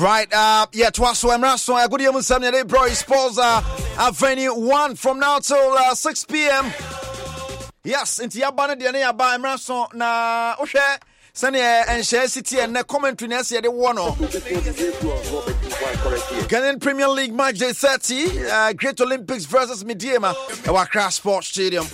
Right, uh, yeah, Twaso Emraso, a good evening, Samuel A. Bro, Sposa Avenue 1 from now till uh, 6 p.m. Yes, into Yabana Diane Aba Emraso, na Oshe, Sanya and Share City and the uh, commentary next year, the one. Oh. Ghanaian Premier League match day 30, uh, Great Olympics versus Mediema, our Crash Sports Stadium.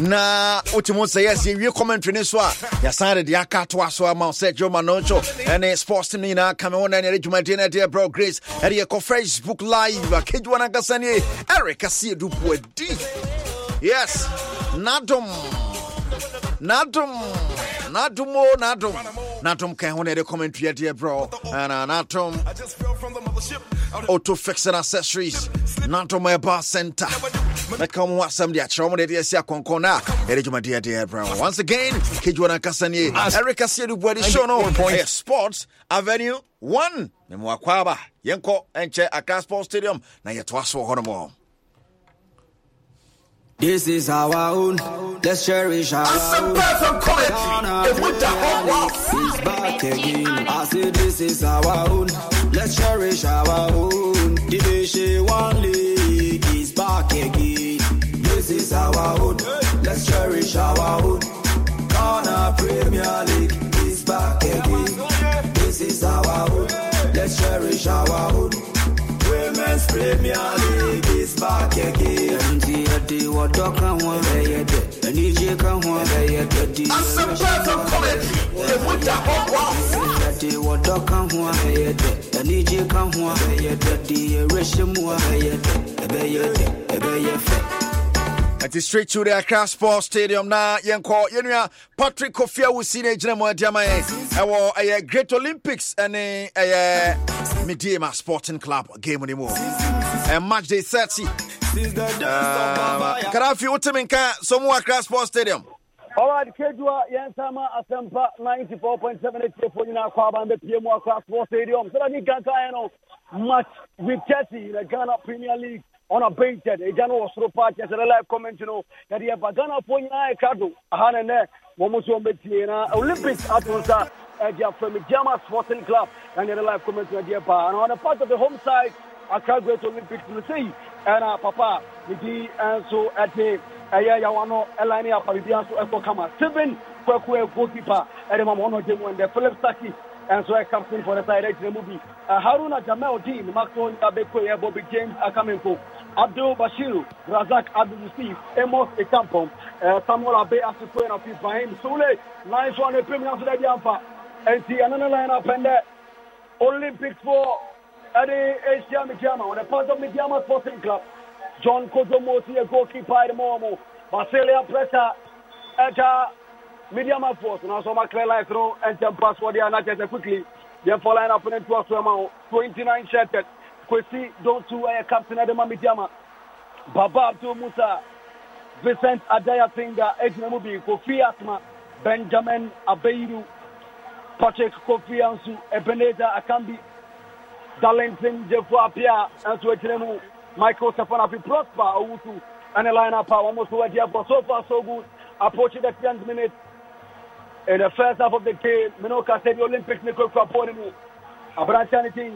na wotumi sɛ yes yɛwie commentary ne so a yɛsan de deɛ aka toa so ama sɛ joma ɛne sports team no nyinaa kame ho na ne ɛde dwumadie no ɛde brɛ grace ɛde yɛkɔ facebook live akedwa no ankasa ne eric asiedu yes nadom Natum Natum o oh, Natum can ka ho ne at your bro and ɛna uh, nadom auto oh, fixing accessories Natum my bar center mɛka mo ho asɛm de akyerɛ mo de ɛde asi akɔnkɔn no a ɛde dwumadeɛ adeɛ brɔ once again kɛdwuɔ no ankasa nie eric aseɛ de buade show no ɛyɛ sports avenue 1 memawakwaba yɛnkɔ ɛnkyɛ accra sports stadium na yɛtoa so hɔ no mɔ This is our own. Let's cherish our own. I said, own. From commentary, and with the whole world it's back again. I said, this is our own. Let's cherish our own. The Beche One League is back again. This is our own. Let's cherish our own. Ghana Premier League is back again. This is our own. Let's cherish our own. Women's Premier League is back again daddy, what dog can one lay at the and can one lay at the D. I'm some person coming, the winter hot one. Daddy, can one lay at the and can one lay at the D. A ration one lay at the Ebay, Ebay, Ebay. ɛti straight to the Accra Sports Stadium na yɛnkɔ yɛnua Patrick Kofi Awusi na gyina mu adiama yɛ ɛwɔ a Great Olympics ɛne uh, uh, ɛyɛ Medema Sporting Club game anymore. mu match day thirty karafi wote menka somo akra sports stadium Alright, Kedua, Yansama, Asempa, 94.7 HFO, you know, Kwaba, the PMO across stadium. So that you can know match with Jetty in the Ghana Premier League on a painted. A Ghana was so part, yes, a live comment, you know, that you have a Ghana for you, Kado, Hanane, Momoso Metina, Olympics at Rosa, eh, and you have from Sporting Club, and the live comment, and you have on a part of the home side. I can't to Olympics to see. ɛna papa ne din nso ɛde ɛyɛ yawa no ɛlan ne apabibia nso ɛkɔ kama seven kwaku ɛ goalkeeper ɛde ma ma ɔno ɔgye mu ɛndɛ philip saki ɛnso ɛ captain for the side ɛgyina mu bi haruna jamel dean maxwell abeko yɛ bobi james akamenko abdul bashir razak abdulsif amos ekampom samuel abe asifo na fi ibrahim sule line so ɔno epem yanso dɛ bi anfa ɛnti ɛno ne line up ɛndɛ olympics for ɛde ahyia mekiama wɔne part of mekiama sporting club john kotomo si yɛ goalkeeper de mɔɔ mo basilia pressure ɛka mediama force na so ɔmakrɛ light no ɛnkyɛm pass wɔ deɛ anakyɛ sɛ quickly yɛmfa line up ne ntoa so ɛma wo 29 shirted kwesi dontu ɛyɛ captain ɛde ma mediama baba abdul musa vincent adaya finger ɛgyina mu bi kofi asma benjamin abeiru patrick kofi ansu ebenezer akambi Darlington Jeffo Apia and Swetchinemu, Michael Safanafi Prosper Owusu, and the lineup I almost over here. But so far, so good. Approaching the 10th minute in the first half of the game, Minoka said the Olympics Olympic Nicole Kraponemu, Abrantanity,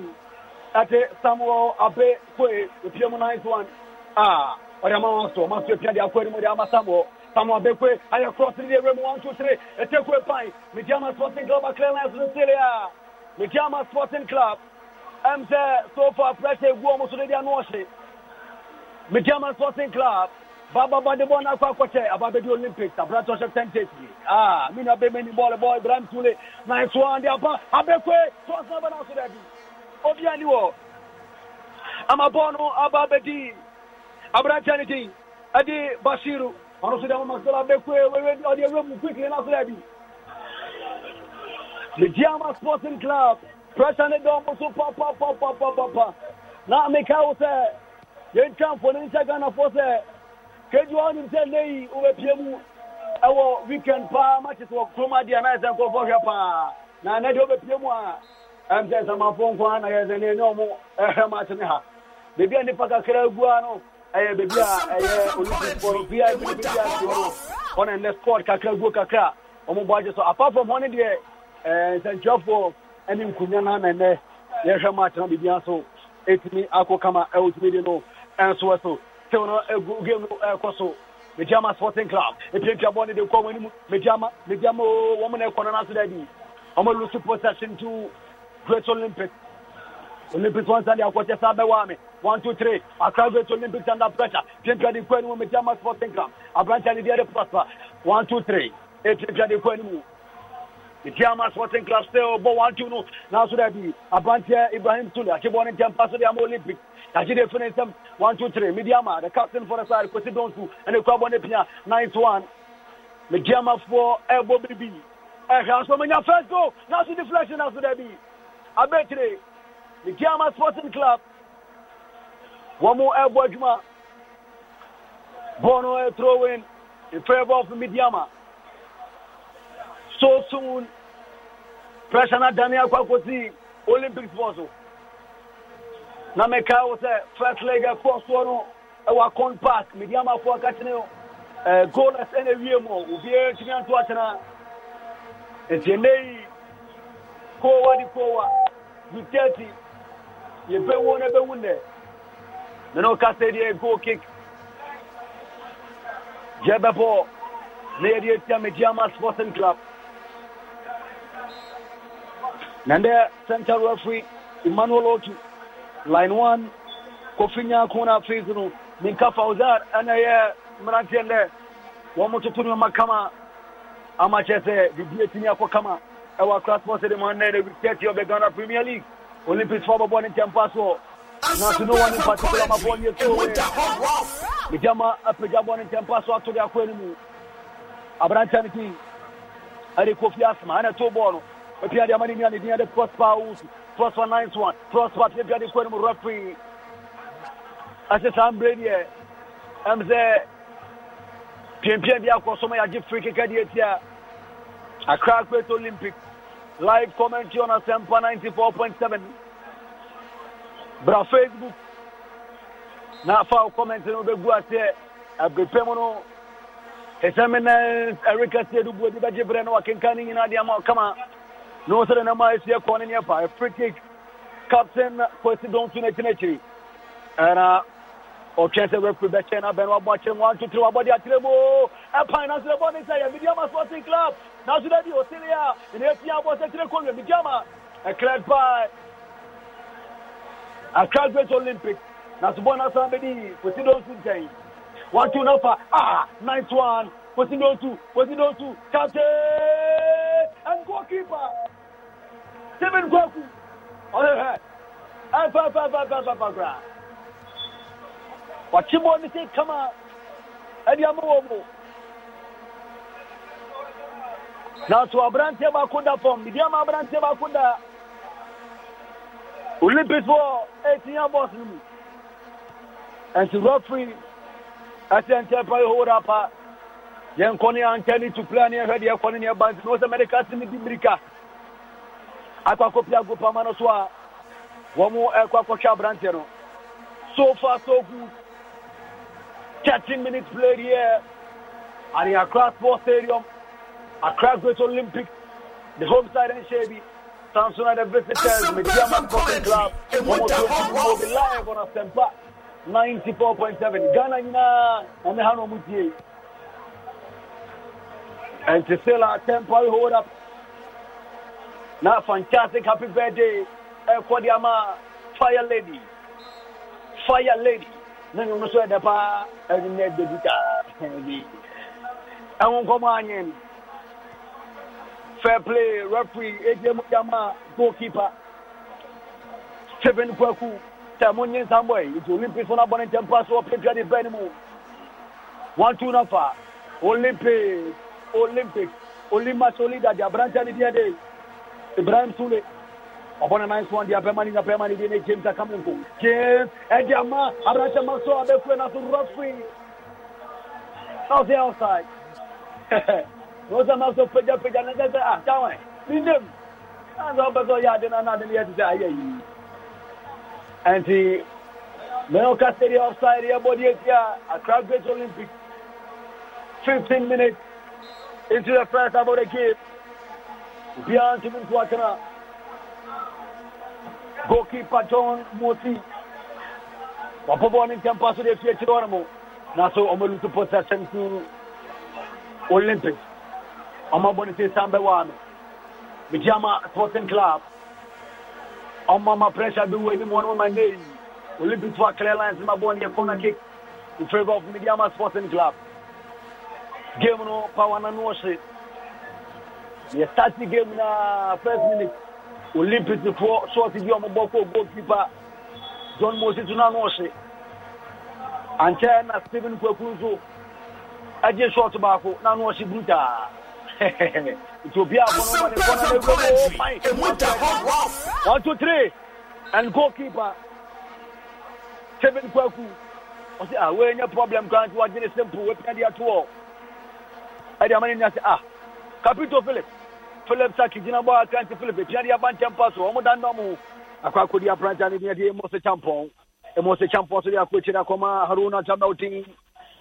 Ate Samuel Abe Kwe, the Piemo 9 1. Ah, or the Master, Master Pian, the Aquarium, the Amasamo. Samuel Bekwe, I have crossed the room one, two, three, a take away pie. Mijama Sporting Club, a clear lines in Syria. Mijama Sporting Club, ɛm sɛ so far pressure egu ɔmo so de di ano ɔhye me german sporting club bababa de bɔɔl n'akɔ akɔkyɛ ababɛdi olympics aburatɔ hyɛ ten days yi aa mi na bɛ mɛni bɔɔl bɔɔl ibrahim tule nice one de apa abɛkue tɔɔsɛn bɛ n'aso dɛ bi obi ani wɔ ama bɔɔl no aba abɛdi aburatɔ ni di ɛdi bashiru ɔno so de ama masola abɛkue wewe ɔdi mu quickly n'aso dɛ bi me german sporting club pressure ne dɔm so papapapapapa na meka wo sɛ yɛntwa mfoni nhyɛ ghanafoɔ sɛ kedua wonim sɛ leyi wobɛpie mu ɛwɔ weekend paa makye sɛ wɔkurom adeɛ na ɛsɛ nkɔfoɔ hwɛ paa na ɛnɛ deɛ wobɛpie mu a ɛm e sɛ nsamanfoɔ nko a na yɛsɛ ne ɛne ɔmo ɛhwɛ e makye ne ha baabi a nnipa kakra gu a ɛyɛ e baabi a ɛyɛ olympic bia biribi bi ase hɔ ɔne nnɛ squad kakra guo kakra ɔmo bɔ agye so apart from hɔ ne deɛ nsɛntwerɛfoɔ ne nkonnwa no ana nnɛ yɛhwɛ mu atena biribia so ɛtumi akɔ kama ɛwɔtumi de no ɛnso so tew no game no ɛkɔ so mediama sporting club ɛpiapia bɔ ne de kɔ wɔn mediama mediama o wɔn e na ɛkɔ no n'aso dɛ bi wɔn lose possession to great olympic olympics wọn sani akɔkyɛ saa bɛwɔ ame one two three accra great olympics under pressure piapia de kɔ anim mediama sporting club aberanteɛ ne deɛ de prosper one two three ɛpiapia de kɔ anim. Tiama Sporting Club still bɔ one two no nanso dɛ bi aberanteɛ Ibrahim Tuli akyebɔ ne nkyɛn paso de ama Olympic akyede fi ne nsam one two three Midiama the captain for the side Kwesi Donsu ɛna ekura bɔ ne pia nine to one Midiamafoɔ ɛbɔ biribi eh, ɛhwɛ aso menya first goal nanso deflection nanso dɛ bi abetire Midiama Sporting Club wɔn mo ɛbɔ adwuma bɔɔl no ɛturo eh, win in favour of Midiama. so soon pressure na dane akɔ akɔsi olympic sports o na meka wo sɛ first leg ɛkɔ soɔ no ɛwɔ acon park medi amafoɔ e, e e ka kyene ɛɛ goalers ɛna ewie mu obiara tumi ato atena nti ɛnɛ yi kowa di kowa duterte yɛbɛwo na ɛbɛwu nnɛ na na ɔka sɛ deɛ goal kick gyɛ bɛbɔ na yɛde atia mediama sporting club nande center referee emmanuel otu line one kofi nyanko na so no ninka fauzar ɛna yɛ mmeranteɛ ndɛ wɔn mo toto nneɛma kama ama kyerɛ sɛ biribi etimi akɔ kama ɛwɔ akora sports de mu ɛnna yɛ thirty ɔbɛ ghana premier league olympics fɔ bɔbɔ ne ntɛmpa soɔ nanso no wɔn ne particular ma bɔɔl yɛ so wɔyɛ nidjama apagya bɔɔl ne ntɛmpa so ato de akɔ anim aberanteɛ no ti ɛde kofi asoma ɛna to bɔɔl no pia de amani dia de prosper usu prosper nice one prosper pia pia de kwenu mu referee ase sambre die am se pimpia bi akoso ma yagye free kick die tia Accra Great Olympic live commentary on Asempa 94.7 bra Facebook na fa comment no begu ase abepem no his eminence Erika Sedu Bodi bagye no wakenka ne nyinaa de ama kama na ɔsɛ ne nama ɛsi ɛkɔ ne neɛpa free kick captain kwasi donto no akyina akyiri ɛna ɔtwɛn sɛ referee bɛkyɛn na bɛn wabɔ akyerɛ mu anto tiri wabɔ de akyerɛ mu ɛpan na srɛ bɔne sɛ yɛ mediama sporting club na so da bi ɔsere a ɛna ɛpia bɔ sɛ kyerɛ kɔnwɛ mediama ɛcleared by Accra Great Olympic na so bɔ na san bɛdi kwasi donto nkyɛn one two nafa ah ninth one two, Posinotu, two, captain and goalkeeper. Seven Kwaku on the head. Alpha, Alpha, Alpha, Alpha, Alpha, Alpha. Wachimbo ni say come out. Edi amuwomo. Na to abrante bakunda form. Bidi ama abrante bakunda. Olympics for 18 year boss ni mu. And to referee, I say enter play hold up yɛnkɔ ne ankyɛ ne tupla ne yɛhwɛ deɛ ɛkɔ ne neɛba nti na wɔ sɛ mɛdeka se ne bimirika akɔakɔpia agopama no so a wɔmo ɛkɔ akɔhwɛ aberanteɛ no so far so good thirty minutes play here at the Accra Sports Stadium, Accra Great Olympics, the home side in Shebi. Samson and the visitors, Mediaman Sporting Club, Momo will be live on a point seven. Ghana, Nina, and the Hanomutie. And to still our temporary hold up. Now, fantastic happy birthday, Ekwadiama, Fire Lady. Fire Lady. Then you must wear the pa and the dedica. I won't come on in. Fair play, referee, AJ Mujama, goalkeeper. Seven Kwaku, Tamonian Samboy, it's Olympics on a bonnet and pass or Pedro the Benimo. One, two, far. Olympic olympic olimasoli da di aberante ne deɛ de ibrahim sule ɔbɔne eh, nan so deɛ bɛma ne nya bɛma ne deɛ ne james akamenko james ɛde ama aberante ma so abɛfue na so rɔfui na ɔsɛ outside na ɔsɛ ma so pagyapagya na kyɛ sɛ ah kyawɛ ne nam na sɛ ɔbɛ sɛ ɔyɛ ade no na ade ne yɛ te sɛ ayɛ yi ɛnti mɛ ɔka sɛ deɛ offside yɛbɔ deɛ ti a accra great olympic fifteen minutes into the first half of the game. Beyond Jimmy Kwakana. Goalkeeper John Moti. Wapobo ni mtampa sudi FC Chironamo. Naso omelutu possession to Olympics. I'm Omaboni se sambe wame. Mijama Sporting Club. I'm Omama pressure biwe ni mwana mwana nini. Olympics wa clear lines maboni ya corner kick in favor of Mijama Sporting Club. game no power na no ɔhyere yɛ start game na first minute olympic foɔ uh, short bi ɔmo bɔ kɔ goal john moses na no ɔhyere ankyɛ na stephen kwaku nso agye short baako na no ɔhyere brutaa nti obi a bɔn wɔn de kɔn na ewuro mo o one two three and goal keeper stephen kwaku ɔsi ah wei nye problem kan ti wa gye simple wei pina di ato wɔ ɛde ama ne nya sɛ ah capito philip philip saki gyina bɔ akrante philip ɛtua de aba nkyɛm pa so ɔmo da nnɔ mo akɔ akɔdi apranta ne deɛ de ɛmɔ sɛ kyampɔn ɛmɔ sɛ kyampɔn so de akɔ akyiri akɔma haruna jamaudin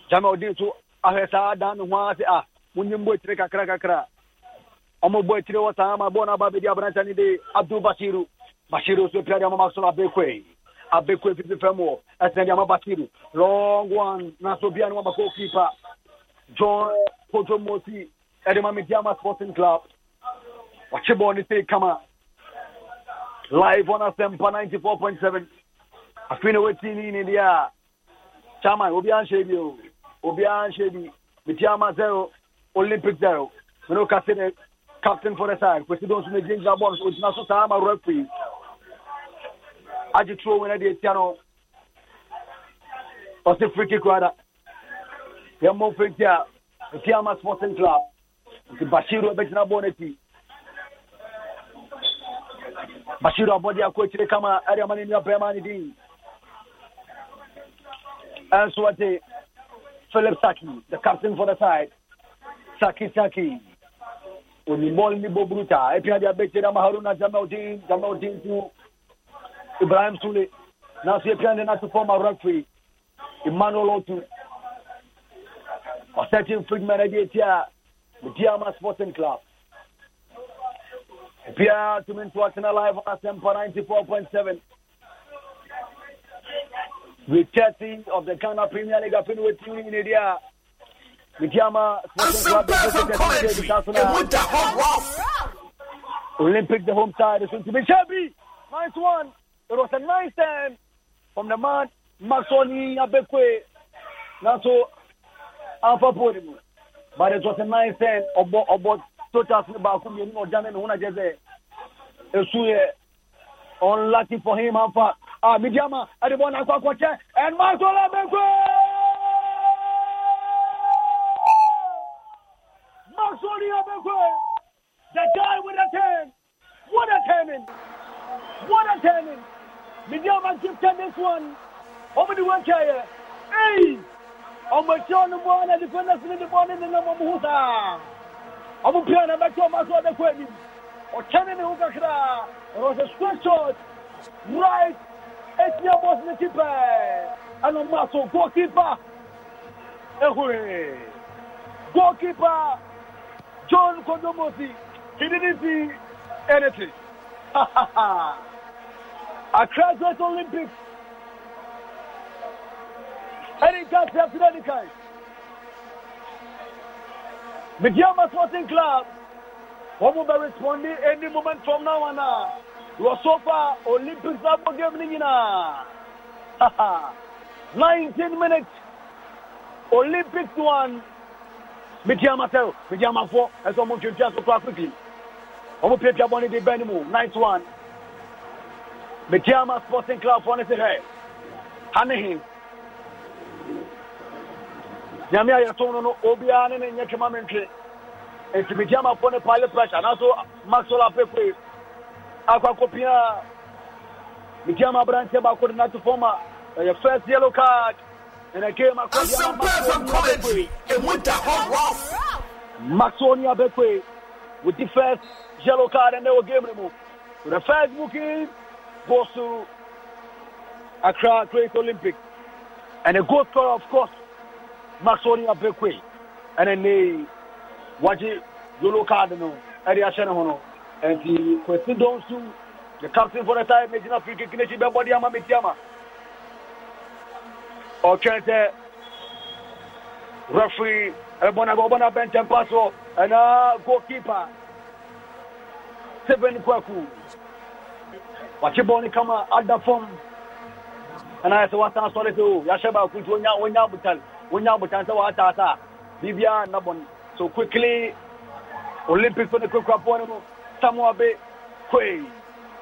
jamaudin so ahwɛ saa dan ne ho ara sɛ ah monyim bɔ akyire kakra kakra ɔmo bɔ akyire wɔ saa ma bɔɔ no aba bɛdi abranta ne de abdul basiru basiru so pia de ama masono abɛkɔe abɛkɔe fifi fam wɔ ɛsɛn de ama basiru long one na so bia ne wabakɔ kipa John Pojomosi, Edema Mediama Sporting Club. Watch Wachiboni say kama. Live on Asempa 94.7. I've been wetini in India. Chama, Obian Shebi, Obian Shebi, Mitiama Zero, Olympic Zero. We know eh, captain for the side. Kwesi don sume jinja bonus, ojina so saama referee. Aji throw when I did, you know. Ose freaky kick yɛmmɔ fɛti a ɛti ama sporting club nti bashiru ɛbɛgyina bɔɔ no ti bashiru abɔde akɔ kama ɛde ama ne nua ne din ɛnso ɛte philip saki the captain for the side saki saki onimɔl ni boburu ta ɛpia de abɛkyire ama haruna jamaudin jamaudin tu ibrahim sule nanso yɛpia de nato fɔm arafei emmanuel otu ɔsɛtin fridman adi eti a medi ama sporting club ebia tumi nto a live asɛmpa ninety four point seven with thirty of the ghana premier league afei na wetin winning edi India. The ama sporting club ɛdi ɛdi ɛdi ɛdi ɛdi ɛdi ɛdi Olympic the home side is going to be Shabby. Nice one. It was a nice time from the man Maxoni Abekwe. Now so alpha podium but it was a nice end ọbọ ọbọ totas ní baako mmienu na ọjà nínú wọn àjẹ sẹ esu yẹ unlucky for him anfa a midi ama ẹni bọ n'akọ akọkyẹ ẹni máa tó lẹ mẹgbẹ. the guy with a ten. What a turning! What a turning! Midian Van Gifted this one. Over the one carrier. Hey! ɔmɔkyɛ no bɔ na nipa na sini de bɔ ne nenam ɔmo ho saa ɔmo pia na bɛkyɛ ɔmo asɔ ɔdɛkɔ anim ɔkyɛne ne ho kakra ɔwɔ sɛ straight shot right etia bɔs ne ti pɛɛ ɛna ɔmo aso goalkeeper ehure goalkeeper john kodomosi he didn't see anything ha ha ha akra great olympics ɛne nka tea serɛ ne kae mediama sporting club wɔmo bɛresponde any moment from now on a ah. wɔ so far olympics abɔ game no nyinaa ah. Nineteen minutes Olympic one mediama tɛw mediamafoɔ ɛsɛ ɔmo ntwentwea so koraa quickly ɔmo piapia bɔne de bɛn mu night one mediama sporting club foɔ ne se hɛ ha ne nyame a yɛtɔn no no obiara ne ne nyɛ twema me ntwe nti medi amafoɔ ne pale pressure nanso maxola pepe akɔ medi ama aberanteɛ baako de nato fam a ɛyɛ first yellow card and again maxonia pepe with the first yellow card and they were game removed so the first booking goes to Accra Great Olympic and a goal scorer of course maxoni abekwe ɛne ne wagye yellow card no ɛde ahyɛ ne ho no nti kwasi dɔn su the captain for the time egyina free kick n'akyi bɛbɔ de ama meti ama ɔtwɛn sɛ referee ɛbɔ na ɔbɔ na bɛntɛn pa soɔ ɛna goalkeeper seven kwaku wakye bɔɔl ne kama ada fam ɛna ayɛ sɛ wasan sɔre sɛ o yɛahyɛ baako nti wonya wonya wonya abotan sɛ waata sa biribiara nna bɔne so quickly olympics fo ne kwakurapoɔ no no samoa be kwei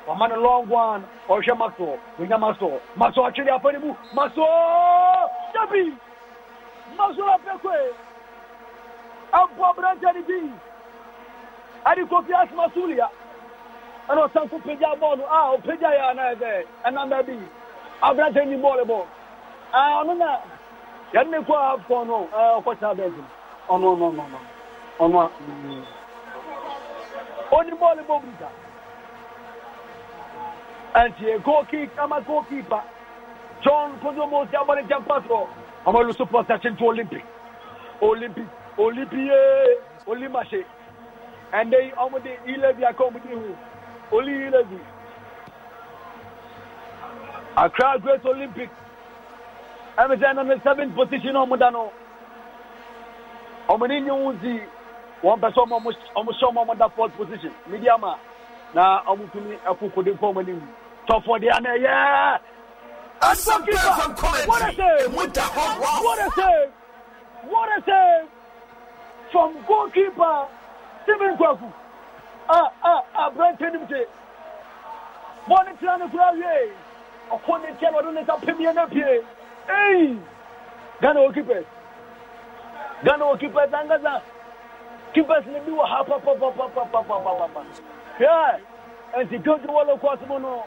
ɔma no long one ɔhwɛ masoɔ wonya masoɔ masoɔ atwere apa ne mu masoɔ dabi masoɔ apɛ kwei ɛmpo aberantɛ ne bi ade kofi asoma sulia ɛna ɔsanko pagya bɔɔlo a ɔpagya yɛ anaɛ sɛ ɛnam baabi aberantɛ ni bɔɔlo bɔ ano na yanni kó a fọ ọnù ẹ ọkọ tí a bẹ jù ọnù ọnù ọnù ọnù ọnù a. ó ní bọ́ọ̀lù bó bùrùkà ẹ̀ǹtì gókì ama gókì pa john kóńdómó tí a bọ́ọ̀lù jẹ́ pàtó ọmọ ìlú super section to olympic olympic olympic yéé olimase ẹ̀ǹdẹ́ ọmọdé ilé bíi akọ́mọdé hù olú ilé bíi accra great olympics ɛmi sɛ ɛna ne seven position ɔmo da no ɔmo ne nye wɔn di wɔn pɛ sɛ ɔmo ɔmo sɛ da fourth position medium na ɔmo tumi ɛko kode nkɔ ɔmo anim tɔfɔ de ana yɛ. asante from goalkeeper Steven kwaku a a aberante nim te bɔɔli tira ne kura wie ɔkɔ ne tia na ɔdo ne nsa Hey! Ghana goalkeepers. Ghana goalkeepers angaza. Keepers ni bi wa hapa pa pa pa pa pa pa pa pa. Yeah. Enti goal wala kwa simo no.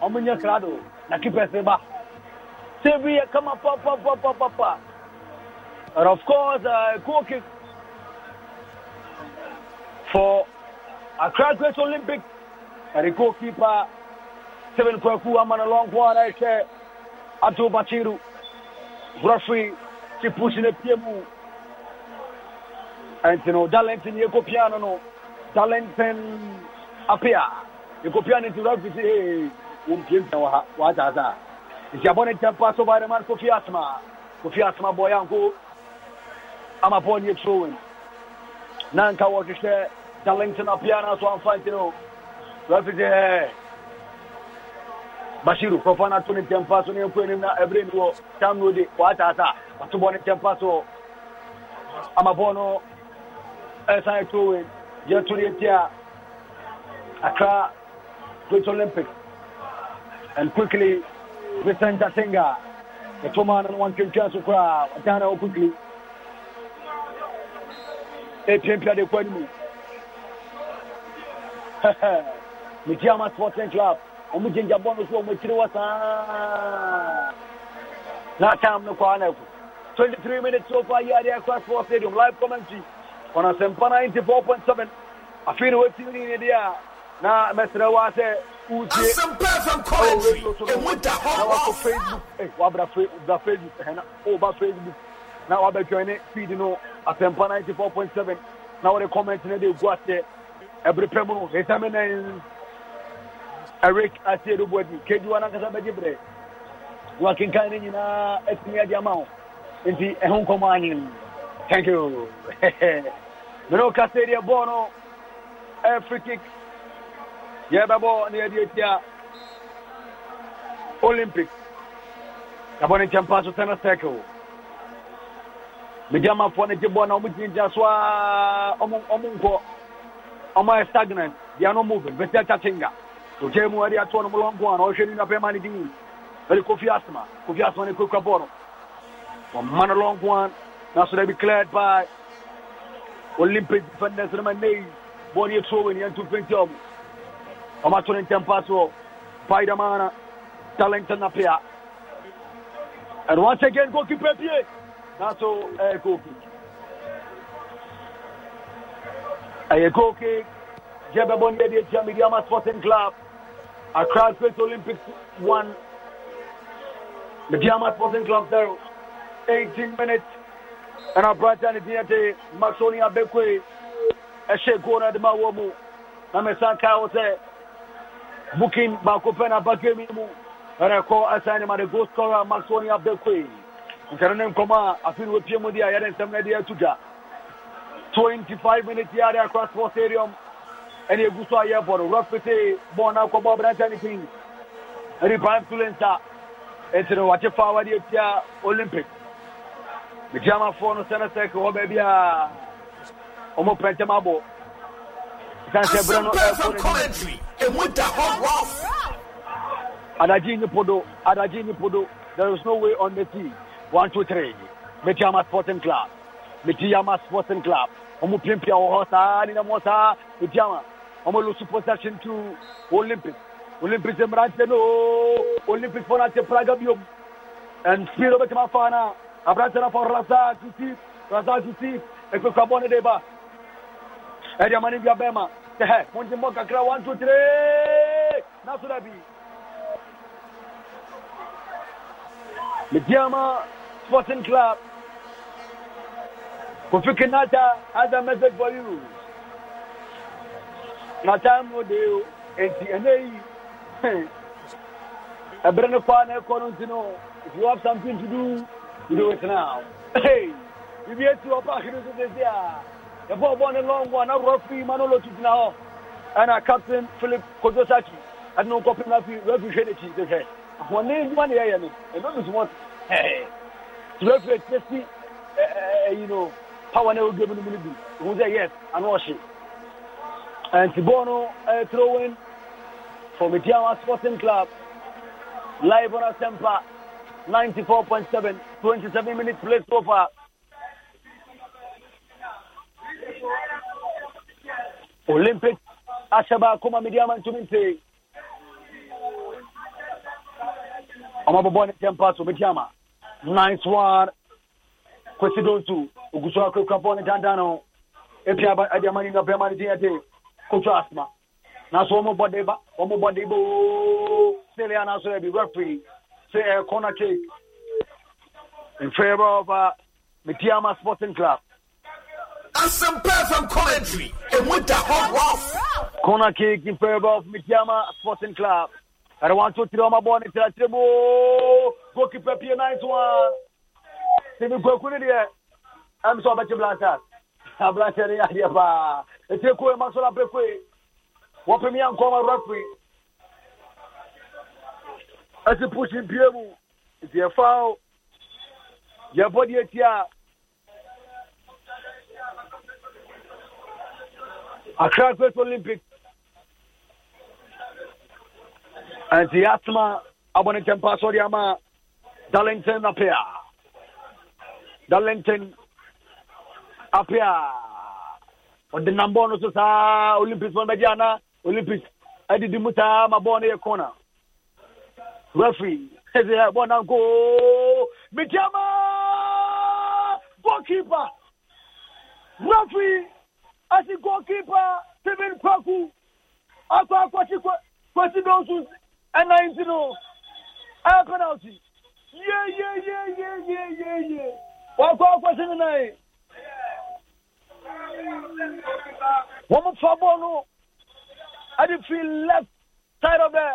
Omunya krado na keepers ba. Sebi ya kama pa pa pa pa pa pa. And of course, uh, goal kick for Accra Great Olympic. And the goalkeeper, Seven Kwaku, I'm on a long one, I share. Atu Batiru, Brafi, ti pushing a piemu, And you know, Darlington, you go piano, no. Darlington, apia, You go piano to Rafi, hey, eh, um, Piano, what are that? It's your bonnet and pass over the man, Kofi Asma. Kofi Asma, boy, uncle. I'm upon you, throwing. Nanka, what you say, Darlington, appear, so I'm fighting, you know. Rafi, hey. bashiru fɔfana to ne ntɛmpa so ne nkoe ne na ɛbere ne wɔ tam no de waataata wato bɔ ne ntɛmpa so ama bɔɔ no ɛsan ɛtowe yɛto ne ti a akra great olympics and quickly vincent jasinga yɛtoma no no wantwantwa so koraa watana wɔ oh, quickly ɛpiapia de kɔ animu club ɔmo gyinja bɔɔl so ɔmo akyiri hɔ saa na time no kɔ ana ɛkɔ twenty three minutes so far yi adeɛ ɛkɔ stadium live commentary ɔna sɛmpa ninety four afei na wɔtumi ne deɛ a na mɛsrɛ wa sɛ wutie ɔwɔ o so no na wakɔ oh, facebook ɛ wabra facebook ɛna ɔba facebook na wabɛ join feed no asɛmpa ninety four point na wɔde comment ne de gu aseɛ ɛbere pɛ mu no ɛsɛmɛ nɛɛn awake ase everybody kejuwa nankasa bɛgye berɛ wakenkan ne nyinaa atumi ade ama wo nti ɛho nkɔmmɔ anem thank you mene wo ka sɛ deɛ bɔɔ no ɛfri kick yɛbɛbɔ ne yɛde atia olympic yɛbɔ ne nkyɛmpa so tɛna circle megyamafoɔ no gye bɔ na ɔmogyinagyina so a ɔmo nkɔ ɔmo yɛ stagnant deɛ no moving bɛsi akyakyinga ogya mu ɔde atoɔ no mlɔnko a na ɔhwɛ no nua bɛma no din ɛde kofi asma kofi asma no kura bɔɔ no ɔma no lɔnko a na so da bi cleared by olympic defenders no ma nei bɔɔ no yɛtuo wɔ nia ntom fenti ɔmo ɔma to ne ntɛm pa soɔ baidamana talent na pea and once again goalkeeper pie na so ɛyɛ goal kick ɛyɛ goal kick gyɛ bɛbɔ ne yɛde atia mediama sporting club Accra State Olympics one. The Diamond Sporting Club there, 18 minutes. And our Brighton is near eh, the Maxoni Abekwe. A shake going at the Mawomu. I'm a San Kawase. Booking Bakopena Bakemimu. And I call assign him at the goal scorer Maxoni Abekwe. name Koma. afiri wepie mu di I yɛde nsɛm na ɛde atuga. 25 minutes yɛade Accra Sports Stadium. ɛne ɛgu so ayɛ bɔ no rɔfete bɔɔl no akɔbɔ a ɛnti no fa wade atia olympic no sɛne sɛke hɔ baabi a ɔmo pɛntɛm abɔ ɛsiane sɛ no adagye adagye there is no way on the team. one two three metiama sporting club metiama sporting club ɔmo piampia wɔ hɔ saa ah, ne nam hɔ saa ɔmo lo supersession to olympic olympic sɛ mmeranteɛ no oo olympic fɔ n'ate praga biom and speed o bɛ tɛmɛ afa na aberanteɛ no fɔ rasa tuti rasa tuti ekpekpe abɔ ne de ba ɛdi ama ne bi abɛɛ ma tɛhɛ mo n ti mɔ kakra one two three n'aso dɛ bi mediama sporting club kofi kenata has a message for you na time o de o eti ɛnɛ yi ɛbɛrɛ ne kwan na ɛkɔ no nti no if you have something to do you do it now hey bibi eti wɔ paaki no so de si a yɛfɔ ɔbɔ ne long one aworɔ firi manolo tuntun hɔ ɛna captain philip kodosaki ɛna nkɔ pɛm na fi refi hwɛ n'ekyi de hwɛ ahoɔden edwuma na yɛyɛ no ɛno bi sumɔ hɛɛ refi ekyi esi ɛɛ ɛyi no power na ɛwɔ game no mu no bi ohun sɛ yes ano ɔhyɛ. And bɔɔl no throwing from etiawa sporting club live on asempa ninety four point minutes play so far. olympic Ashaba kuma ma mede ama ntumi ntee to ne kyɛ nice one kwesi dontu ogu so akrakura bɔɔ ne dandan no ɛpia ade ama ne koto asoma na wɔn bɔ de ba wɔn bɔ de boo sele a nanso ebi referee say ɛ eh, corner kick in favour of uh, Mitiama Sporting Club. Asem perfect commentary. Emu da hot rough. Corner kick in favour of Mitiama Sporting Club. I don't Ɛrɛ one two three ɔma bɔ ne tira tire boo goalkeeper pie nine to one. Sebi I'm so ɛmu sɛ blaster. I Blanchard ni adeɛ paa. ɛti ekoe masola brekoe wɔpemi ankɔma rugby ɛti pusi mpie mu nti ɛfa yɛbɔ deɛ a Accra Great Olympic nti yɛatema abɔnetɛmpa sɔre ama darlington apea darlington apea ɔde nam bɔɔl no so saa olympics fɔ bɛgye ana olympics adidi mu saa ma bɔɔl no yɛ corner referee ɛsɛ yɛ bɔɔl nan koo mitiama goalkeeper referee ɛsi goalkeeper steven kwaku akɔ akɔsi kwasi dɔnsu ɛnan ti no ɛyɛ penalty yeyeyeyeyeyeye wakɔ akɔsi nina yi wɔn mo fa bɔɔl no fi left side of the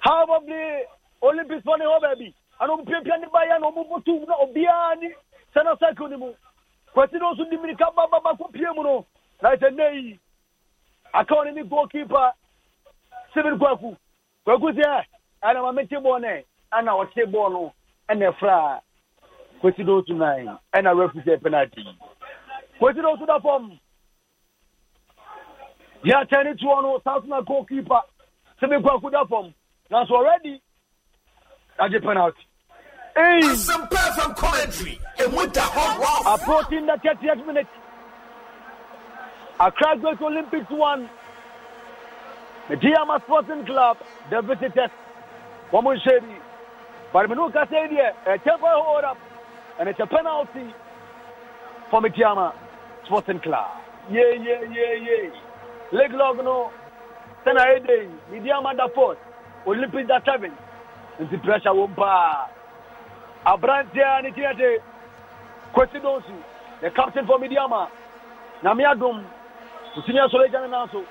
How about the olympics bɔ ne hɔ oh, baabi ana ɔmo um, piapia ne ba yɛ na ɔmo butu na obiara ni sɛnɛ cycle ne mu kwasi na ɔso dimirika bababa ko pie mu no na ɛsɛ nne yi aka wɔn ne goal keeper sibiri kwaku kwaku sɛ ɛna maame te bɔɔl ne ɛna ɔte bɔɔl no ɛna ɛfra. kwesi do otu nine ɛna referee penalty kwesi do goalkeeper da already penalty. from commentary, Approaching the thirtieth minute, Accra Great Olympics one, Mediama Sporting Club, the visitors, wɔn n ṣe bi, barimu kasa hold up. and it's a penalty for Mitiama Sporting Club. Yeah, yeah, yeah, yeah. Leg log no. Tena Ede, eh, Mitiama da fourth, Olympic da seven. the pressure wɔ paa. Aberanteɛ ne ti yɛ de Kwesi Donsu, the captain for Mitiama. Namia Dum, Senior Soldier Nanso,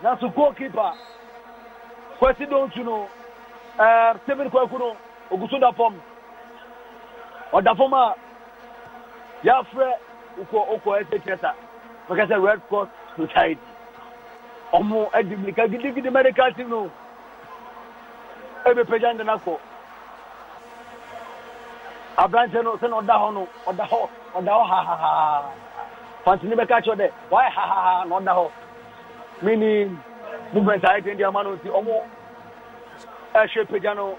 Nanso goalkeeper. Kwesi Donsu no, uh, eh, Stephen Kwaku no, Ogusunda Pom ɔda fam a yɛafrɛ wokɔ wokɔ ɛsɛkyerɛsa bɛka sɛ red cross society ɔmo adi mirika gidigidi medical team no ɛbɛpagya nde no akɔ aberanteɛ no sɛne ɔda hɔ no ɔda hɔ ɔda hɔ hahahaa fantini bɛka kyerɛ dɛ waayɛ hahahaa na ɔda hɔ mini movement ayɛ tɛn di ama no nti ɔmo ɛhwɛ pagya no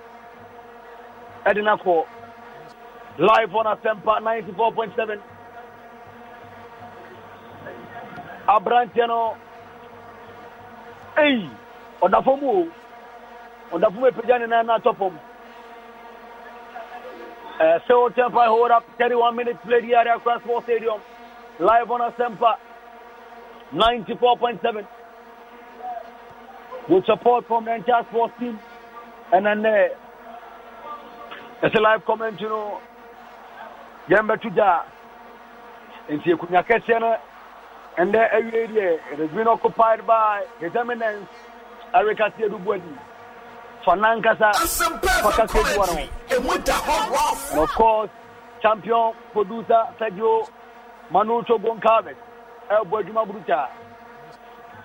ɛde no Live on a temper 94.7. aberanteɛ no ei ɔdafo mu o ɔdafo mu apagya ne nan no atɔ fam Uh, eh, so tempo hold up 31 minutes played here at Cross Sports Stadium. Live on a temper 94.7 with support from the entire sports team and then uh, it's a live comment you know, yɛn bɛto gya a nti akonnwa kɛseɛ no ɛnɛ awie deɛ it has been occupied by his eminence arekaseɛ dubuadi for nankasa for kaseɛ duwara ho and of course champion producer sergio manu chogon carvet ɛbɔ adwuma buruta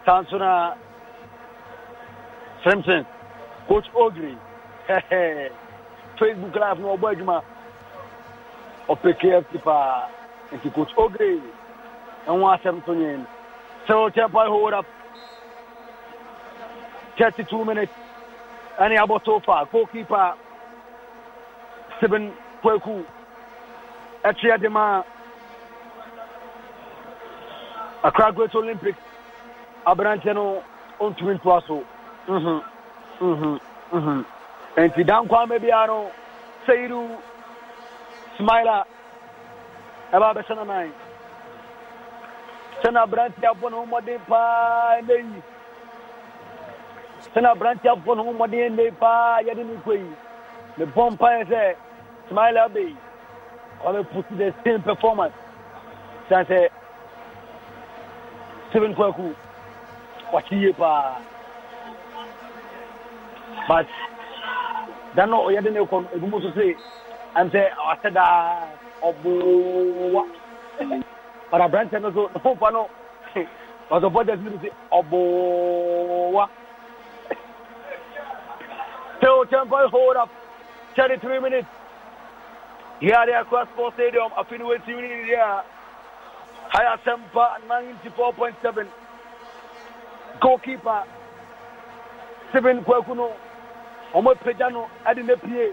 saa na simpson coach ogri facebook live na ɔbɔ adwuma ɔpɛ kfc paa nti coach ogre ɛho asɛm so nyɛ no sɛ wokyɛ pa hold up 32 minutes ɛne abɔto fa goalkeeper seven kwaku ɛtweɛ de ma akra great olympics aberanteɛ no ɔntumi ntoa so nti da nkwama biara no sɛ yiriw Smile, smaila ɛbaa bɛhyɛ no nan sɛna aberanteafoɔ ne ho mmɔden paa ɛnɛyi sɛna aberanteafoɔ ne ho mmɔden ɛnɛ paa yɛde ne kɔ yi ne bɔ mpaeɛ sɛ smaila abɛyi put the same performance san sɛ seven kwaku wakye yie paa but da no ɔyɛde ne kɔ no ebi mu nso sɛ and say uh, I said ɔboowa ɔna aberanteɛ no so n'ofa no ɔsɔ bɔdɛ si no si ɔboowa till temple hold up thirty three minutes here they are across sports stadium afiniwe tv ni there higher temper ninety four point seven goalkeeper seven kwekuno. Omo pejano apagya no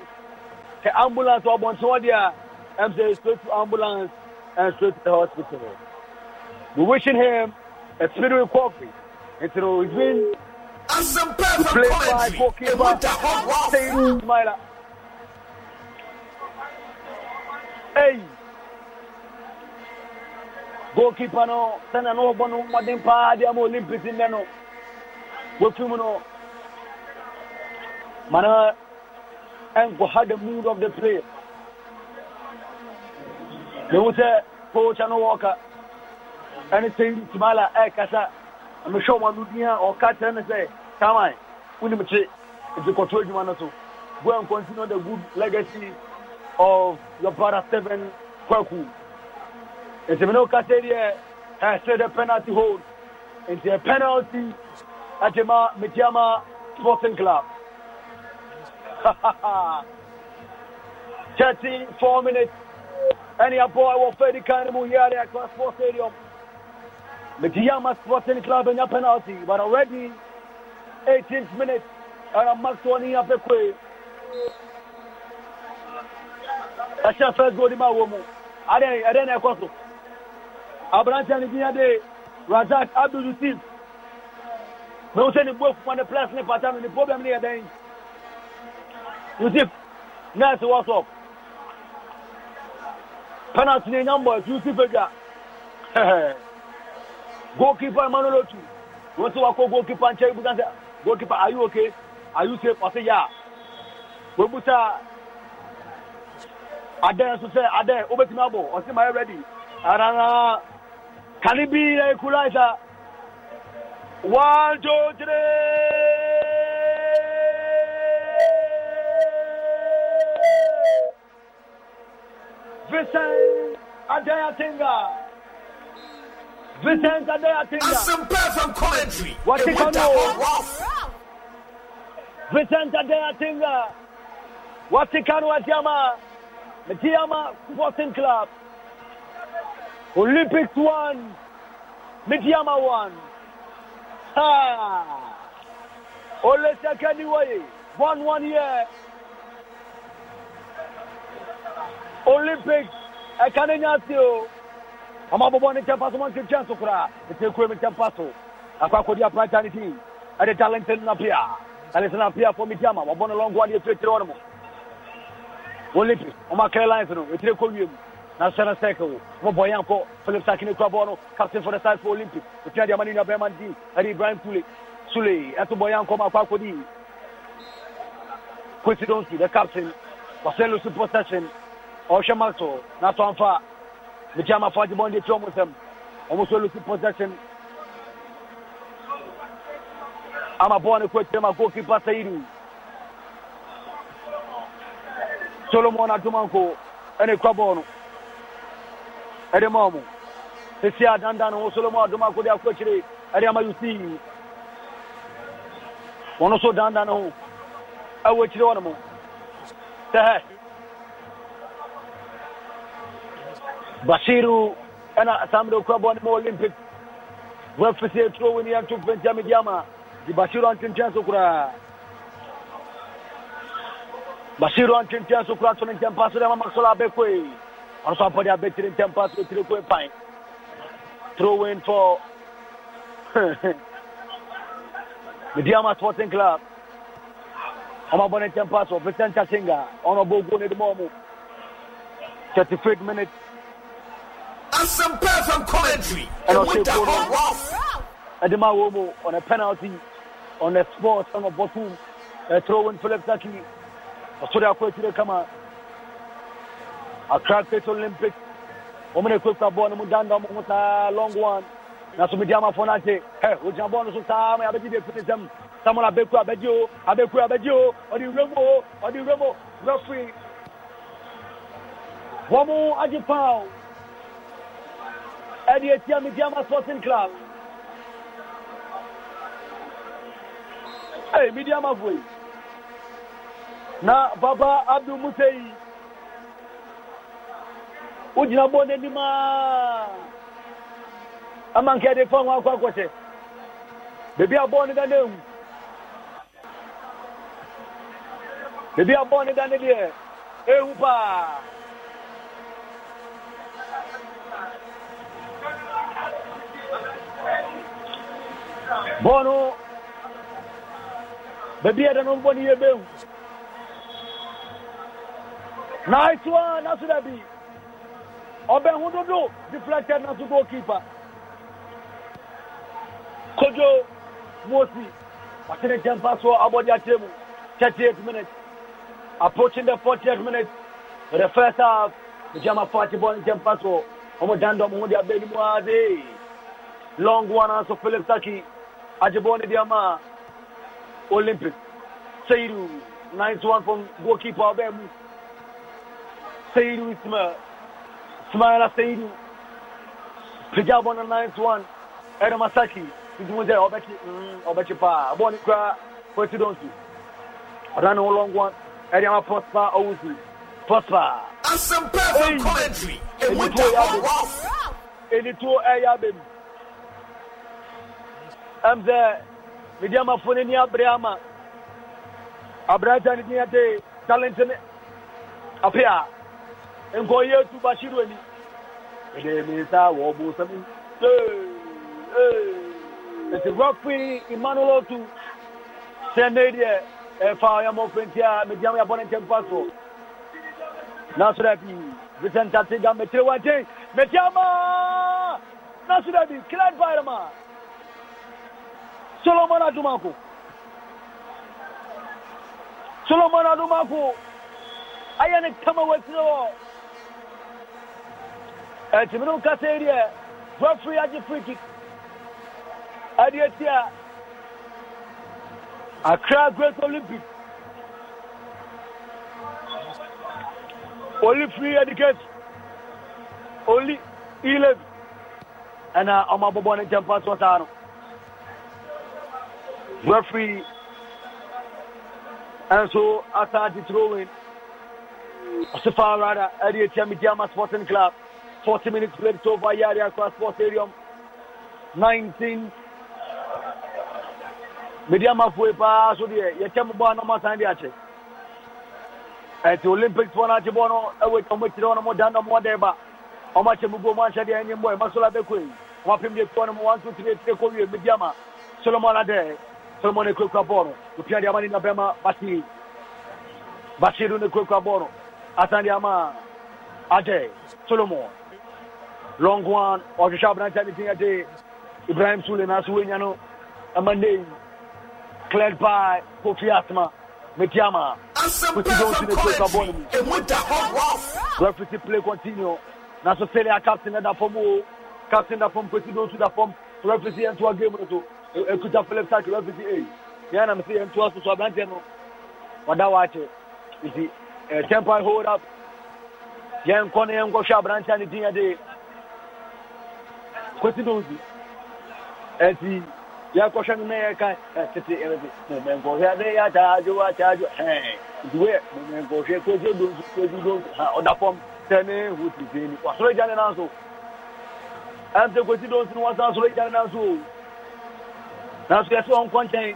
sɛ ambulance ɔbɔnten wɔ deɛ ɛm sɛ straight to ambulance and straight to the hospital we wishing him a speedy recovery nti no he's been played by goalkeeper Saint smile. hey goalkeeper no sɛnea no wɔbɔ no mmɔden paa deɛ ma olympics nnɛ no wɔtum no mana and had the mood of the play. They would say, Coach and Walker, anything Timala, eh, Kasa, I'm sure one would hear or catch and say, Come on, Winimichi, if you control you want to go and continue the good legacy of your brother Stephen Kwaku. And Simino Kateria has said a penalty hold. It's a penalty at the Mitiama Sporting Club. 34 minutes ɛne aboa ɛwɔ fadi kan no here at akra sport stadium mede yama sporting club in anya penalty but already 18th minute ɛna maxwell ne apɛkoe ɛhyɛ first goal ma wɔ mu adɛn ɛdɛn na ɛkɔ so aberanteɛ no binya de razak abdul yusuf mehu sɛ ne boafuma ne plas ne pata no ne problem ne yɛ dɛn yusuf nurse what's up penalty ni yan boys yusuf eja goalkeeper emmanuel otu wọ́n ti wá kó goalkeeper nkyɛn ibi kan sɛ goalkeeper are you okay are you safe ɔsɛ yaa wọ́n bu sá adan so sɛ adan obetumi abɔ ɔsɛ maa yɛ ready arara kane bi uh, yɛ ekura yi sa one two three. Vincent Adeyatinga. Vincent Adeyatinga. Asimpe from Coventry. What is on Vincent Adeyatinga. Watikano Atiama. Metiama Sporting Club. Olympics 1. Metiama 1. Ha! Ole Sakani Waye. 1 1 year. olympics ɛka ne nya ase o ɔma bɔbɔ ne kyɛmpa so ma nke kyɛn so koraa ɛtɛ kuro me kyɛmpa so akɔ akɔdi aprata ne team ɛde talented napia talented napia fɔ mi tiama wɔbɔ ne lɔngo adeɛ tiretire hɔ no mu olympics ɔma kɛlɛ lines no ɛtire kɔ wiem na sɛnɛ sɛkɛ o ɔma bɔ yɛn kɔ philip sakine kura bɔ no captain for the side for olympics ɔtua deɛ ma ne nua bɛrɛ ma di ɛde ibrahim kule sule ɛto bɔ yɛn kɔ ma akɔ akɔdi kwesi donsi the captain wɔsɛn lusi possession ɔhwɛ maxwell na tɔnfa meti amafo agye bɔn de ti ɔmo nsɛm ɔmo so lusi possession ama bɔɔl ne kɔ akyire ma goalkeeper sayiri solomon adumanko ɛna ekura bɔɔl no ɛde ma ɔmo sisi a dandan no solomon adumanko de akɔ akyire ɛde ama yusi wɔn nso dandan no ho ɛwɔ akyire no mo sɛhɛ. bashiru ɛna asamdo kura bɔ ne ma olympic wafisi eturo wini ya ntu fɛn tiami diama di bashiru an tintiɛn so kura bashiru an tintiɛn so kura sɔni ntɛn paaso dɛ ma makisola abɛ koye ɔrɔsɔ apɔdi abɛ tiri ntɛn paaso tiri koye pan turo win fɔ diama sporting club ɔmɔ bɔ ne ntɛn paaso vincent chasinga ɔnɔ bɔ ogun ne di mɔ mu thirty eight minutes. And some asɛmpɛ fam commentary and ɛwoda hɔ rof ɛde ma wɔ mu on a penalty on a sport on a bottom a throw in philip saki ɔsɔre akɔ akyire kama accra state olympic wɔn na ekurakura bɔɔl no mu dandan mo ho saa long one na so medi amafoɔ no to hɛ ogyina bɔɔl no so saa ma yɛabɛgye deɛ firi nsɛm samuel abeku abɛgye o abeku abɛgye o ɔde wura mu o ɔde wura mu referee wɔn agye paa o ɛde atia me diama sporting club Hey, media mavoi. Na Baba Abdul Musei. Ujina bonde ni ma. Ama nke de fon wa kwa kwose. Bebi abone dane hu. Bebi abone dane de. Ehu pa. bɔɔlu baabi yɛ dɛ no mbɔ ni yɛ bɛn nice one naso dabi ɔbɛn ho dodo deflected naso goalkeeper kojo mosi watene jɛmpa so abɔde akyerɛ mu 38 minutes approaching the 40th minute the first half jama fati bɔ jɛmpa so ɔmo dandɔ ɔmo ho de abɛn mu ade long one aso philip saki. Ajibone Diama Olympic. Seidu, nice one from goalkeeper Abemu. Seidu Ismail. Smaila Seidu. Pijabona nice one. Edamasaki. Ntumunze ọbẹ̀kì ọbẹ̀kì paa bọ́ọ̀lù kura fọ́tí dọ́nsù ọ̀dà ni wọ́n lọ́ngù wọn ẹ̀rí àwọn pọ́spa ọ̀wùsù pọ́spa. asempe for commentary èmi tó yà bẹ̀rù. ènìtò ẹ̀yà bẹ̀rù. ɛm sɛ mede amafoɔ no ani abrɛ ama aberanta no din ɛde talent ne afe a nkɔ ɔyɛ tu bashiro ani mede me nsa wɔ nti rɔfi emmanuel otu sɛ ne deɛ eh, ɛfa ɔyɛmɔfo nti a mede ama yɛbɔ ne nkyɛm fa soɔ na so da pii visɛntate da mɛtire wanten mɛtiama na so da bi kra environment Solomon Adumako. Solomon Adumako. Ayɛ ne kama wɔtiri hɔ. Ɛtumi no nkasa yi deɛ, Godfrey agye free kick. Adeɛ ti a, Accra Great Olympic. Oli free educate. Oli eleven. Ɛna ɔmo abobɔ ne nkyɛn fa so saa no referee after the throwing ɔsefa rada ɛde atia mediama sporting club 40 minutes played so far yare akra sports stadium 19 mediamafoe paa so deɛ yɛkyɛ mo bɔa nom asane de akyɛ ɛnti olympics fɔ no akye bɔɔ no ɛwɔ ɔmo kyerɛ more dan no more ba ɔmo akyɛ mu buo mu anhyɛ deɛ ɛnyɛ mbɔ ɛma sola bɛkɔi ɔmapem deɛ kuɔ no mu 1 2 3 3 kɔ wie mediama solomon adɛ solomon ekwekwa bɔɔl opia de ama ne nabɛma bashir bashiru ne kwekwa bɔɔl asan de ama adɛ solomon long one ɔhwehwɛ aberanteɛ ne din yɛde ibrahim sule na so wɔanya no ama name cleared by kofi asma meti ama kosi johnson ne kwekwa bɔɔl mu play continue na so captain da fam o captain da fam kosi johnson da fam referee game no so ekuta philip saki wa fisi eyi yẹn nam si yẹn tó ọsọ sọ aberanteɛ no ɔda waakye nti ɛ temple hold up yɛn nkɔ ne yɛn nkɔhwɛ aberanteɛ ne din yɛ de kwesi donzi ɛti yɛn kɔhwɛ no na yɛ ka ɛ tete ɛbɛ ti mɛ nkɔhwɛ ne yɛ ataajo ataajo hɛn nti wɛ mɛ nkɔhwɛ kwesi donzi kwesi donzi ha ɔda fam sɛ ne hu tete ni wasoro gya ne nan so ɛn tɛ kwesi donzi ni wasan soro gya ne so na nso yɛsɛ wɔn nkɔ nkyɛn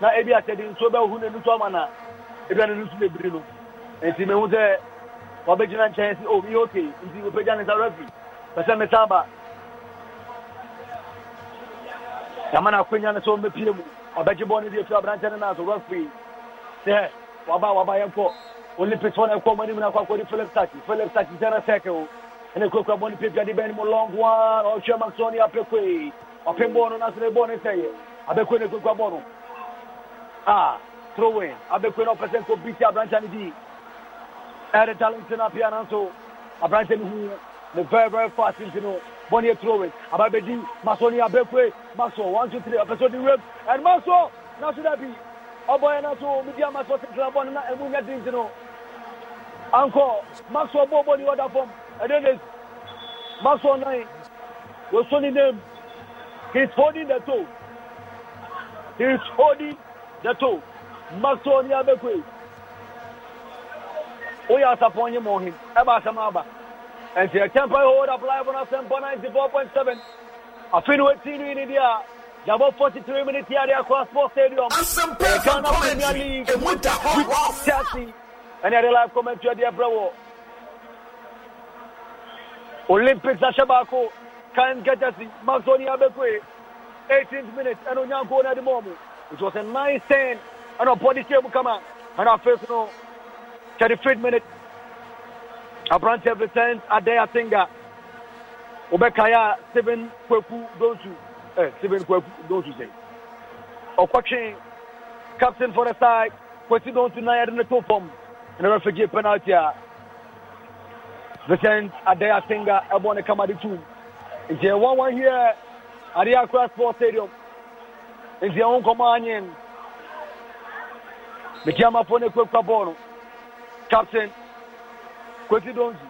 na ebi akyɛde nsuo bɛhuhu n'anu to ama na ebi a n'anu so bebree no nti mehu sɛ wabɛgyina nkyɛn sɛ o yɛ oke nti wopagya ne nsa refi pɛsɛ me sa aba yàmà na akonya ne sɛ wɔn bɛpie mu ɔbɛgye bɔɔl ne de efiri aberanteɛ ne nan so sɛ waba waba yɛ nkɔ olympics wɔn ɛkɔ wɔn anim na akɔ akɔ di taki philip taki sɛ na sɛkɛ o ɛna ekura bɔɔl ne pepia abɛkue no ekukua bɔɔl no a throwin abɛkue no ɔpɛ sɛ nkɔ biti aberanteɛ no bi ɛde talent no apia no nso aberanteɛ no hu ne very very fast nti no bɔne yɛ throwin ababɛdi maso ne abɛkue maso one two three ɔpɛ sɛ ɔde wem ɛne maso na so da bi ɔbɔyɛ no so media maso tetena bɔne na ɛmu nyɛ den nti no ankɔ maso bɔɔ bɔne ɔda fam ɛdɛ ne maso nan wɔso ne nam he's holding the toe He is holding the toe. Masonia Bekwe. We are supporting him on him. Eba Samaba. And the temporary hold up live on us and 94.7. A fin waiting in India. Jabo 43 minutes here at Cross Sports Stadium. The Ghana Premier League. With Chelsea. And the live commentary at the Ebrewo. Olympics Ashabako. Can't get us. Masonia Bekwe. 18th minutes, and Onyanko at the moment. It was a nice turn, and our body came come out. And our first, you thirty-three minutes. minute, our branch of returns are there, Obekaya, seven Kweku, don't you? Eh, seven Kweku, don't you say? Okwachin, captain for the side, Kwesi don't deny it in the top form. And the refugee penalty. Vincent Adeya Singer, Ebony Kamadi 2. It's a 1 1 here. adeɛ akora sport stadium nti ɛho nkɔmmɔ anyɛ no metia amafoɔ no ɛkuakura bɔɔl no captain kwesi donzi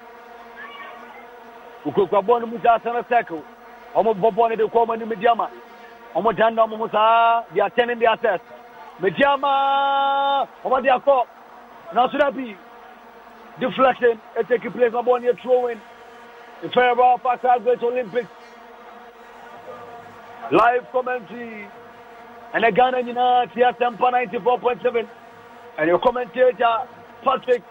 okuakura bɔɔl no mu saa sɛne circle ɔmo bɔ bɔɔl no de kɔ ɔmo anim di ama ɔmo dan da ɔmo ho saa de atɛne de asɛs metia ama ɔmo de akɔ nanso da bi deflection ɛtɛki place na bɔɔl no yɛ throwing the fɛrɛ bɔ fa saa great olympics live commentary ɛnɛ ghana nyinaa te asɛmpa 94.7 ɛne commentator patrick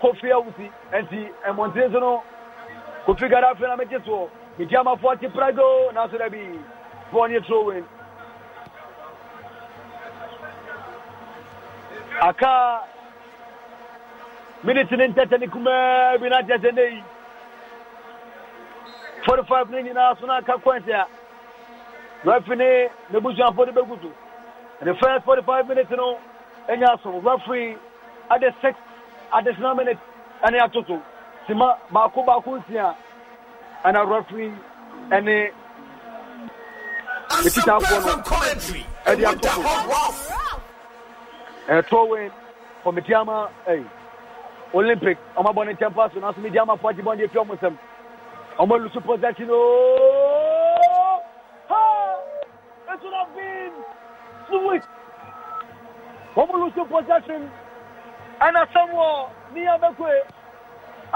kofi awusi ɛnti ɛmɔnten so no kofi gada afei na megye soɔ medi amafoɔ te prago nanso da bi bɔne trowin aka miniti ne ntɛtɛ ne kumaa bi na ntɛtɛ ne yi 45 ne nyinaa so na aka kɔnsɛ a na afini ne busuafo de bɛgu so e the first forty five minutes no ɛnya so referee ade six additional minutes ɛne ato so sima baako baako nsia ɛna referee ɛne etitafoɔ no ɛde ato so ɛtɔ wɛn kɔmiti ama ɛyi olympic ɔmo abɔ ne ntɛm pa so n'aso mi di ama fo agye bɔ ne efi ɔmo nsɛm ɔmo lusu possession ooo. Oh! It should have been switched. Wọ́n lose possession. and Ẹna Samuel ní Abẹ́kọ̀ẹ́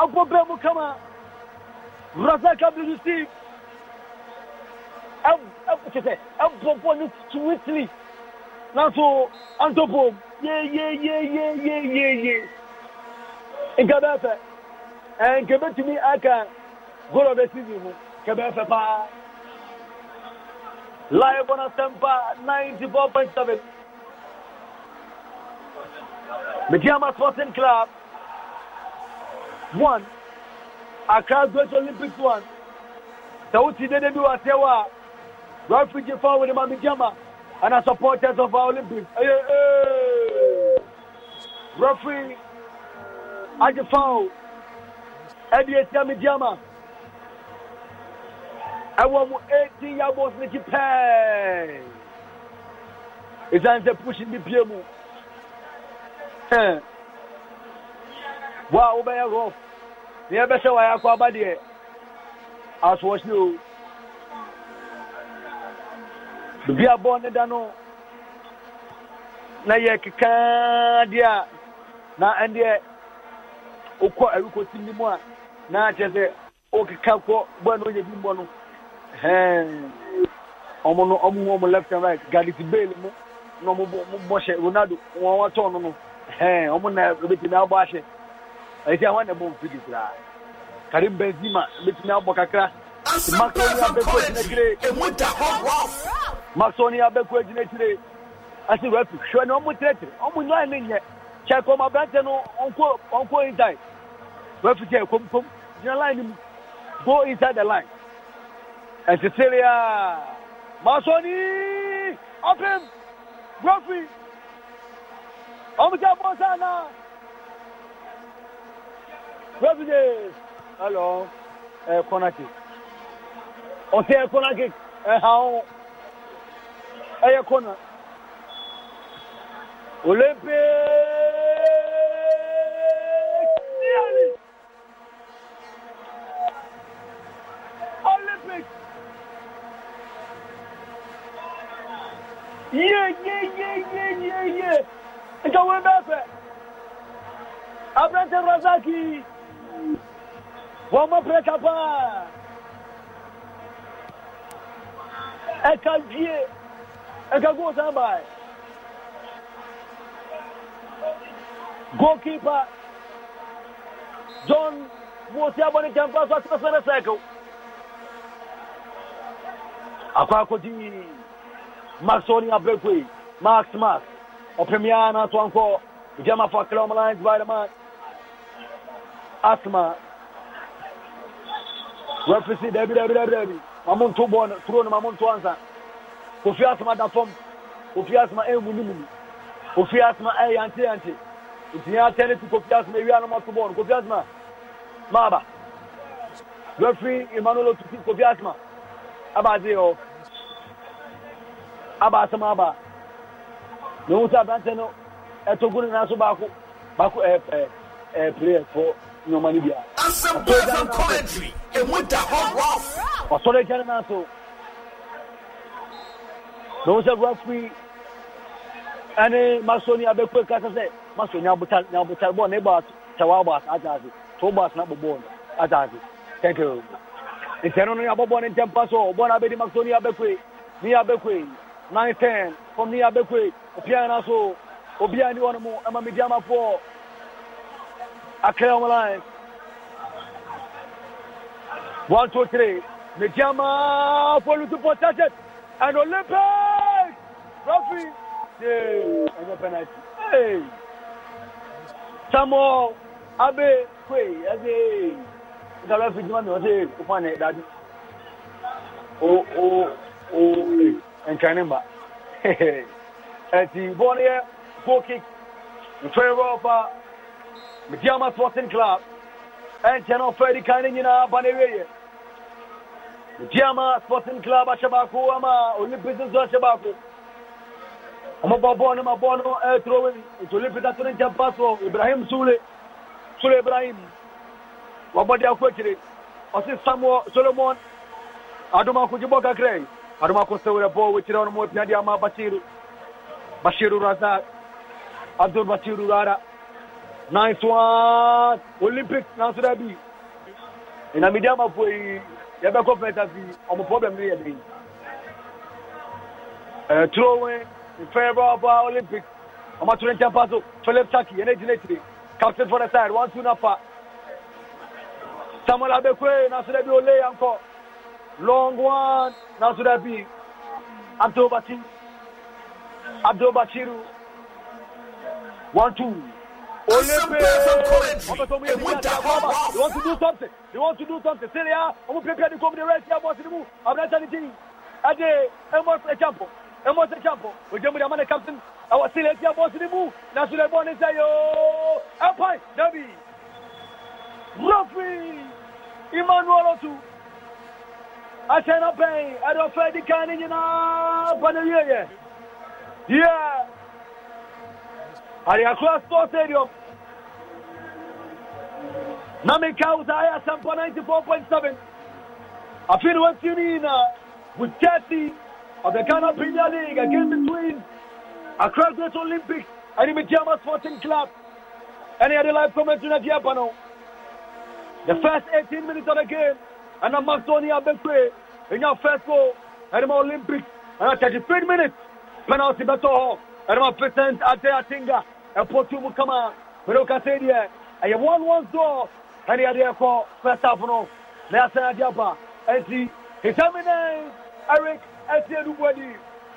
abọ́bẹ́ mu kama Razak Abdul Steve ẹ bọ̀bọ̀ ní swiftly nanso Antopo yeyeyeyeyeye nka bẹ́ẹ̀ fẹ́ nkà bẹ́ẹ̀ tumi aka goal of the season mu nkà bẹ́ẹ̀ fẹ́ paa live on a Asempa 94.7. Mediama Sporting Club 1. Accra Great Olympics 1. Sauti Dede Biwa Sewa. Refugee forward in Mamijama and our supporters of our Olympics. Hey, hey. Referee Ajifao Eddie Samijama ɛwɔ mo eighteen year olds ne ti pɛɛ esan sɛ pushing bi pie mu ɛn wa wobɛyɛ rough nea ɛbɛsɛ wayɛ akɔ aba deɛ asoɔhyɛ o bibi a bɔɔl ne da no na yɛ kekaa deɛ a na ɛndeɛ okɔ ɛrikɔ si ne mu a na akyerɛ sɛ okeka kɔ bɔɔl no yɛ bi mbɔ no ọmọ no ọmọ wọn ọmọ left and right gareth bale mu na ọmọ bọ hyẹ ronaldo wọn wọn tọ ọno no ọmọ na ebetumi abọ ahyẹ ẹyẹ sẹ wọn na ẹbọ nfidi kura karim benzema ebetumi abọ kakra maxoni abeko egyina ekyire maxoni abeko egyina ekyire ase refi hwẹ ni ọmọ tiretire ọmọ nyan ne nyẹ kyẹ kọm abirante no ọnkọ ọnkọ inside refi kyẹ kom kom gyina line ni mu go inside the line and Cecilia. Masoni, up him, Brophy, Omega Montana, Rodriguez, hello, uh, corner kick. Ọ̀sẹ̀ oh, eh, corner kick, ẹ̀ha ọ̀, ẹ̀yẹ corner. Olympic, yie yie yie yie yie yie nka wo bɛ fɛ abirante razaki wɔn mo pere ka paa ɛka die ɛka goalkeeper. John, você goalkeeper john muosi abɔni kyɛnfa so atena sɛnɛ sɛɛkew akɔ akɔdi. maxoni abrekwe max max ɔpremia na so ankɔ gyama fa kra ɔmalans vitamin asma refisi dabi dabi dabi dabi mamu nto bɔ no turo no mamu nto ansa kofi asma da fam kofi asma ɛyɛ mu nimu kofi asma ɛyɛ yante yante ntinya atɛne ti kofi asma ewia no mɔto bɔ no kofi asma maaba refiri emmanuel otuti kofi asma abaade yɛ hɔ aba asɛm aba na ohun sɛ aberanteɛ no ɛtɔ gu ne nan so baako baako ɛɛ nneɛma no bia. asebɔfɛn kɔmɛntiri ne nan so na ohun sɛ rɔf yi ɛne masoni abɛkue kasa sɛ masoni abuta abuta ne ba tawa bɔ asa ata ase bɔ asa bɔ bɔɔl ata ase tɛkɛ no yabɔ bɔɔl ne ntɛmpa so bɔɔl abɛdi masoni abɛkue ne abɛkue nine ten from near Bekwe, Opiana so, Obiani one more, Emma Midiama four, Akela line. One, two, three. Midiama for Lutu for Tachet and Olympic! Referee! Hey, and a penalty. Hey! Samuel Abe Kwe, as a. The referee, you want to say, Kupane, that. Oh, oh, oh, hey ntwene mma ɛti bɔɔl no yɛ goal kick in favour of Mediama Sporting Club ɛnkyɛn na ɔfɛ di kan ne nyinaa ba ne weyɛ Mediama Sporting Club ahyɛ baako ama Olympics nso ahyɛ baako ɔmɔbɔ bɔɔl no ma bɔɔl no ɛturo wei nti Olympics ato ne nkyɛn pass wɔ Ibrahim Sule Sule Ibrahim wɔbɔ de akɔ akyire ɔsi Samuel Solomon adomakogyebɔ kakra yi arimo akosora bo wekira ono mwe pnadi ama bashiru bashiru razak abdul bashiru rara nice one olympics nanso da Ina na media amafo yi yɛbɛkɔ fantasy ɔmo problem no yɛ den eh, ɛɛ turowe fɛɛbɔ aba olympics ɔmo atoro nkyɛn pa philip saki yɛn egyina ekyire captain for the side one two nafa samuel abekwe nanso da bi ole yankɔ. Long one. Now to that be Abdul Bati, Abdul Batiru. One, two. Olympic. They want to do something. They want to do something. Syria, I'm prepared to come to the rest of the move. I'm not telling you. Ade, Emos Echampo. Emos Echampo. We don't have a captain. Our Syria is about to move. That's what I want to say. Oh, Empire, Debbie. Rafi. Emmanuel Otu. I say no pain. I don't feel the kind in your now. Yeah. Yeah. Are you across four stadium? Nami Kauza, I have some for 94.7. I feel what you need now uh, with Chelsea of the Ghana Premier League against the Twins across the Olympics and a Jama Sporting Club. Any other live comments in the Japano? The first 18 minutes of the game. ɛna macedonia bɛkue ɛnya first goal ɛnema olympic ɛna 33 minutes penalty bɛtɔ hɔ ɛnema vincent ade atinga ɛpɔ tu mu kama mene woka sɛ deɛ ɛyɛ one one score ɛne yɛde ɛkɔ first half no na yɛasɛn ade aba ɛnti hitaminɛn eric ɛtie no buadi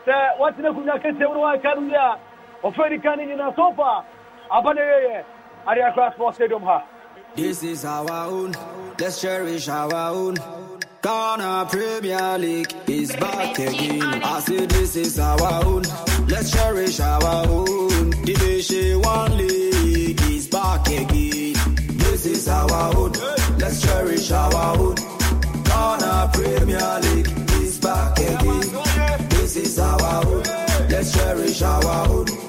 sɛ watena kunya kɛseɛ mu no wanka no wie a ɔfɛ nika no nyina so far aba ne yɛyɛ adeɛ kora sports stadium ha This is our own. Let's cherish our own. Ghana Premier League is back again. I say this is our own. Let's cherish our own. Division One League is back again. This is our own. Let's cherish our own. Ghana Premier League is back again. This is our own. Let's cherish our own.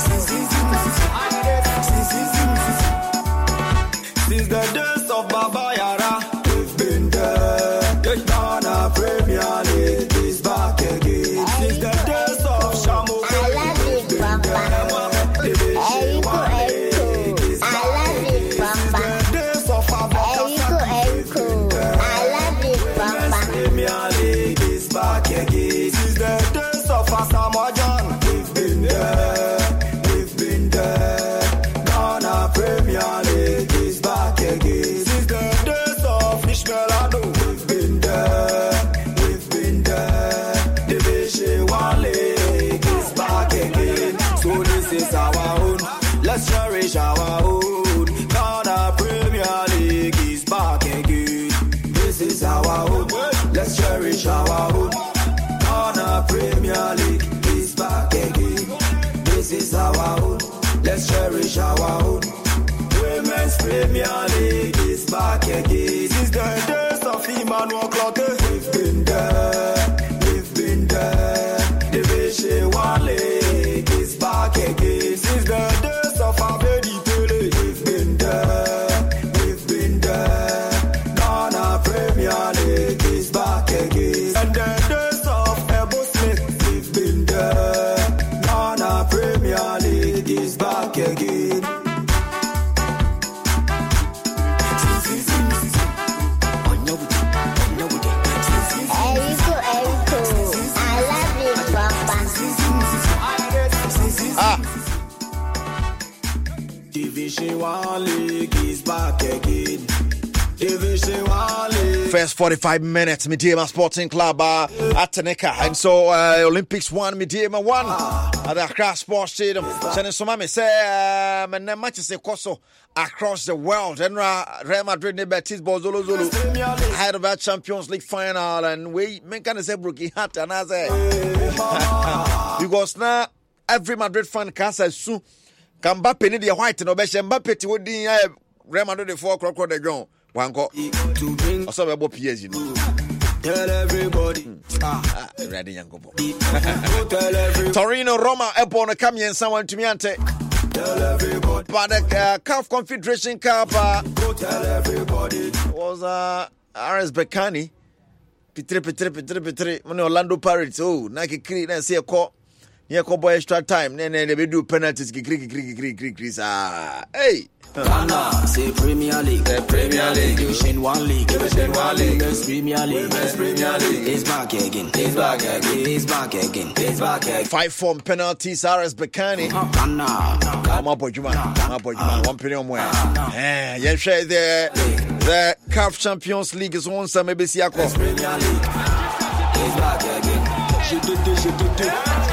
Since the days of Baba Yara, we've been there. Premier League is back again. Since the days of him and one clock. We've been First 45 minutes, Mediema Sporting Club uh, at Teneka. And so uh, Olympics 1, Mediema 1 at the Accra Sports Stadium. Sending some money, say, um, and matches Koso across the world. And uh, Real Madrid, Betis, Bozolo Zulu, ahead of our Champions League final. And we make an Brookie Hat and I say, eh? because now every Madrid fan can say, soon. Mbappe need the white and Obesh Mbappe to eh, Real Madrid, the four o'clock, the ground wankɔ ɔsɛ bɛbɔ psg no hmm. awurade ah, nyankopɔn torino roma ɛbɔ no ka miɛnsa wantumi ante but the uh, uh Calf Confederation Cup uh, was uh, RS Bekani. Pitri, pitri, pitri, pitri. Mune Orlando Pirates. Oh, na kikiri, na siya ko ne yɛkɔbɔ extra time ne ɛnɛ yɛbɛdu penalties kikirikikirikirikiri saa ei Ghana, say Premier League, the Premier League, Division One League, Division One League, Women's Premier League, Women's Premier League. It's back again, it's back again, it's back again, it's back again. Five form penalties, RS Bekani. Uh-huh. Ghana, i up with you, man. i up with you, man. Uh-huh. One penny on where? Eh, yes, the the CAF Champions League is on some ABC. It's Premier League, it's back again. Je te, je te, je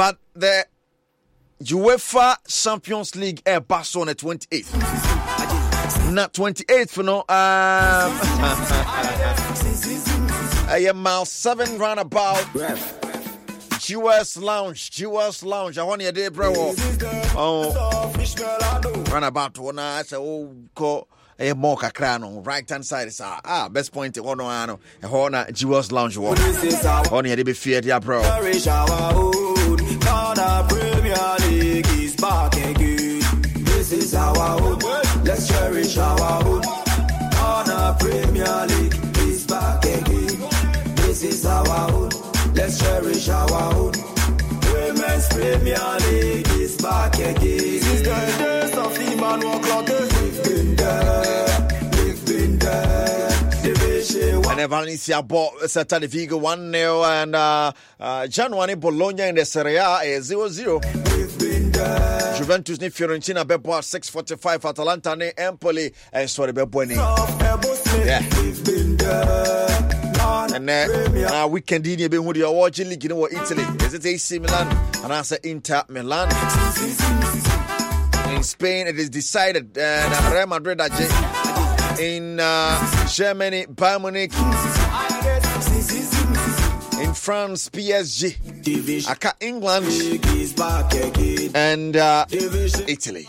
but the UEFA Champions League air pass on the 28th. Not 28th, you know. Um, I am mile seven roundabout. Jewel's Lounge, Jewel's Lounge. I want you there, bro. Oh, roundabout one. I say, oh, call. ɛyɛ mall crown on right hand side saa ah best point one. no a no ɛhɔ na jewels lounge wɔ hɔ no yɛde bɛfie de bro. Premier League back again. This is our home. Let's cherish our home. Premier League back again. This is our home. Let's cherish our home. Women's Premier League is back again. This is the days of Emmanuel Clotet. We've been there. We've been there. And Valencia bought Celta de Vigo 1 0. And uh, uh, January, Bologna in the Serie A is 0 0. Juventus ni Fiorentina bɛbɔ at 645 Atalanta ni Empoli eh, sorry, bɛbɔ ni. Ɛnɛ na weekend yi ni ebi hu the award league ni wɔ Italy. Is it AC Milan anaasɛ Inter Milan? In Spain it is decided uh, Real Madrid agye in uh, Germany, Bayern Munich. In France, PSG. Aka England. And uh, Italy.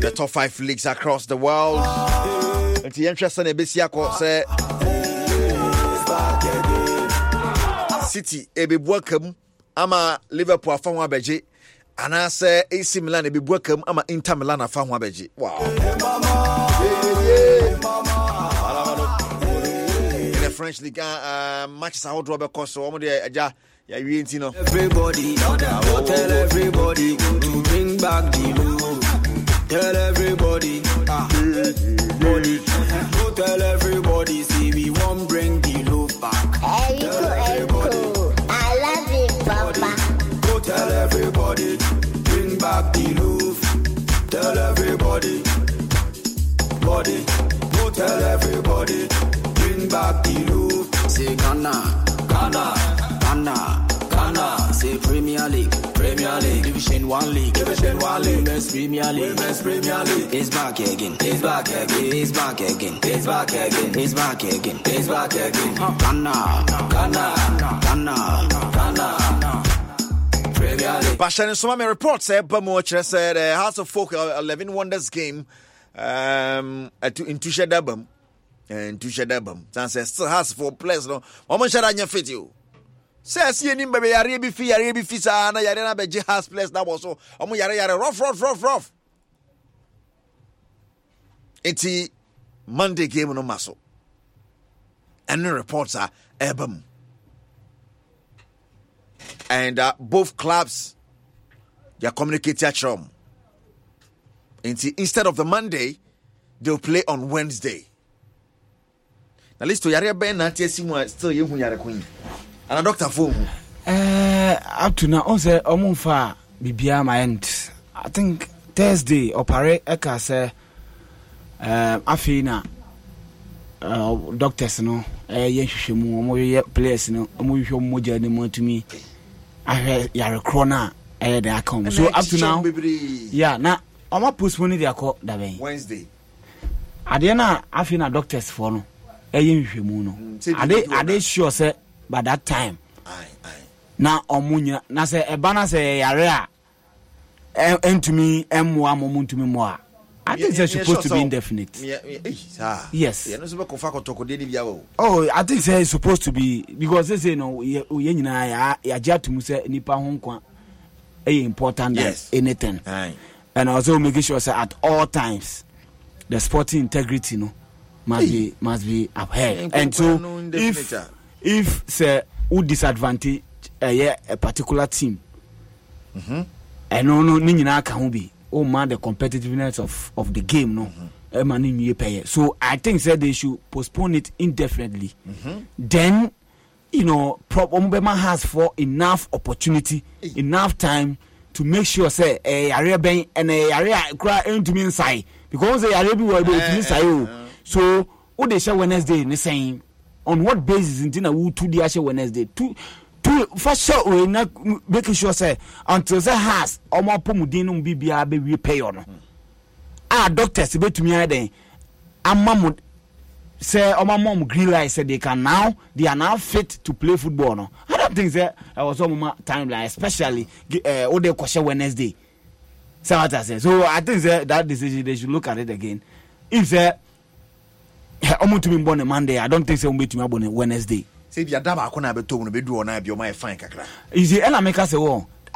The top five leagues across the world. Nti yɛnhwɛ sɛ ɛbɛsi akɔ sɛ city ɛbɛbua ka ama liverpool afa ho abɛgye anaasɛ ac milan ɛbɛbua ka ama inter milan afa ho beji. wow. French League uh, uh, matches ahodoɔ bɛkɔ so wɔn deɛ agya yɛawie nti no. everybody I tell everybody to bring back the low tell everybody go ah, tell everybody say we wan bring the low back. everybody I love you papa. go tell everybody bring back the low tell everybody body go tell everybody back the roof. Say Ghana, Ghana, Ghana, Ghana. Say Premier League, Premier League. Division One League, Division One League. Women's Premier League, Women's Premier League. It's back again, it's back again, it's back again, it's back again, it's back again, it's back again. Ghana, Ghana, Ghana, Ghana. Bashan and Sumami reports eh, Bamuch said uh, House of Folk uh, 11 Wonders game um, uh, to, in and da bam san sɛ still has for place, no wɔn nhyɛ da nyɛ fit you sɛ ɛsi anim bɛbɛ yareɛ bi fi yareɛ bi fi saa na yareɛ no abɛgye has place. That was so wɔn yare yare rough rough rough rough It's monday game no ma so ɛne reports are ɛreba eh, and uh, both clubs they are communicating akyerɛ wɔn nti instead of the monday they will play on wednesday. na listo yareɛ bɛn na asi mu a still yɛhu yareko yi ana doctor hu uh, eh, up to now ɔhu sɛ ɔmomfa biribiaa ma ɛnt i think thursday ɔpare ɛka sɛ um, afei na eh, doctors no ɛyɛ nhwehwɛ mu ɔmoyɛ players no ɔmohwehwɛ mu mogya no mu atumi ahwɛ yarekorɔ no a ɛyɛ de aka mu so up to now yeah, na ɔma postpone de akɔ dabɛn adeɛ no a afei na doctors foɔ no ɛyɛ nhwehwɛmu no mm, ade ade sure sɛ by that time na ɔmo nyina na sɛ ɛba na sɛ yare a ɛntumi ɛmmoa ma ɔmo ntumi mmoa I think they're supposed to be indefinite. Yes. Oh, I think they're supposed to be because they say no. Yɛ nyinaa yagye atum sɛ nipa ho nkwa ɛyɛ important than anything. And also make sure sɛ at all times the sporting integrity no must be must be upheld. And so if if say who disadvantage uh, yeah, a particular team, and mm-hmm. eh, no no ne nyinaa ka ho bi woma oh, the competitiveness of, of the game no ɛma mm-hmm. eh, ne nwie pɛyɛ so i think said they should postpone it indefinitely mm-hmm. then you know prop ɔmo has for enough opportunity enough time to make sure sɛ ɛyare eh, bɛn and ɛyare a kura ɛntumi nsae because ɔmo sɛ yare bi wɔ ɛbɛ ɛtumi nsae o so wode hyɛ wednesday ne sɛn on what basis nti na wotu de ahyɛ wednesday tu tu fa hyɛ oye na make sure sɛ until sɛ has ɔmo apɔmuden no mu bi biara bɛwie pɛyɔ no a doctors bɛtumi ayɛ dɛn ama mo sɛ ɔmo ama mo green light sɛ they can now they are now fit to play football no i don't think sɛ ɛwɔ sɛ ɔmo ma timeline especially ɛɛ wode kɔhyɛ wednesday sɛ wata sɛ so i think sɛ that decision they should look at it again if sɛ. Uh, ɔmo bɔ ne monday i don't think sɛ ɔmo bɛtumi abɔ ne wednesday. sebi ada baako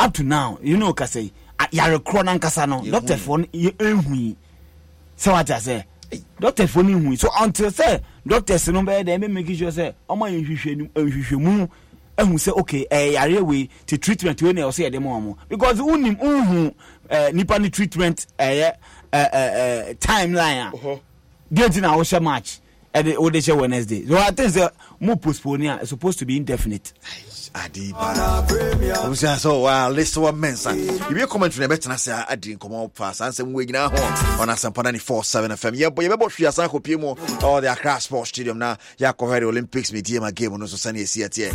up to now you know kasa yi yare korɔ no doctor fo ehu sɛ wate asɛ doctor no ehu so until sɛ doctors no bɛyɛ dɛ ɛbɛ make sure sɛ ɔmo ayɛ nhwehwɛ eh, sɛ okay ɛyɛ eh, yare wei ti treatment wei na ɔsɛ yɛ dɛ mo because wunim nhu eh, nipa ni treatment ɛyɛ ɛɛ ɛɛ timeline a. deɛ nti na wohyɛ match ɛde wode hyɛ wednesday so i think sɛ mo postpone a it's supposed to be indefinite So adibaɛsɛwalesɛwamensa yɛbɛyɛ comment no yɛbɛtena sɛ adi nkɔmmɔ fa saa nsɛm wɔ nyinaa ho ɔno asɛmpa no ne 47 fm yɛbɛbɔ hwee asan akɔpie mu ɔ the accra oh, sports stadium na yɛakɔhwɛ de olympics medie ma game no so sɛne ɛsi ateɛ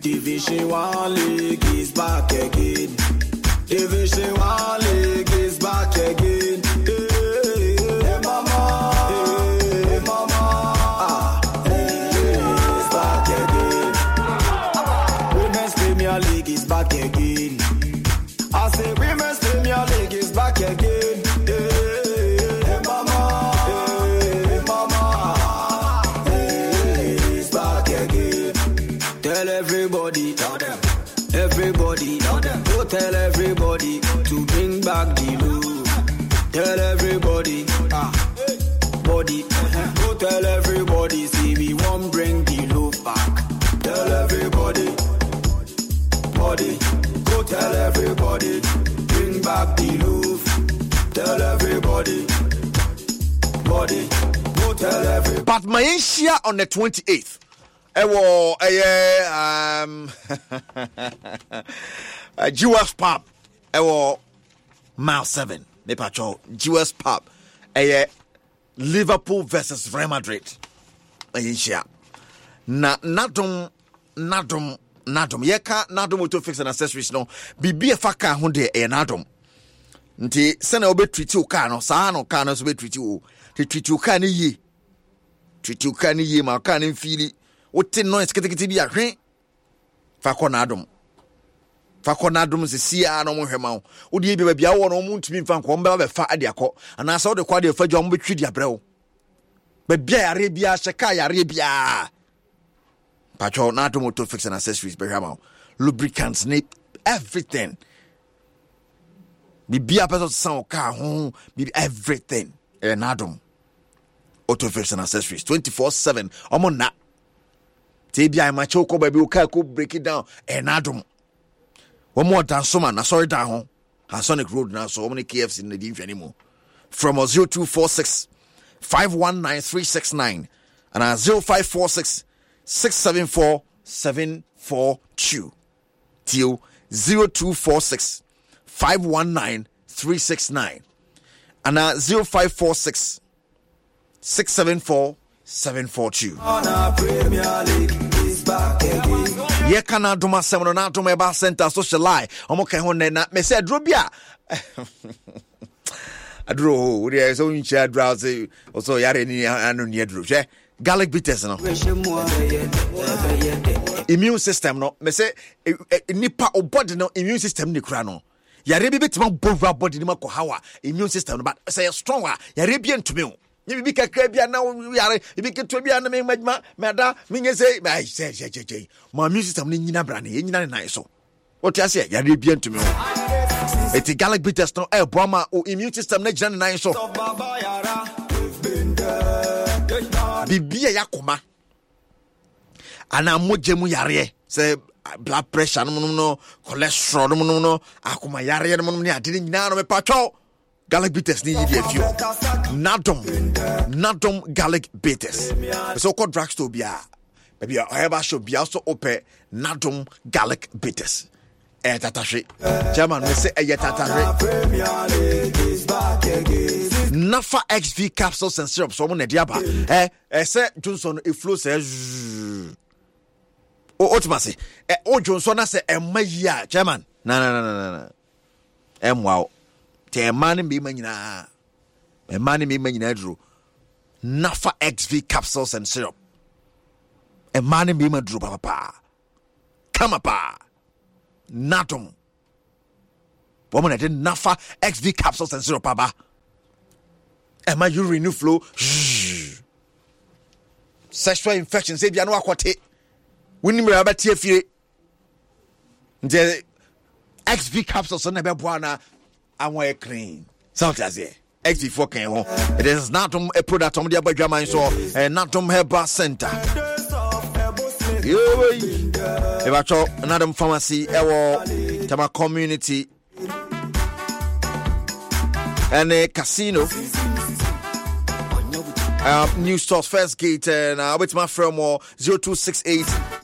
Division 1 league is back again if she want legs back again. tell everybody. Body, go tell everybody. But Malaysia on the 28th. Ewo, eh, um, Jewel's uh, Pub. Ewo, mile 7. Mepacho, Jewel's Pub. Eh, Liverpool versus Real Madrid. Malaysia. Na, nadum, nadum, nadum. Yeka, nadum auto fix and accessories no. Bibi fa ka e de eh, nadum. nti sɛnea wobɛtriti wo kaa no saa na kaa no nso bɛtriti wo nti triti wo kaa no yie triti wo kaa no yie ma kaa no mfiiri wote noise ketekete bi ahwe fa kɔ n'adom fa kɔ n'adom sisi a na ɔmo hwɛ ma wo wode ebi baabi awɔ na ɔmo ntumi nfa nkɔ ɔmo bɛba bɛfa ade akɔ anaasɛ wode kɔ ade afa gya ɔmo bɛtwi de abrɛ wo baabi a yareɛ biara hyɛ kaa yareɛ biara patwɔ n'adom auto fix and accessories bɛhwɛ ma wo lubricants ne everything biribia pɛ san ɔsesa ɔkaa ho everything ɛyɛ eh, n'adom auto fix and accessories 24 7 ɔmo nna te bi a ɛmakyɛ wokɔ baabi wokaa kɔ break it down ɛyɛ eh, n'adom wɔn ɔdansoma n'asɔre dan ho hasonic road na so wɔn ne kfc na di nhwɛni mu from 0246 519369 and 0546 674 till zero two four six. 519 369 and 0546 674 742. yɛka no adom asɛm no na adom ɛba social li ɔmo ka ho nnɛ na mesɛ aduro bi a aduro wodeɛ sɛ wonkyia aduro a sɛ ɔsɛ yare ni ano ni aduro hwɛ garlic bitters no immune system no mesɛ eh, eh, nipa ɔbɔde oh, no immune system no yare bi bɛtumi abɔ wura bɔde no mu akɔ haw immune system no but sɛ yɛ strong a yare bi ntumi o nyɛ biribi kakra bi ana yare ebi ketewa bi ana mɛma adwuma mɛda menyɛ sɛ ai sɛ hyɛhyɛhyɛ ma immune system ni nyina bra ne yɛnyina ne nan so wote aseɛ yare bi ntumi o ɛti garlic bitters no ɛɛboa ma o immune system no gyina ne nan so biribi a ana anaa mogya mu yareɛ sɛ blood pressure no nom no cholesterol no nom no akomayareɛ no nom ne ade no nyinaa no mepatwɔ garlic bitters ne yidi afio nadom nadom garlic bitters ɛsɛ wokɔ drugstore biaa baabi a ɔyɛba shop biaa so wopɛ nadom garlic bitters ɛyɛ tatahwe german me sɛ ɛyɛ tatahwe nafa xv capsules and syrups ɔmo na ɛde aba ɛ ɛsɛ johnson no ɛflo sɛ wotum ase wodwo nsɔ na sɛ ɛma yi a chairman nananana ɛmmoa wo nti ɛma no mmarima nyinaa ɛma no mmarima nyinaa duro nafa xv capsules and syrup ɛma no mmarima duro papa. kama paa natom wɔn na de nafa xv capsules and syrup aba ɛma urine flow sexual infection sɛ ebia no akɔte wonim mmerɛ wobɛte afie nti xv capsules no ɛbɛboa no awɔ yɛ clean sɛ wote aseɛ xv4 kan ho it is not um, a product ɔmde um, aba adwaman so eh, natom um, herba center ɛbatwɔ nadom pharmacy ɛwɔ tama community a casino uh, new stores first gate and uh, eh, wait my firm 0268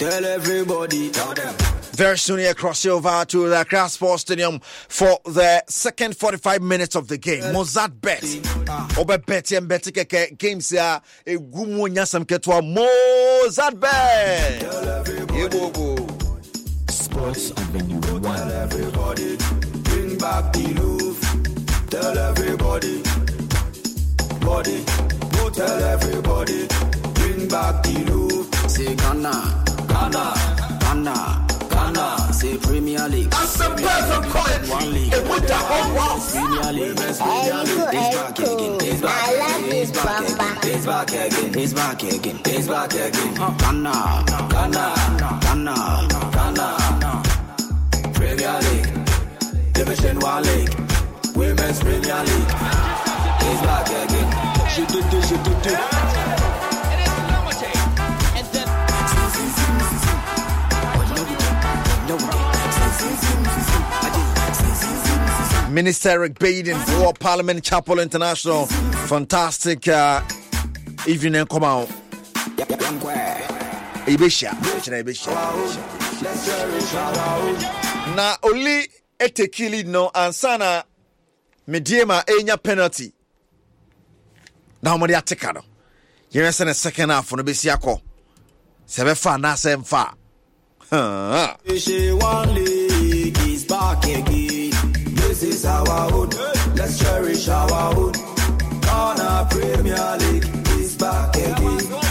Tell everybody. Tell them. Very soon he'll cross over to the Accra Sports Stadium for the second 45 minutes of the game. Mozart bet. Obe beti and beti keke games here. E gumu nyasam ketwa Mozart bet. Sports Avenue 1. Tell everybody. Bring back the roof. Tell everybody. Body. Tell everybody. Bring back the roof. Say Ghana. Ghana, Ghana, Ghana, say Premier League. That's the perfect quality. One league. It put the whole world. Premier League. Premier League. It's back again. It's back again. It's back again. It's back again. It's back again. Ghana, Ghana, Ghana, Ghana. Premier League. Division One League. Women's Premier League. It's back again. Je te, je te, je Minister Eric Baden for Parliament Chapel International. Fantastic uh, evening eh, come out. Ebesha. Na Oli etekili no ansana mediema enya penalty. Na omode ateka no. Yɛhwɛ sɛ ne second half no bɛsi akɔ sɛ bɛfa anaasɛ mfa a Huh. League is back again. This is our hood. Let's cherish our hood. Ghana Premier League is back again.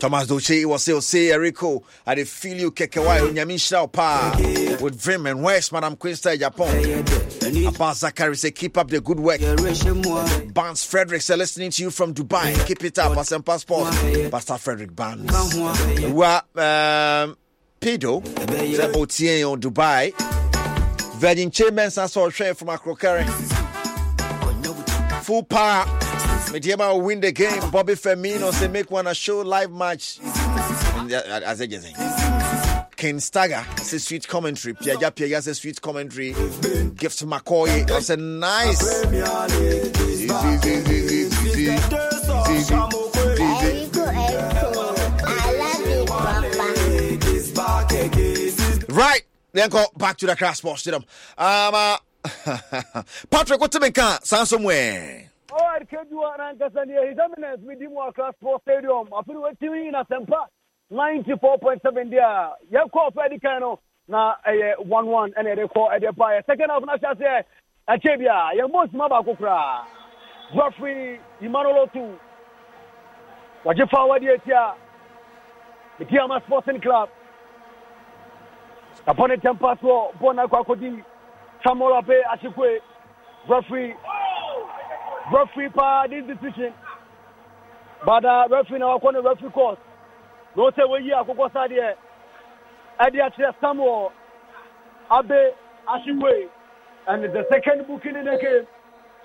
Thomas Doche was here, say Eriko. I did feel you kekewai unyami shrao pa. With Vim and West, Madam Queensta, Japan. Abba Zakari say, keep up the good work. Barnes Frederick say, listening to you from Dubai. Keep it up, as passport. Pastor Frederick Barnes. Well, um, Pido, say, Otien on Dubai. Virgin Chambers, I saw a train from Akrokere. Full power. Metiema will win the game. Bobby Firmino se make one a show live match. As I say, Ken Stagger says sweet commentary. Piaja Piaja says sweet commentary. Gift McCoy I said nice. Right, then go back to the crash box to them. Um, uh, Patrick, what's the car? Sound somewhere. ɔwɔ arikedu anankasa ni ehidamines bi di mu akra sports stadium afiri wetumi yi na sɛmpa ninety four point seven di a yɛkɔ ɔfɛ di kan no na ɛyɛ one one ɛna yɛde kɔ ɛde pa yɛ second half na ahyɛ aseɛ ɛkyɛ bi a yɛn bɔ nsima baako koraa godfrey emmanuel otu wɔgye fa awadi eti a eti ama sporting club ɛbɔ ne tɛmpa soɔ bɔ na akɔ akɔdi samuel abe ahyekwe godfrey referee paa this decision but uh, referee na wakɔ no referee court na o sɛ wɔyi akokɔ sadeɛ ɛde akyerɛ samuel abe ahyewe and the second booking in the game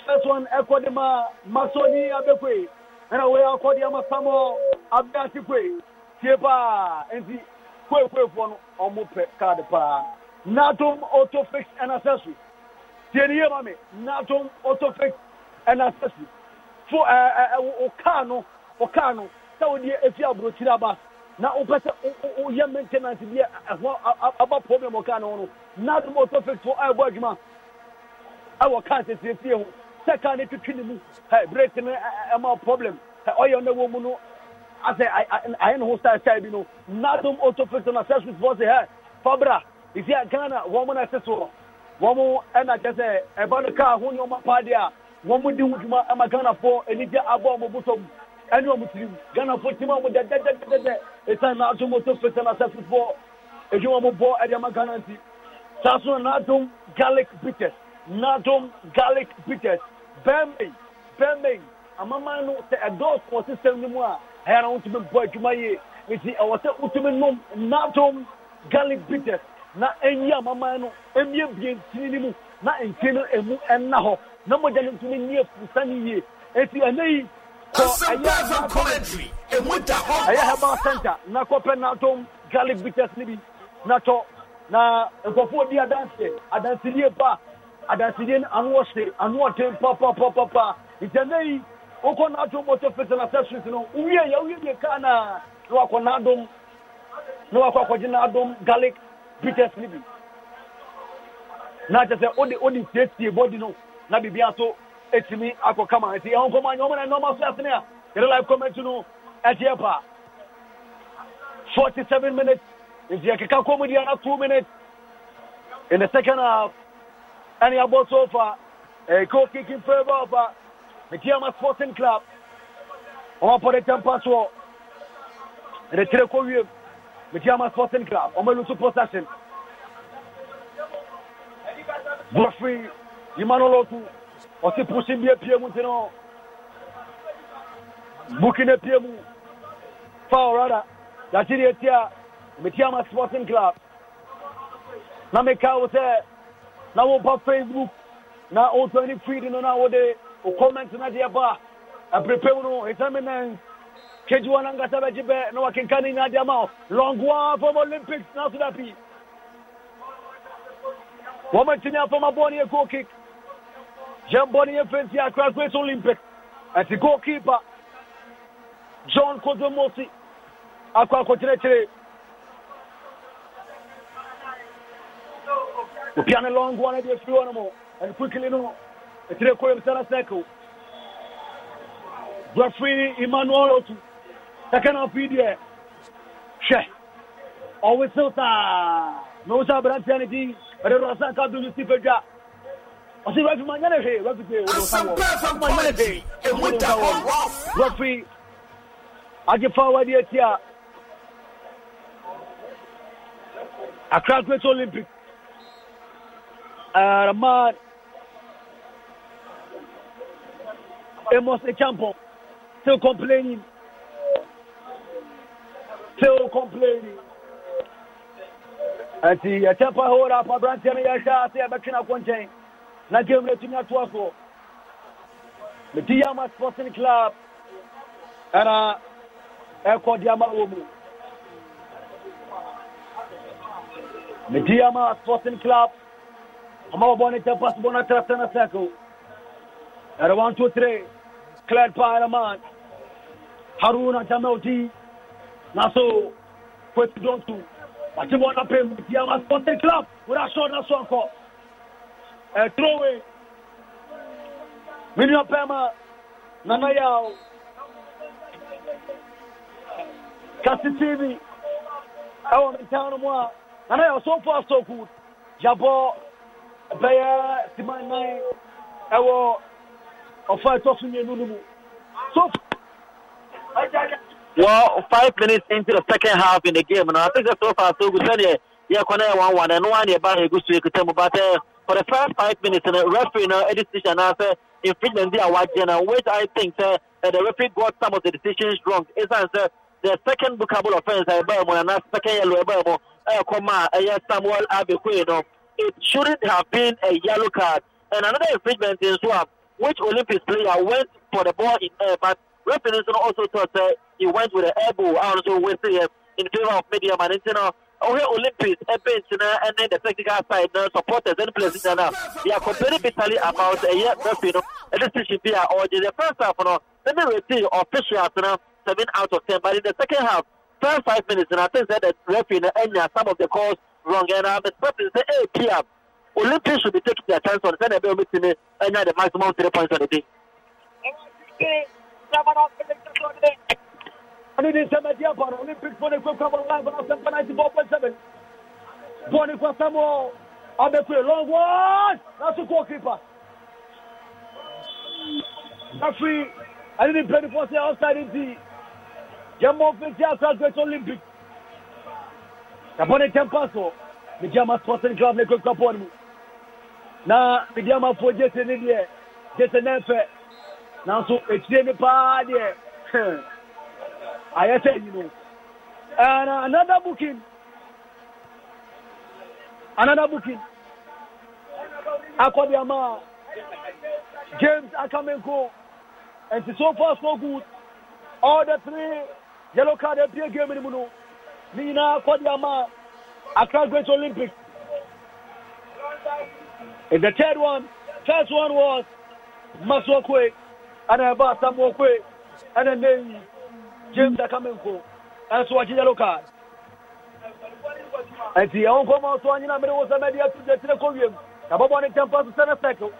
first one ɛkɔ de ma masoni abekwe ɛna wɔyɛ akɔ de ama samuel abe atikwe tie paa nti kwekwefoɔ no ɔmo pɛ kaadi paa natom auto fix and accessory tie ne yie ma mi natom auto fix ɛna asasi fo ɛɛ ɛɛ o kaa no o kaa no sɛ o deɛ efi aburokyiri aba na o pɛ sɛ o o o yɛ maintenance bi ɛho aba problem o kaa no no n'adum o tɔ fɛ fo ɛɛbɔ adwuma ɛwɔ kaa sɛsɛ fie ho sɛ kaa no twitwi ne mu ɛ break no ɛma problem ɛ ɔyɛ ɔna wɔ mu no asɛ ayɛ ne ho style style bi no n'adum o tɔ fɛ so na sɛ sɛ sɛ ɛ fabra isi a ghana wɔn mo na ɛsɛ so wɔn mo ɛna kyɛ sɛ ɛba no kaa ho nneɛma paa deɛ a wɔn mo di dwuma ama ghanafoɔ anigye abɔ wɔn bosɔ mu ɛne wɔn tiri mu ghanafoɔ tim a wɔn dɛdɛdɛdɛdɛ esan na ato moto fesa na asɛfofoɔ edwuma wɔn bɔ ɛde ama ghana nti saa so na adom garlic bitters na adom garlic bitters bɛnbɛn bɛnbɛn amaman no sɛ ɛdɔɔso wɔ sisan no mu a ɛyɛ na wɔn tumi bɔ adwuma yie nti ɛwɔ sɛ wotumi nom na adom garlic bitters na enyi amaman no emie bie ntini mu na ntini no emu ɛna hɔ na mogya no ntumi nie fusa no yie enti ɛnɛ yi kɔ ɛyɛ herbal center na kɔpɛ na atom garlic bitters no bi na tɔ na nkɔfoɔ di adanseɛ adansedie pa adansedie no ano ɔhye ano ɔte papapapapa nti ɛnɛ yi wokɔ na atom motor fitil accessories no wowie yɛ wowie yɛ kaa na na wakɔ na adom na wakɔ akɔgye na adom garlic bitters no bi na kyɛ sɛ wode wode siesie bɔdi no na biribia nso ɛtumi akɔ kama nti ɛho nkɔmmɔ anyɛ ɔmo na nɔɔma so asene a yɛde live comment no ɛteɛ paa forty seven minutes nti yɛkeka kɔmu di ara two minutes in the second half ɛne abɔ so far a goal kick favour of uh, the Sporting Club ɔmo apɔ de ten pass wɔ ɛde tere kɔ wiem the Giamma Sporting Club ɔmo elusu possession. Godfrey yimanolotu ɔsi pusi bie pie mu ti no bukina pie mu foul rada yakyiri etia meti ama sporting club na meka wo sɛ na woba facebook na wotɔne feed no na wode wo comment na deɛ ba aprepɛ mu no examinance kejiwa na nkasa bɛgye bɛ na wakenka ne nyade ama wo longoa fam olympics na so da pii wɔmatumi afam abɔɔ ne yɛ goal kick John Bonnie Fenty Accra Great Olympic as the goalkeeper. John Kozomosi Accra Kotinetere. The piano long one at the one animal and quickly no. It's the Koyam Sala circle. Referee Emmanuel Otu. Second half video. She. Always so. No, sir, but I'm telling you. But it was a card to Steve Jack ɔsi rafi ma nyane hwee rafi pe ewu san wɔ rafi ma nyane hwee ewu san wɔ rafi agyefa awadi eti a akra great olympic arama eh, amos echampo still complaining still complaining nti yɛtɛ pa hɔ ra pa aberanteɛ no yɛhwɛ ase yɛbɛtwe no akɔ nkyɛn na game no atumi atoa soɔ meti yama sporting club ɛna ɛkɔ de ama wɔ mu meti yama sporting club ɔma wɔbɔ ne kyɛ pas bɔ no trɛsɛ no sɛko ɛre 1 2 3 clad paaraman haruna jamauti na so kwesi dontu ati bɔ na pem meti sporting club wode asɔ na so ankɔ ɛtorowe menua pɛma nana yaw kase tv ɛwɔ me ntan no mu a nana yaw sofoɔ asoku yabɔ bɛyɛ siman nan ɛwɔ ɔfa ɛtɔ so mmienu no mu so well five minutes into the second half in the game and i think that so far so good sɛdeɛ yɛkɔ na yɛ one one ɛno a ne ɛba ɛgu so ɛkuta mu but uh, for the first five minutes, and the referee now a decision now uh, say infringement the award general, which I think the referee got some of the decisions wrong. It's answer the second bookable offense I uh, Burma and that second yellow Burma, uh, uh Samuel Abiquino. It shouldn't have been a yellow card. And another infringement is Swap, which Olympic player went for the ball in air, but referee also thought that he went with the elbow, also with the in favor of medium and internal. ɔhɛ olympics ɛbɛn tina ɛne the technical side na supporters ɛne players nyinaa na they are comparing bitterly about ɛyɛ referee no ɛne station bi a ɔgye the first half no ne ne referee officials na seven out of ten but in the second half first five minutes na i think say the referee na ɛnya some of the calls wrong and um, the expecting say hey pia olympics should be taking their chance on sɛnɛ ɛbɛn omi ti ne ɛnya the maximum three points on the day ɔne de nsɛm adi aba no ɔne pikfo ne kwakwa bɔ live no asɛmpa ninety four point seven bɔne kwasɛm ɔ abɛpire long one na so kɔɔ keeper afiri ɛne ne mpanifoɔ sɛ ɔside nti yɛmmɔ fɛnti akra great olympic ɛbɔne kyɛm pa so mede ama sporting club ne kwakwa bɔ no mu na mede amafoɔ gye sɛ ne deɛ gye ne mfɛ nanso ɛkyire ne paa deɛ ayɛ sɛ yi no another booking another booking akɔdeama james akamenko and so far so good all the three yellow card appear game ni mu no ne nyinaa akɔdeama accra great Olympic. and the third one first one was masuokwe ɛna ɛba asamuokwe ɛna neyi james akamenko ɛnso wɔkye yellow card ɛwo nkɔma ɔso anyina mede wo sɛ mɛde ato kɔ wiem nabɔbɔ ne tɛmpa so sɛ ne sɛkl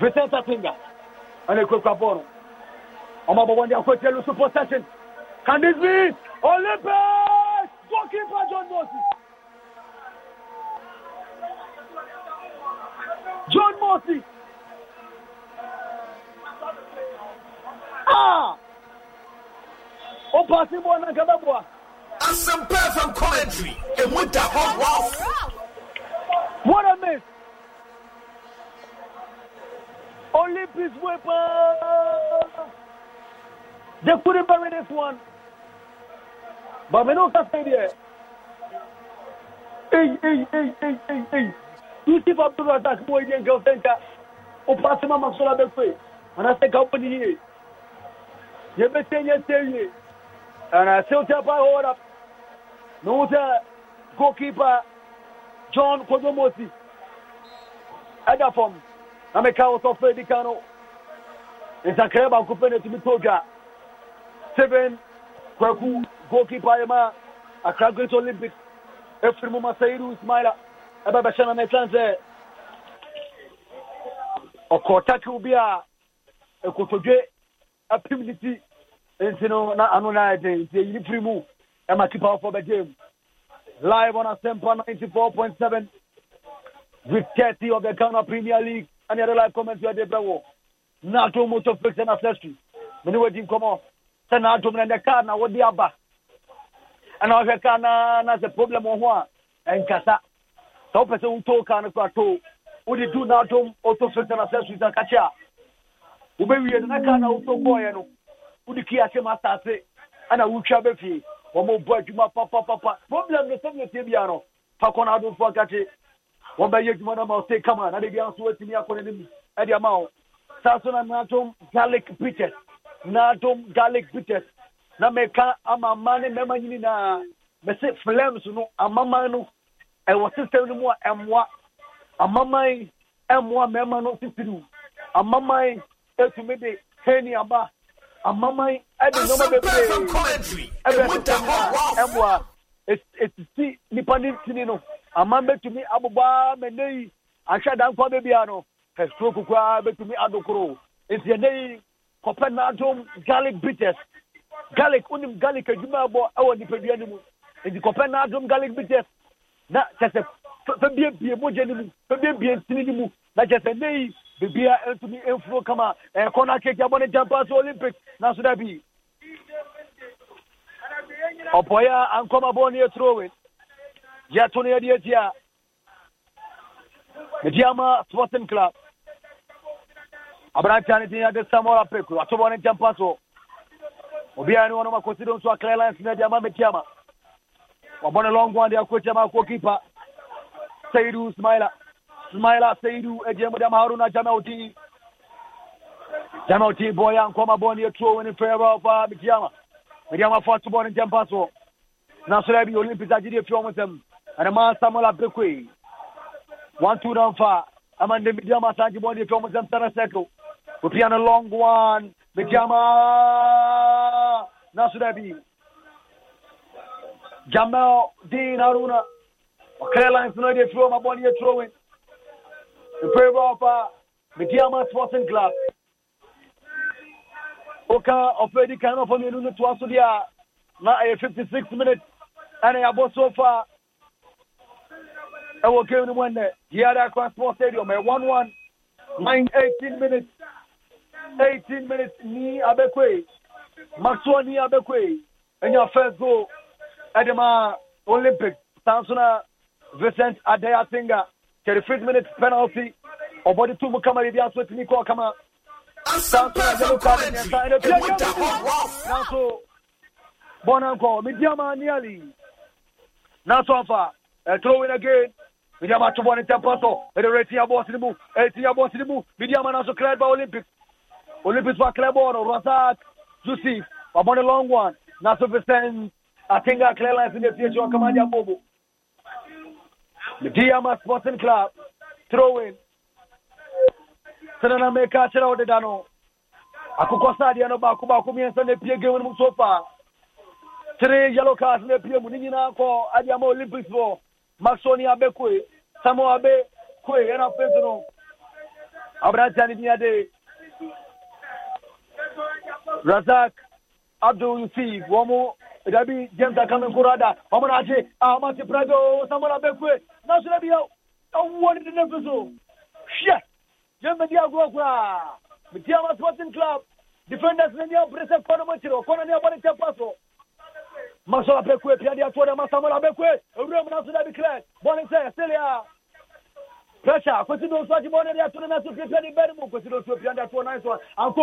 vincent ɛne kurakura bɔɔl no ɔma bɔbɔ ne akɔkyerɛ lu support session can this be olympics goalkeeper john moses john moses O pass him on a some perfect commentary. And with the hot wow. What a miss. Olympus weapon. They couldn't bury this one. But we don't have to there. Hey, hey, hey, hey, hey, hey. Yusuf Abdul Razak, boy, girl center. O pass him on Maxola Bekwe. And I think I'll put it here yɛbɛsɛ nyɛ sɛ yie anaasɛ wotɛ pa hold up ne wo sɛ goalkeeper john kodomosi ɛda fam na meka wo sɔfo adi ka no nsakrɛ baako pɛ na ɛtumi tɔ dwa seven kwaku goalkeeper yɛ ma akra great olympic ɛfiri mu ma sairu ismaila ɛbɛbɛhyɛ na mɛsan sɛ ɔkɔɔ takew bi a ɛkotodwe apim ne ti nti no ano na nti ɛyiri firi mu ɛma live on asempa 94.7 with 30 of the Ghana Premier League and the live comments you are there bro NATO motor fix and accessory many waiting come on sɛ NATO na ɛnɛ car na wɔde aba ɛna wɔhwɛ car na na sɛ problem wɔ ho a ɛnkasa sɛ wopɛ sɛ wotoo car no kora too wode du auto fix and accessories akakyɛ a wobɛwie no na car na wotoo kɔɔyɛ no wode kii asɛm asase ana wotwa bɛfie wɔma bɔ adwuma papapapa problem no sɛm yɛtie bia no fa kɔ no adomfoɔ ka kye wɔbɛyɛ adwuma no ma ɔse kama na de bia nso watumi akɔ no anim ɛde ama wo saa so na nadom garlic bites nadom garlic bites na meka amama ne mmarima nyinaa mɛse flames no amaman no ɛwɔ system no mu a ɛmmoa amaman ɛmmoa mmarima no sisiriw amaman ɛtumi de heni aba amaman ɛde nneɛma bebree ɛbɛ sɛ ɛmoa esisi nipa ne ntini no aman betumi abobaa mɛnɛ yi ahwɛ dankwa bebia no ɛsoro kukua betumi adokoro nti ɛnɛ yi kɔpɛ n'adom garlic bitters garlic onim garlic adwuma ɛbɔ ɛwɔ nipadua ne mu nti kɔpɛ n'adom garlic bitters na kyɛ sɛ fɛbiebie mogya ne mu fɛbiebie ntini ne mu na kyɛ sɛ yi bibia ntumi mfuro kama ɛkɔ no akeke abɔ ne gyampa olympic nanso da bi ɔpɔeɛ a ankɔmabɔ no yɛturowe yɛto no yɛde ati a medi ama sporting club aberantea ne din yɛde samuel apeko atobɔ ne gyampa so obiara ne wɔnom akɔsido nso aclar lines no ade ama meti ama wɔbɔ ne long one de akɔtiama akɔ kipa saidu smiler Ismaila Saidu Ejemudam Haruna Jamauti Jamauti Boyan Kwama Boni Etro in favor of uh, Mijama Mijama fought to Boni Tempaso Nasurabi Olympics Ajidi Fion with them and a man Samuel Abekwe one two down far Amanda Mijama Sanji Boni Etro with them Sana Seto will be a long one Mijama Nasurabi Jamal Dean Haruna Carolines no dey throw my body you're throwing in favor of uh, the Diamond Sporting Club. Oka already kind of on the unit to us with na ɛyɛ fifty six minutes ɛna yɛabɔ so far ɛwɔ game no mu ɛnɛ yɛada akra sport stadium ɛyɛ 1-1. 9-18 minutes 18 minutes ni abɛkoe maxwell ni abɛkoe ɛnya first goal ɛde ma olympic san so na vincent adeyasinga 35 minutes penalty ɔbɔde to kama de aso tumi kɔɔ kama saa so na yellow card ɛnɛ saa ɛnɛ bia yɛ nanso bɔɔl nankɔ midiama afa ɛtoro eh, win again midiama to bɔɔl ne ntɛ pɔ so ɛde eh, rɛ tinya bɔɔl sinimu ɛde eh, tinya bɔɔl sinimu midiama nanso cleared by olympic olympic fa clear bɔɔl no long one nanso vincent atinga clear line fi ne pie so ɔkama The Diama Sporting Club throwing. Sanana mai ka cira wadda dano. Akukwa sadiya no baako baako mmiɛnsa na epie game mu so far. Three yellow cards na epie mu ne nyinaa kɔ Adiama Olympics bɔ. Maxoni Abekoe, Samuel Abekoe ɛna fɛnso no. Aberanteɛ ne din Razak Abdul Yusif wɔn mu dabi James Akamenkorada wɔn mu na agye prado wɔn abe prajo Samuel na so na bia ɔwoɔ no de no fi so hwɛ gyemmɛdi agorɔ koraa a sporting club defenders no ni abere sɛ kɔ no mu akyiri ɔkɔ no ne ɛbɔ ne kyɛ pa so masɔla bɛkue piade atoɔ dɛ masamola bɛkue owura mu naso da bi krɛ bɔne sɛ ɛsele a pressure kwesi do nso agye bɔne de ato no naso piapia ne bɛne mu kwesi do nsuo piade atoɔ nan so anko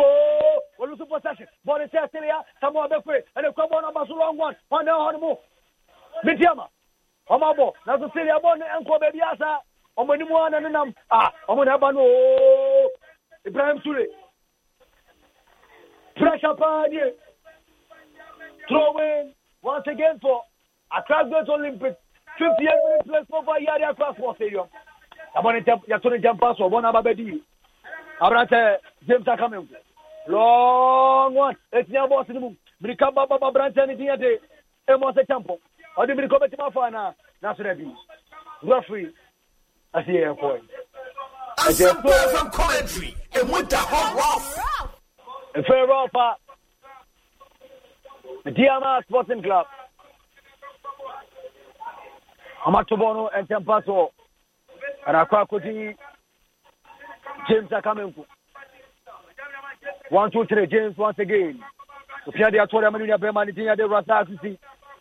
olu so possession bɔne sɛ ɛsele a samoa bɛkue ɛne kɔ bɔ no aba so long one ɔne ɛhɔ no mu metiama ọmọ bọ nanso siri abọ ne nkọ baabi asa ọmọ anim wa na nenam a ọmọ na aba no ooo oh, ibrahim sure pressure paa ah, nie throwing once again for accra great olympic fifty eight minute place for four yard accra sports stadium abọ ne jẹ yàtọ ne jẹ mpa so ọbọ n'aba bẹ di yi abirante james akamanku long one etinye abọ sinimu mirika bababa abirante ni diẹ de emu ọsẹ kyampọ ɔde bi de kɔ bɛtuma fɔ ana n'aso dɛ bi referee ase yɛ kɔ yi. asempo fm commentary da hɔ rɔf. efe rɔf a diama sporting club ɔmo ato bɔ no ntɛmpa soɔ ɛna akɔ james akamenko one two three james once again ofia de ato ɔdɛ ɛmɛ ni nua bɛrɛ ma ne din yɛ de rasa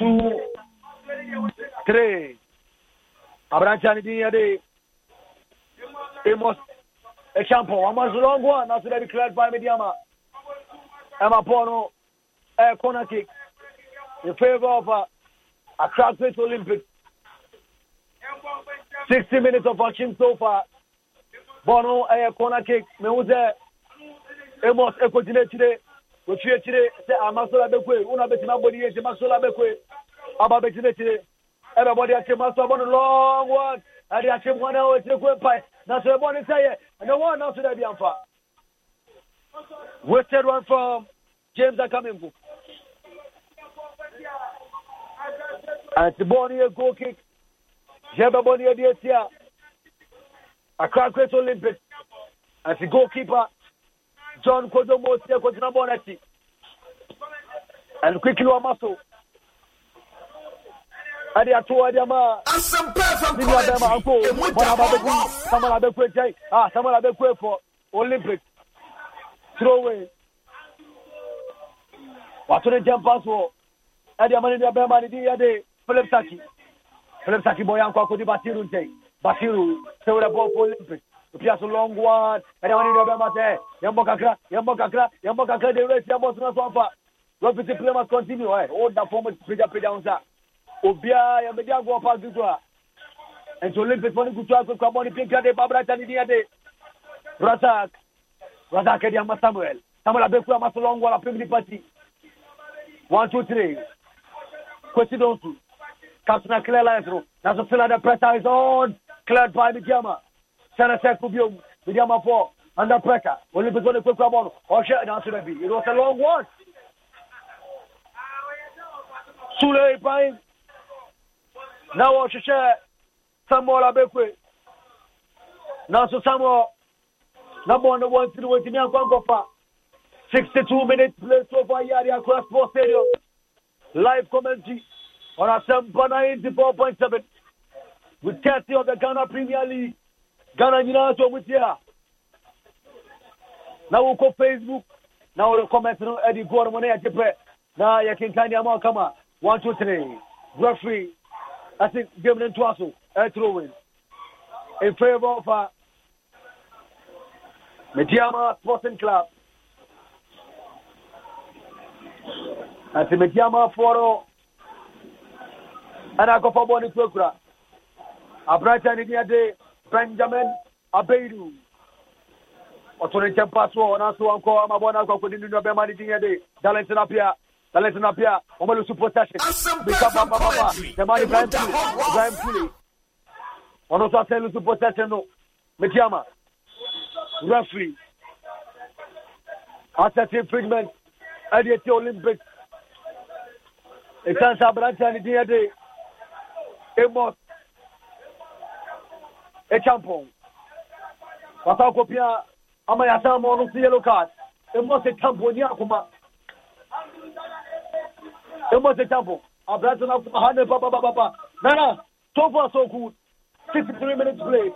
two three aberanteɛ no din yɛ de amos ɛkyampɔ amos longo a naso dɛ bi cleared by media ma ɛma paul corner kick in favour of uh, Accra State Olympics. 60 minutes of action so far. Bono a eh, corner kick. Mewuze eh, Amos Ekotinechire. Eh, Kochiechire. Se Amasola Bekwe. Una Betima Bodiye. Masola Bekwe aba bɛgye n'akyire ɛbɛ bɔ de akyire mu asɔ bɔ no long one ɛde akyire mu hɔ na akyire kue mpae na sɛ ɛbɔ ne sɛyɛ ɛna wɔn na so da bi amfa wasted one from james Akamimbu. ɛnti bɔɔl no yɛ goal kick yɛ bɛ bɔ no yɛ de atia akra kwetu olympic ɛnti goal keeper john kodomo osie kogyina bɔɔl n'akyi ɛnti quickly wɔn ma so ɛde ato ɛde ama sini abɛma anko mɔna abɛku samara abɛku ekyɛn ah samara abɛku efɔ olympic throwaway wato ne jɛn pass wɔ ɛde ama ne de abɛma ne de yɛde philip saki philip saki bɔ yankɔ akɔdi batiru nkyɛn batiru sɛwɛrɛ bɔ fɔ olympic pia so long one ɛde ama ne de abɛma sɛ yɛn bɔ kakra yɛn bɔ kakra yɛn bɔ kakra de race yɛn bɔ sinasɔn fa rɔbisi play must continue ɛ o da fɔm pejapeja nsa. obiara yɛmɛdi agorɔ paaki so a nti olympics fɔ ne kutu akutu abɔ ne pinka de babra ta ne diɛ de razak razak ɛdi ama samuel samuel abeku ama solongo ala premier party one two three kwesi donsu kasuna clear line naso fila the pressure is on cleared by midiama Senator kubiom midiama four under pressure olympics fɔ ne kutu abɔ no ɔhyɛ naso dɛ bi it was a long one sule ibrahim. na wɔhwehwɛ samuel abekwe nanso samuel na bɔn no wɔn sini wɔntumi ankɔnkɔfa sixty two minute play so far yari akora sports stadium live commentary on asempa ninety four point seven with thirty of the ghana premier league ghana nyinaa nso wɔn ti ha na wɔkɔ facebook na wɔde comment no ɛde goal no mo na yɛ ti pɛ na yɛ kinkan ɔkama one two three referee. I think game name to us, a throw in. In favor of uh, Mediama Sporting Club. Ati Mediama Foro. Ana akɔfɔ bɔ ne kura kura. Aberanteɛ ne deɛ de Benjamin Abeiru. Ɔtɔ ne nkyɛn pa so a ɔna so ankɔ ama bɔ na akɔ akɔdi ne nua bɛrima ne deɛ de Apia talent na pia wɔn lu su protection bisa bamba bamba jamani ibrahim tuli ibrahim tuli wɔn nso asɛn lu su protection no metiama referee asɛte infringement ɛde eti olympic ɛsan sɛ aberanteɛ ne din yɛ de amos echampon wasa akɔ pia ama yasan ma ɔno so yellow card amos echampon ni akoma ɛbɔ tɛ campo aberante no ha ne papapapapa nana tofa soku sixty three minutes play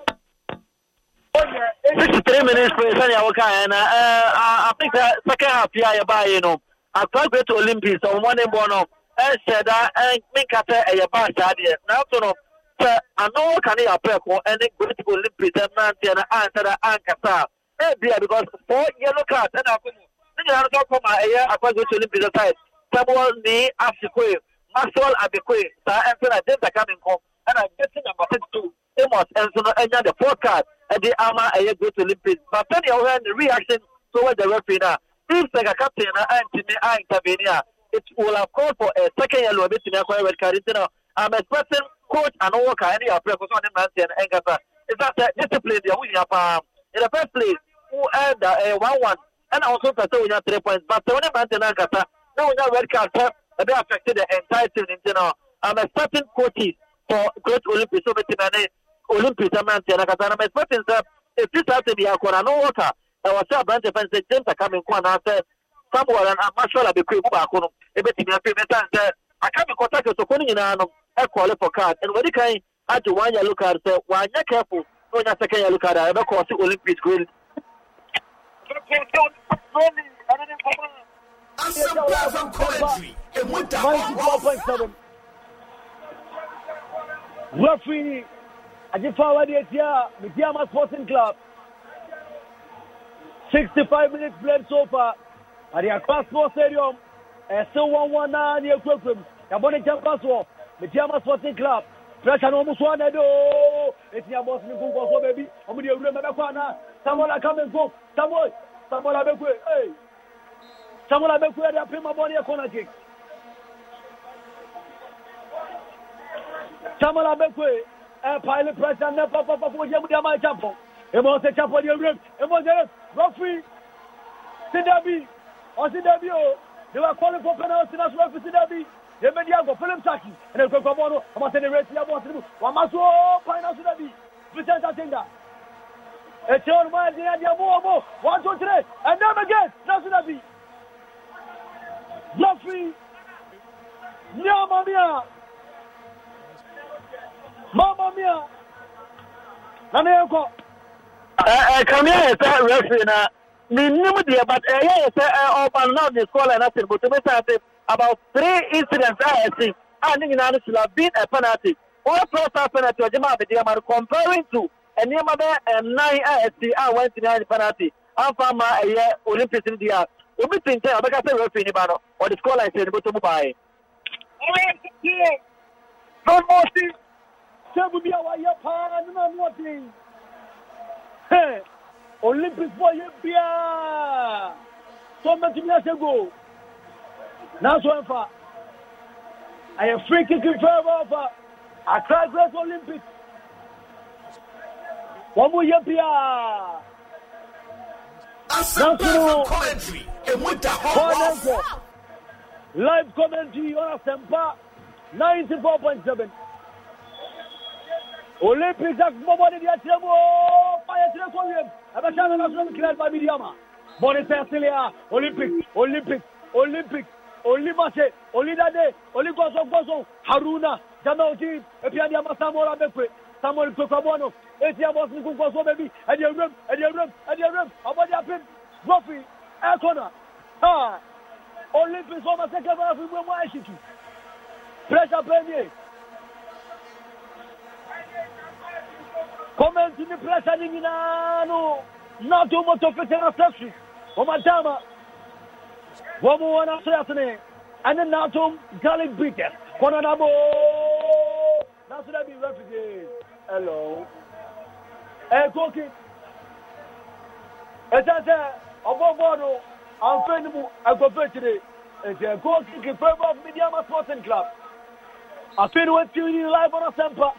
oh, sixty three minutes play sani awo kan eh, na i think second half yi a yɛ ba yi no akwakwet olympics ɔmo mɔni bɔ no ɛhyɛ da ɛnkata ɛyɛ ba saa deɛ n'ato no sɛ ano ka ne yɛ apɛɛko ɛne great olympics ɛmmeranteɛ no eh, eh, anhyɛ da ankasa a ebia because four yellow cards ɛna akɔ mu ne nyinaa no kɔ kɔ ma ɛyɛ akwakwet olympics side table ni Afikwe, Maxwell Abikwe, Sir Anthony Adenta Kaminko, and I'm getting number 62, Amos Ensono, and the fourth card, and the Ama Aye Great Olympics. But then you have the reaction toward the referee now. If the captain uh, and Timmy are intervening, uh, it will have called for a second yellow, a bit in a red card. You I'm expecting coach and worker, and your preference on him, and Engasa. It's not discipline, you're winning up. In the first place, who had uh, a 1 1, and also, for three points, but the only man in Engasa na wonya red card pɛ uh, ɛbɛ affect the entire team ne nti no i'm expecting quality for great olympics So, wobɛtumi ne olympics mmeranteɛ no kasa no i'm expecting sɛ ɛfiri saa be a akɔ no I was a bunch of ano and I'm sɛ aberante fɛn sɛ james akamenko anaasɛ samuel amasɔla bɛkue mu I no ɛbɛtumi afei mɛsan sɛ akamenko sɛ kɛsɔfo no nyinaa no ɛkɔɔle for card And ɛno wɔdi kan agye one yellow card sɛ wanyɛ careful na onya second yellow card a ɛbɛkɔɔ to olympics gold Asɛmpa FM commentary emu da ɔwɔ. Referee Ajifa Wadi Etia, Mitiama Sporting Club. 65 minutes played so far at the Accra Sports Stadium. Still 1 1 now near Quilquim. Yabone Champions War, Mitiama Sporting Club. Pressure no almost one at It's your boss, You Nikungo, baby. I'm with you, remember, Samola, come and someone Samola, Samola, hey samuel abeku ɛde apema bɔne ɛkɔna kick samuel abeku ɛpaele pressure nɛ papapapa wɔyɛ mu de ama ɛkyapɔ ɛmɔ ɔsɛ kyapɔ deɛ wurem ɛmɔ ɔsɛ rɔfi sidabi ɔsidabi o they were calling for penalty na sɔrɔ fi sidabi yɛmɛ di agɔ philip saki ɛnɛ nkɔkɔ bɔɔl no ɔmɔ sɛ ne resi abɔ ɔsɛ ne mu wama so pan na sidabi christian tatinga ɛkyɛ ɔnumɔ ɛdi ɛdi ɛmu ɔmu one two three and then again na sidabi. Yafi Nyama Mia Mama Mia Nane Yoko Kami ya yasa referee na Minimu diye but eh ya yasa eh open oh, now the score and nothing but we say about three incidents eh, I see and you know should have been a penalty or plus a penalty or jema be diamar comparing to and you know nine eh, I see I ah, went to the penalty and for my eh, Olympics in the omi ti n tẹ ọbẹ kásẹ rẹ fi ni ba nọ ọdi sikọọ láì sẹ ẹni bó tó mú baa yẹ. ọ̀rẹ́ ti ti yẹ lọ́nà ọtí sẹ́gun bí àwa yẹ paa nínú ọ̀nà ọtí olympic bọ̀ yẹ bíà sọ́mẹ́tì mi ẹsẹ̀ gò náà sọ ẹ̀fà àyẹ̀ free kick fẹ́ bá ọ̀fà Accra Great Olympic. wọ́n mú yẹ bíà. national commentary live commentary on asempa 94.7 olympics akufobɔ de deɛ kyerɛ mu o fayɛ kyerɛ kɔ wiem ɛbɛhyɛ no national club ba media ma bɔne sɛ sele a olympics olympics olimache olidade oligosongoso haruna jamaoji epiadiama samuel abekwe samuel kwekwabɔno eti abɔsi kunkɔ so bɛbi ɛdi ewuram ɛdi ewuram ɛdi ewuram abɔdi apim drɔfi ɛkɔna haa olympics ɔmɛ sɛkɛ bɛ afi mu emu ayisi tu pressure pɛ nie ni pressure ni nyinaa no nato moto fete eh, na sɛfiri ɔmɛ oh, dama wɔn mu wɔn asɛ asene ɛne nato garlic briquet kɔnɔ na bo naso dɛ hello ɛkoki ɛsɛ sɛ ɔbɔ bɔɔlu anfɛn mu agɔfɛtire ɛsɛ ɛkoki ki favour of midiama sporting club afei ni wɔn ti yi live on asempa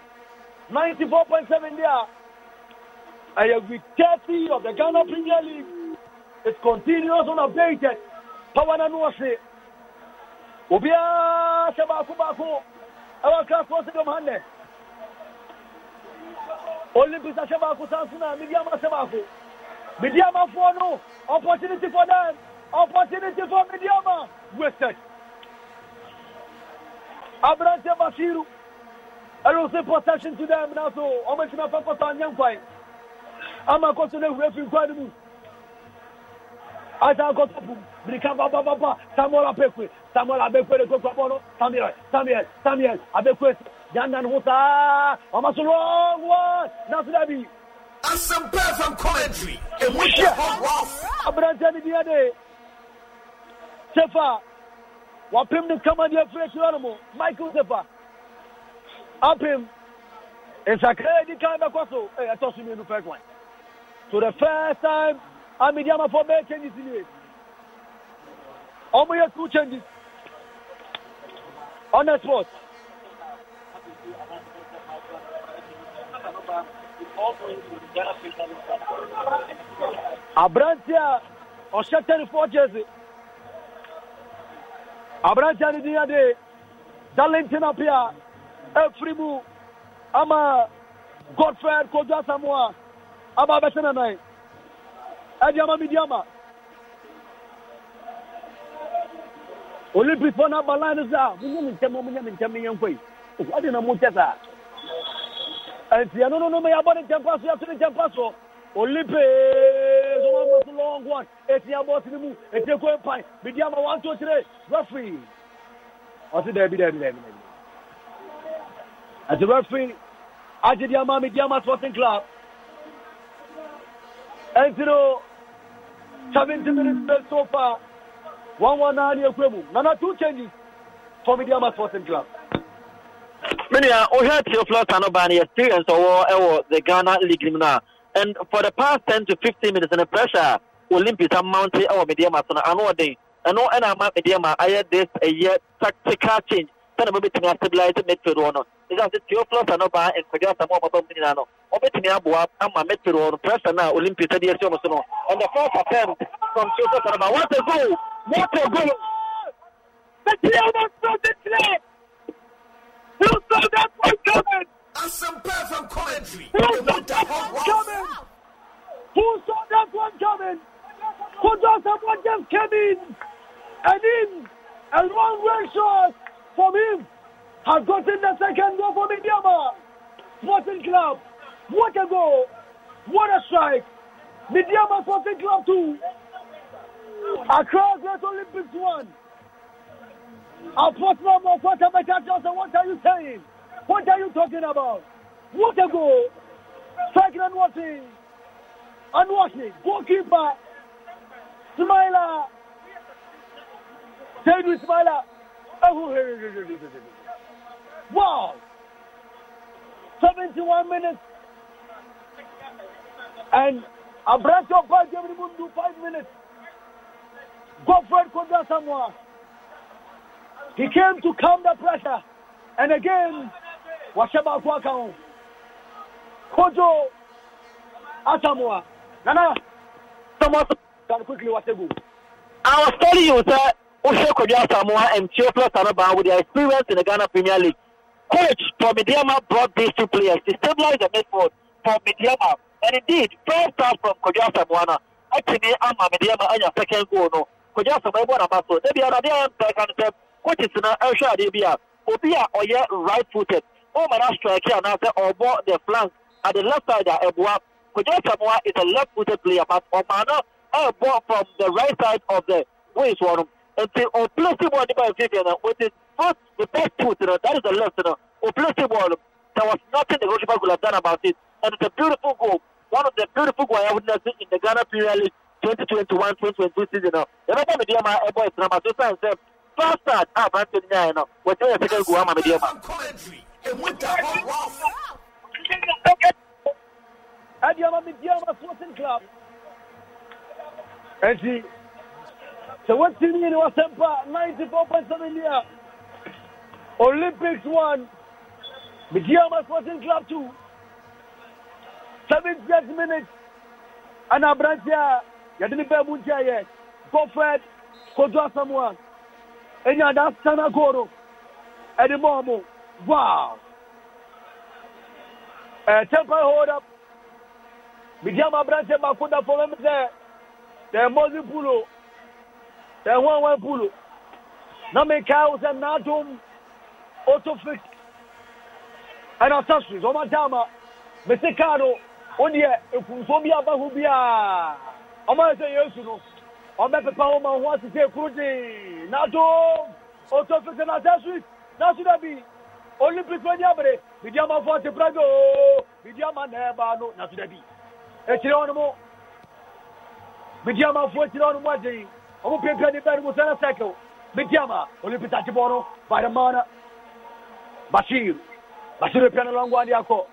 ninety four point seven there ɛyɛ week thirty of the ghana premier league it continues unupdated power na nuwɔsi obiara hyɛ baako baako ɛwɔ class sporting club hundred. Olympics ahyɛ baako sansona media ma ahyɛ baako media ma foɔ no opportunity for them opportunity for media ma wasted aberante bashiru ɛno sɛ protection to them na so ɔmatumi afa kɔsa nyɛ nkwan ama kɔ so no ahura fi nkwan no mu asa akɔtɔ pum birika babababa samuel abekwe samuel abekwe de kokɔ bɔ no samuel samuel samuel abekwe Yandan Huta, Amasu wrong one, Nasrabi. Asempa from commentary, and we shall have off. Abrantani the other. Sefa, Wapim the Commander Fresh Animal, Michael Sefa. Upim, it's a credit kind of cosso. Hey, eh, I told you in the first one. So the first time, I'm in Yama for making changes in it. Almost two changes on the spot aberanteɛ a ɔhyɛ tɛnifoɔ jersey aberanteɛ no din ade darlington apia ɛfiri mu ama godfred kojo asamoa aba bɛhyɛ nanan ɛde ama medi ama olympic fɔ no aba line no sɛ a monyɛ me ntɛm monyɛ me ntɛm ne yɛnkɔ yi wadi na mu kyɛ saa nti ɛno no no so yɛto ne nkyɛmpa so olipee so ma long one eti abɔ tini mu eti ekɔ mpan bidi ama one two three referee ɔsi dɛbi dɛbi dɛbi dɛbi ati referee agye di ama mi di ama sporting club ɛnti seventy minutes so far one one nine ekwe mu nana two changes for mi di ama sporting club menua ohwɛ teoflosa no baa no experience ɔwɔ ɛwɔ the ghana league nim and for the past 10 to 15 minutes ne pressure a olympics amounte ɛwɔ mediama so no ano ɔden ɛno ɛna ama mediama ayɛ this ɛyɛ tactical change sɛne mobɛtumi astabilise midfield hɔ no ɛsiane sɛ teoflosa no baa nkwadwa asɛm a ɔmaba mu nyinaa no ɔbɛtumi aboa ama midfield hɔ no pressure no a olympics ade asi ɔmo so no and the first attempt from teoflosa no what a goal what a goal the teoflosa the teoflosa You saw that one coming. And some perfect commentary. Who saw that one coming? Who saw that one coming? Who saw that just came in and in and one way shot from him has gotten the second goal for Midiama Sporting Club. What a goal! What a strike! Midiama Sporting Club 2. Accra Great Olympics 1. I'll put more more quarter by Johnson. What are you saying? What are you talking about? What a goal! Striking and watching. And watching. Goalkeeper. Smiler. David Smiler. Oh, wow! 71 minutes. And a branch of five, everyone do five minutes. Go for it, Samoa. He came to calm the pressure. And again, Washeba Kwakao, Kojo Atamua. Nana, someone can quickly Wasegu. I was telling you, sir, Oshe Kojo Atamua and Theophilus Tanaba with their experience in the Ghana Premier League. Coach from Midiama brought these two players to stabilize the midfield from Midiama. And indeed, first half from Kojo Atamua, actually, Ama Midiama and your second goal. No. Kojo Atamua, one of us. Maybe another one, second step. coaches na ɛhwɛ eh, adeɛ bi a obi a ɔyɛ right footed ɔma na strike anaasɛ ɔbɔ the flank at the left side a ɛboa kojú samoa is a left footed player but ɔma no ɛbɔ from the right side of the wings wɔ no the ɔplasi bɔɔl nipa efiifie no is first the best foot you know, that is the left you know, ɔplasi bɔɔl no there was nothing the goalkeeper could have done about it and it's a beautiful goal one of the beautiful goals I have witnessed in the Ghana Premier League 2021-2022 season. You know, remember me, dear, my eh, boy, it's number two times. bastard ah, a abante no nyaɛ no wɔgya yɛ sɛka agu ama medeɛ ma nti sɛ watimi yine wasɛmpa 94.7 a olympics 1 mediama sporting club 2 70 minutes ana aberante a yɛde ne baa mu nti ayɛ gofred kodo asamoa ɛnya adansa eh, na gooro ɛde mɔɔ mo wow ɛɛ temple hold up bidiama aberanteɛ baako da fɔlɔ mi sɛ tɛ mɔzi pulo tɛ hɔnwɛn pulo na mi ka o sɛ naatum otofik ɛna taxis ɔma taama mesi kaa no o deɛ efunfo bi aba ho bi a ɔma yɛ sɛ yesu no ɔbɛpepa wo ma ho asese ekuru dii nado oto fese na sɛsu nasu dabi olympics wɔ nyɛ abere bidi ama fɔ ɔte praga oo bidi ama na ɛba no nasu dabi ekyire wɔn mo bidi ama fɔ ekyire wɔn mo adi ɔmo pimpin ni bɛn mo sɛnɛ cycle bidi ama olympics ati bɔ no bari maana bashir bashir epiano lango adi akɔ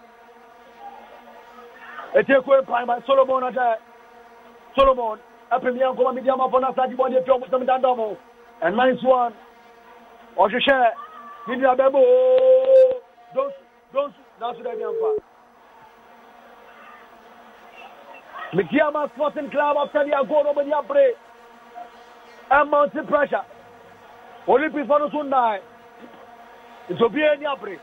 eti ekoe pan ma solomon ɔdɛ solomon apemia nkɔma mede amafo no asade bɔne afi ɔmosɛm dada mo ɛnan so a ɔhwehwɛ ne dina bɛbɛ donsu nanso dɛ biamfa mekiama sporting club after their goal nobody apre and mountain pressure olympics for no soon die it's obie ni apre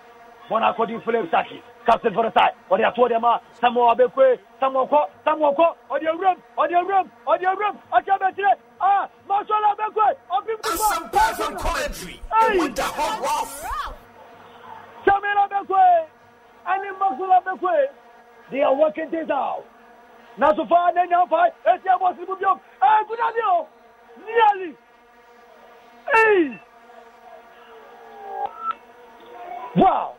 bona kodi philip saki captain for the side. Ɔde ato ɔde ma Samuel Abekwe Samuel kɔ Samuel kɔ ɔde ewuram ɔde ewuram ɔde ewuram ɔte abetire ah Masola Abekwe ɔfi mu kɔ. Some person commentary. Ayi Samuel Abekwe ɛni Masola Abekwe they are working things out. Na so far ne nya fa esi abo si mu biom ee kuda bi o nearly ee wow.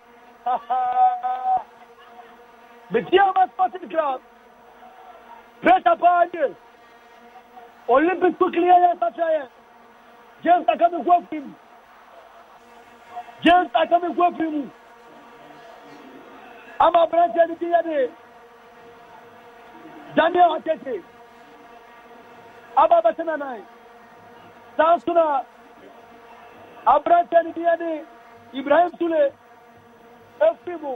Bitiama Sporting Club. Pressure Pioneers. Olympic to clear Sachaya. James Takami Gwafim. James Takami Gwafim. Ama Branche ni Diade. Daniel Atete. Aba Batananai. Sansuna. Abranche ni Diade. Ibrahim Sule. ಎಸ್ಟಿಮು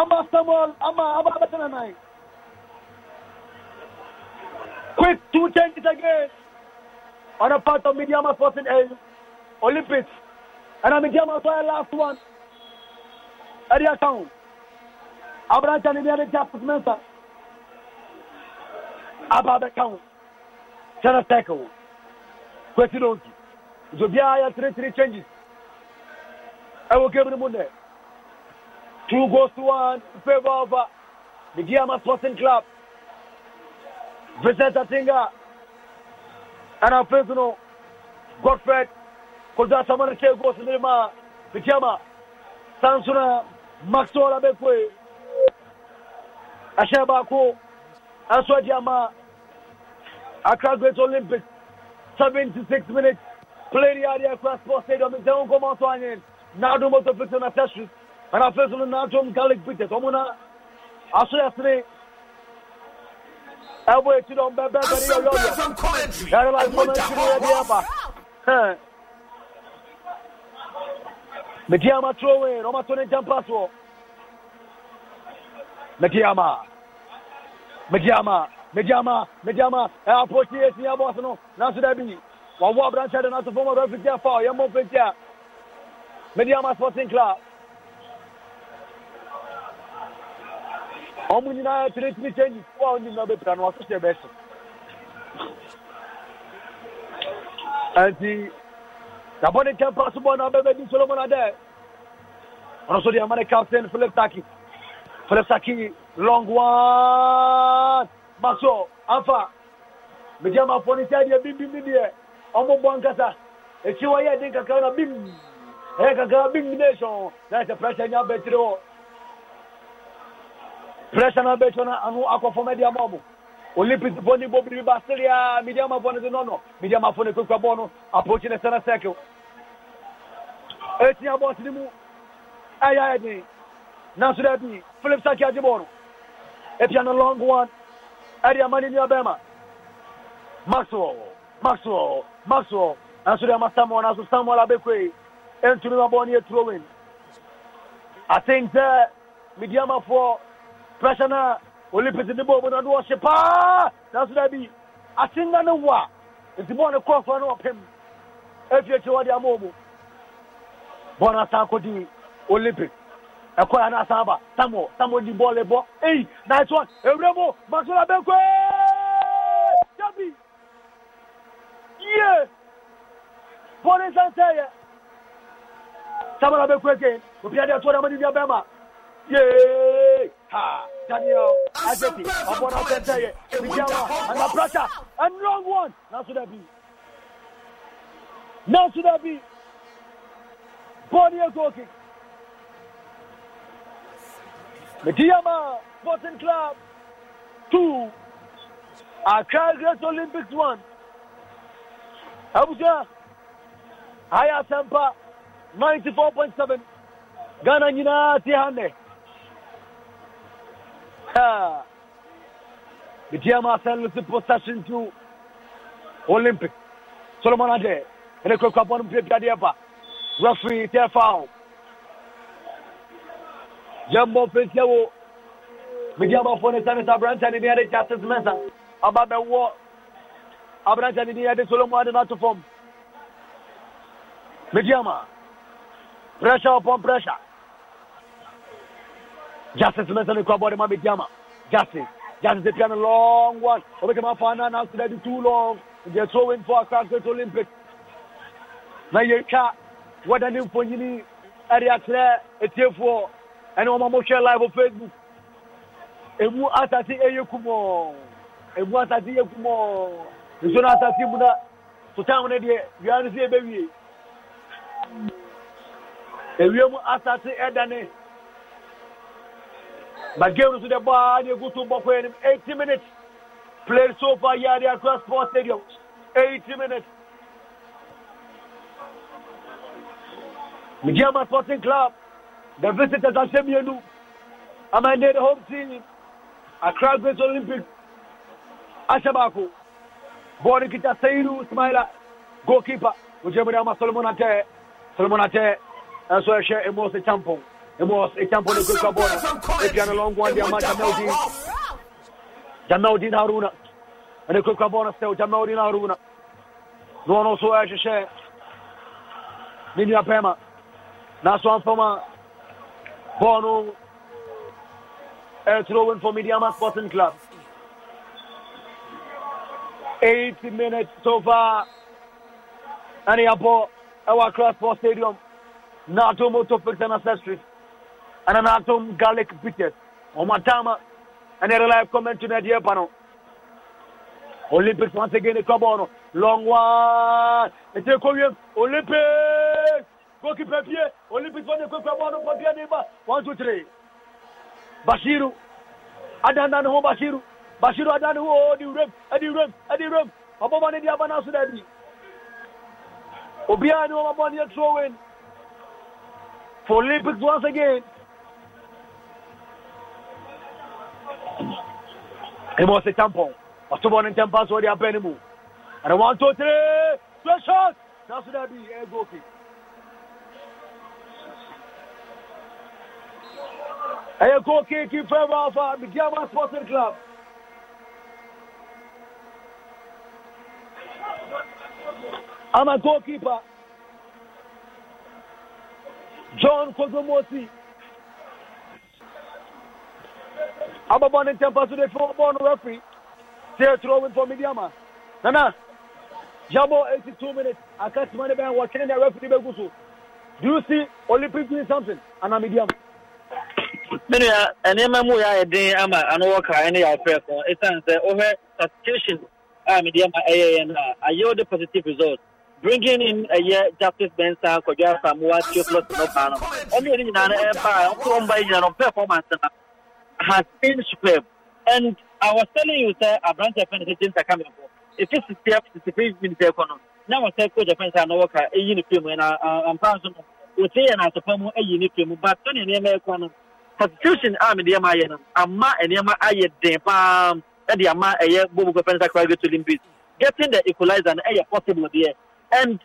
ಅಮ್ಮ Samuel, ಅಮ್ಮ ಅಮ್ಮ Abadanakai. Quick, change it again. On a part of Midiama Sporting Aid, Olympics. And I'm for the last one. Area Town. Abranta Nibiana Japus Mensa. Ababa Town. Sarah Tackle. Question Oki. Zobia, three, three changes. I will give you nɛ two goals to one favour of uh, the Giamma Sporting Club Vincent Atinga And our so no Godfred Kojo Asamane kyɛ goals no ma the Giamma Sansona Maxwell Abekoe ahyɛn baako ɛnso adi Accra Great Olympics seventy six minutes play the area across Sports Stadium ntɛn nkɔmɔ so anyen. nado moto pete na tesu ana fesu no nado mo garlic bitter to mo na aso ya sire ebo eti don bebe bebe yo yo yare la mo na sire ya dia ba meti ama trowe no ma to ne jump pass wo meti ama meti ama meti ama meti ama e apoti eti ya boss no na so da bi wa wo abran cha na so fo mo do fiti afa mo fiti Mediama Sporting Club. ɔmo nyinaa tiritiri change fo a ɔnyim na ɔbɛpira no ɔso hyɛ bɛso nti dabɔ ne kɛmpa so bɔ na ɔbɛbɛdi solomon adɛ ɔno so deɛ ɔma ne captain philip taki philip taki long one maso afa megyamafoɔ ne sɛ deɛ bimbim ne deɛ ɔmo bɔ nkasa ekyi wɔ yɛ den kakra na bim ɛyɛ kakra big nation na ɛsɛ pressure nya bɛtiri hɔ pressure na bɛtiri na ano akɔ fɔm ɛdi ama ɔmo olympics bɔ ne bobiri ba seria media ma bɔ ne de nɔnɔ media ma fɔ ne kura bɔ no approach ne center circle etia bɔ sini ɛyɛ ayɛ den nanso bi philip saki agye bɔ no etia no long one ɛdi ni ne nua bɛrima maxwell maxwell maxwell nanso dɛ ama samuel nanso samuel abɛkɔ yi ntumi ma bɔɔl no yɛ throwing i think sɛ mediamafoɔ pressure na olympics ne bɔɔl mu na ɔde ɔhyɛ paa nanso daabi asenga ne wo a nti bɔɔl no kɔɔfoɔ no ɔpem efie kyerɛ wɔde ama ɔmo bɔɔl no asan akɔdi olympic ɛkɔ yɛ anasan aba samuel samuel di bɔɔl ɛbɔ eyi nice one ewura mu masola bɛnkɔ yabi yie bɔɔl no nsɛnsɛn yɛ samara bɛ kueke obiade ato dama ne nuabɛma yee ha daniel ajeti ɔbɔna sɛntɛyɛ bidiawa ana prata and wrong one nanso da bi nanso da bi bɔɔne yɛ gooki mediyama sporting club two accra great olympics one abusua ayɛ asɛmpa 94.7 ghana nyinaa te ha nnɛ metia ma asɛ lose possession to olympic solomon adɛ ɛne kwakuabɔ no mpiapiadeɛ ba referee tɛ foul jɛmbɔ pɛntia wo media mafoɔ ne sane sa aberanta ne neɛde justice mensa aba bɛwɔ aberanta ne neɛde solomon adɛ no ato fam media ma pressure upon pressure. Justice Messi ni kwa body mami Diama. Justice. Justice is a long one. Obekema Fana an said that is too long. They're throwing for a Accra State Olympic. Na yɛtwa wada Area clear. It's here for. ɛne wɔn a wɔhwɛ live on Facebook. Emu asase ɛyɛ kumɔɔ. Emu asase ɛyɛ kumɔɔ. Nsuo no asase mu na sotan ho ne deɛ wia no si ɛbɛwie ewiem asase ɛdane but game no so de baa de egu to bɔkɔ anim eighty minutes play so far yɛ de akora sports stadium eighty minutes Mijama Sporting Club the visitors ahyɛ mmienu amande the home team Accra Great Olympic ahyɛ baako bɔɔl no kita Seyidu Ismaila goalkeeper ojemuna ama Solomon Atɛ Solomon Atɛ. share a ɛnso it emu ɔsɛ champo emu ɔsɛ champo ne kuruka bɔɔla ebi ana lɔngo andi ama jamaudin jamaudin haruna good kuruka bɔɔla sɛw jamaudin haruna na ɔno nso ɛhwehwɛ ne nua pɛma n'aso anfam a bɔɔl no ɛturo win for midiama sporting club eight minutes so far ɛne abɔ ɛwɔ akra sports stadium. naatom autofixan accessories ɛna naatom garlic bitters ɔmatama ɛne e relive commentary no adeɛ ba no olympics once again ɛka bɔɔ no long one ɛti ɛkɔwie olympics gokipa pie olympics fɔ ne kɔkura bɔɔ no pɔpie ne ba one two three bashiru adanda ne bashiru bashiru adanda e e ne ho ɛdi wurem ɛdi wurem ɛdi wurem ɔbɔbɔ ne deɛ aba n'aso dɛ bi obiara ne wɔn abɔ ne yɛ throw in for Olympics once again. It was a tampon. October and ten pass already happened. And a one, two, three, two shots. That's what that be. A goal kick. A goal kick in favor of uh, the German Sporting Club. I'm a goalkeeper. john kodomoti ababɔ ne ntɛmpa so de fi bɔɔl no referee sɛ ɛtwerɛ win for mediama nana yabɔ two minutes akatima ne bɛn wɔtwene ne referee bɛgu so do you see olympic doing something ana mediam menua nneɛma mu yɛ ayɛ e den ama ano wɔ kaa ne yɛ afrɛ e kɔn ɛsiane sɛ wohwɛ certification a mediama ɛyɛyɛ e no a ayɛ wode positive result bringing in a year justice bensa kɔjɔ asamoa theophilus nnɔba no ɔne yɛne nyinaa no ɛba ɔmso ɔmba yi nyina no performance no has been superb and i was telling you sɛ aberante fɛ no sɛ james akamefo ɛfi sisiɛ sisifi minutes ɛkɔ no na wɔ sɛ coach fɛ sɛ na wɔka ɛyi ne pɛ mu ɛna ampa nso no wɔtie yɛ n'asɔpa mu ayi ne pɛ mu but sɛne nneɛma ɛkɔ no constitution a nneɛma ayɛ no ama nneɛma ayɛ den paa ɛde ama ɛyɛ bobu kɔfɛ no sɛ kraget olympics getting the equalizer no ɛyɛ eh, possible there. And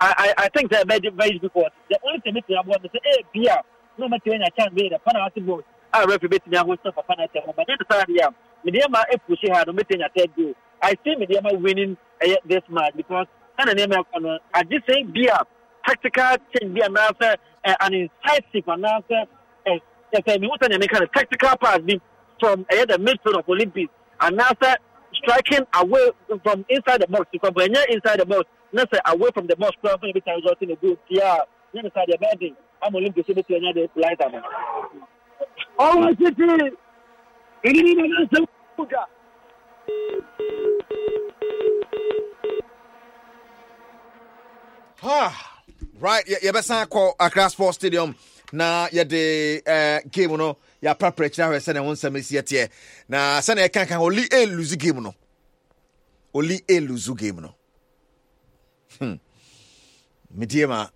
I, I, I think that made it very difficult. The only thing missing was the hey, beer. No matter when I can't be the penalty goal. I reprobate me, I will stop a penalty. But then the third year, Mediama, if we had a meeting I third you, I see Mediama winning uh, this match because and the name of I just say beer, tactical change beer, announcer, uh, eh, an incisive announcer. Yes, I mean, what's the tactical pass from uh, the midfield of Olympics? Announcer striking away from inside the box, when you're inside the box. na sɛ away from the mosque kora mpanyɛ bi kan resɔrte ne goal tie a ne ne saa deɛ ɛbɛyɛ den ama olympics so bɛtumi anya de light ama ɔwɔ titi ɛdini na ne nsɛm kuka ha right yɛbɛsan akɔ accra sports stadium na yɛde eh, game no yɛaprapra kyerɛ hwɛ sɛne wo nsɛm ɛsi ɛteɛ na sɛne ɛkanka oli ɛluzu game no oli ɛluzu game no Hmm. medie ma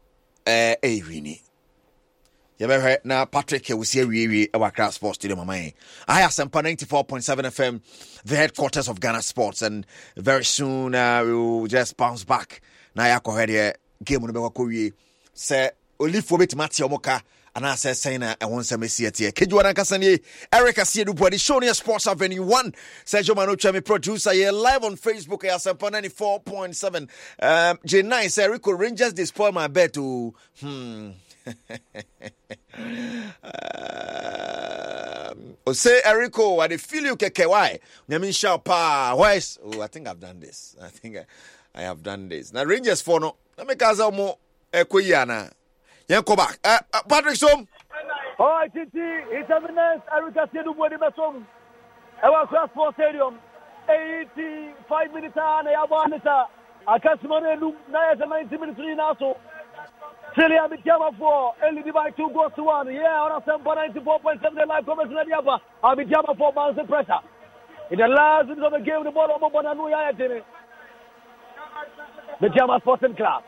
ɛyɛ eh, eh, wiini yɛbɛhwɛ na patrick ɛwosi awiewie ɛwɔ accra sports stadium ama yɛn ayɛ asɛmpa 94.7 fm the headquarters of ghana sports and very soon uh, we will just bounce back na yɛakɔhwɛ deɛ game no bɛkɔkɔwie sɛ olifoɔ bɛtumi ate ɔmo ka anaasɛ sɛn na ɛho nsɛm asi ateɛ kedwua no ankasa nie eric aseɛ dupuade show ne sports avenue 1 sɛ gyoma no twa me producer yɛ live on facebook ɛyɛ asɛmpa 94.7 um, j9 sɛ rico rangers despoil my bet o oh. hmm. um, Ose Eriko, I feel you keke why? Nyamin shall pa. Why? Oh, I think I've done this. I think I, I have done this. Now Rangers for no. Let me cause out more yɛnkɔ back uh, uh, patrick som ɔ titi his eminence erika sedubu ani bɛsom ɛwɔ akora sport stadium eighty five minutes a na yɛabɔ ane sa akasuma no anum na yɛ sɛ ninety minutes no nyinaa so Chilean Abitiamafoɔ ɛlidi by two goals to one yɛ ɔnasɛmpa ninety four point seven live comments na de aba Abitiamafoɔ bouncing pressure in the last minute of the game the ball ɔmo bɔ n'anu yɛ ayɛ tene Abitiama Sporting Club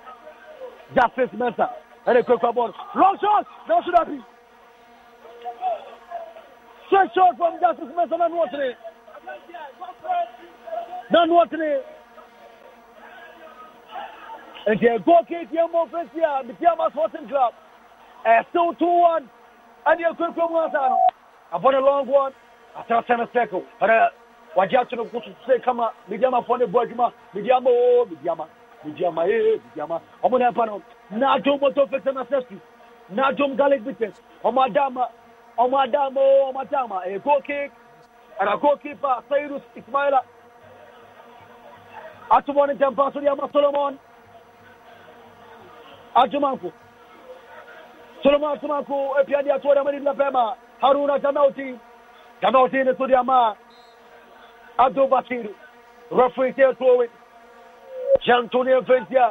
Justice Mensah and a quick ball. Long shot. That should have been. Straight shot from Justice Mason and Watney. Nan Watney. And the goal kick here more first year. The Tiama Sporting Club. Uh, still 2 1. And the quick one. Upon a long one. After a center circle. And uh, wagye ato no koto sɛ kama mediama fɔ ne bɔ adwuma mediama o mediama mediama ee eh, mediama ɔmo na ɛpa no na adom moto fix and accessories na adom garlic business ọmọ adama ọmọ adama o ọmọ adama a goal e, kick and a goal keeper sayrus ismaila atumọ e ni jẹmpa sori ama solomon ajumanko solomon ajumanko epia di atuwa dama ni lafema haruna jamauti jamauti ni sori ama abdul bakir referee tey throwing jantoni eventia.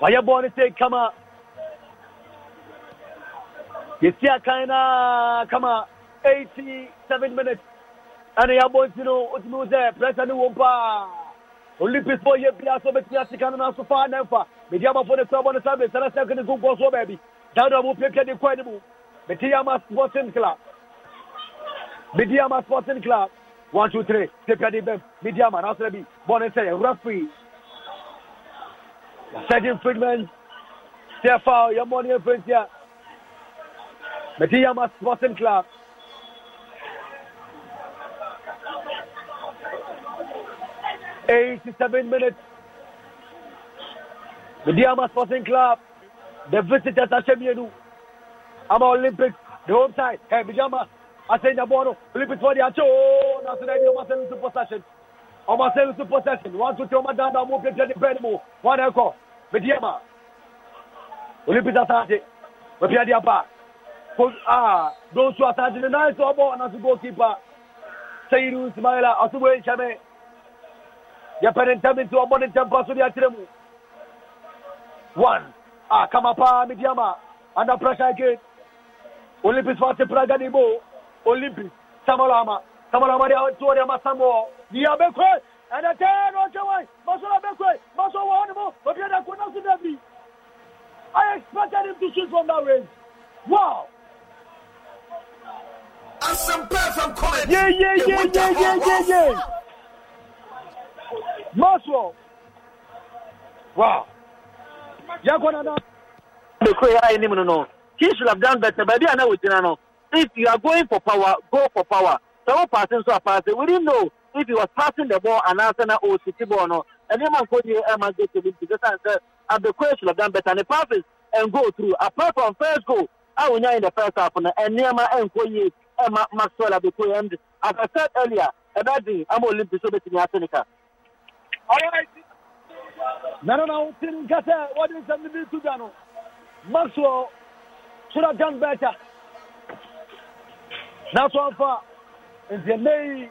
wayabonese kama yesi akan na kama 87 minutes ɛna yɛabɔnti no wotumi sɛ prɛsɛ ne wom paa olympics fo yɛ bia so bɛtumi asika no naso faa na mfa mede amafo ne kurabɔ no sabe sɛne sɛ ne gonkɔ so baabi dawda mo piapia de kɔe ne mu mete yama sporting club mede yama sporting club 1 2 3 piapia de bɛm mede ama na asrɛ bi bɔne sɛ yɛwura fii Sergeant Friedman, Stefan, your money and friends here. Matiyama Sporting Club. Eighty-seven minutes. Matiyama Sporting Club. The visitors are Shemienu. I'm Olympics. The home side. Hey, Matiyama. I say Nabono. Olympics for the Acho. That's the idea of my super session. I'm a super session. One, two, three, I'm a dad. play the Benmo. One, I mediama olympics asante wapiadi apa ah donso asante ne nan sɛ ɔbɔ anaso goalkeeper sayidu ismaila ɔsobo nhyɛme yɛpɛ ne ntɛm nti ɔbɔ ne ntɛm pa so de akyerɛ mu one ah kama paa mediama under pressure again olympics fate praga ne bo olympics samalama samalama de ɔtoɔ de ama samoɔ diabɛkɔe ɛnɛ tɛɛ na ɔkyɛ wɔn maso na bɛkɔe maso wɔ hɔnom obi ɛdɛ kɔ na so da bi I expected him to shoot from that range wow. Asampa from Comet. Yeah, yeah, yeah, yeah, yeah, yeah, yeah. Maswell. Wow. Yakwanana. He should have done better. But I know If you are going for power, go for power. So passing so passing. We didn't know if he was passing the ball and answer na o city ball no and ẹnìyẹnmà nkó di ẹ máa gé tèmi tìjẹ sáà sẹ abdulkwe should have done better and the passes and go through apart from first goal I wò nyá in the first half no ẹnìyẹnmà ẹ nkó yie ẹ má maxwell abdulkwe and as i said earlier ẹ bẹ di ama olympics ó bẹ ti ní asenika. nana na o ti n kẹsẹ wọn ní sẹni bí tuga no maxwell should have done better. That's one for It's the name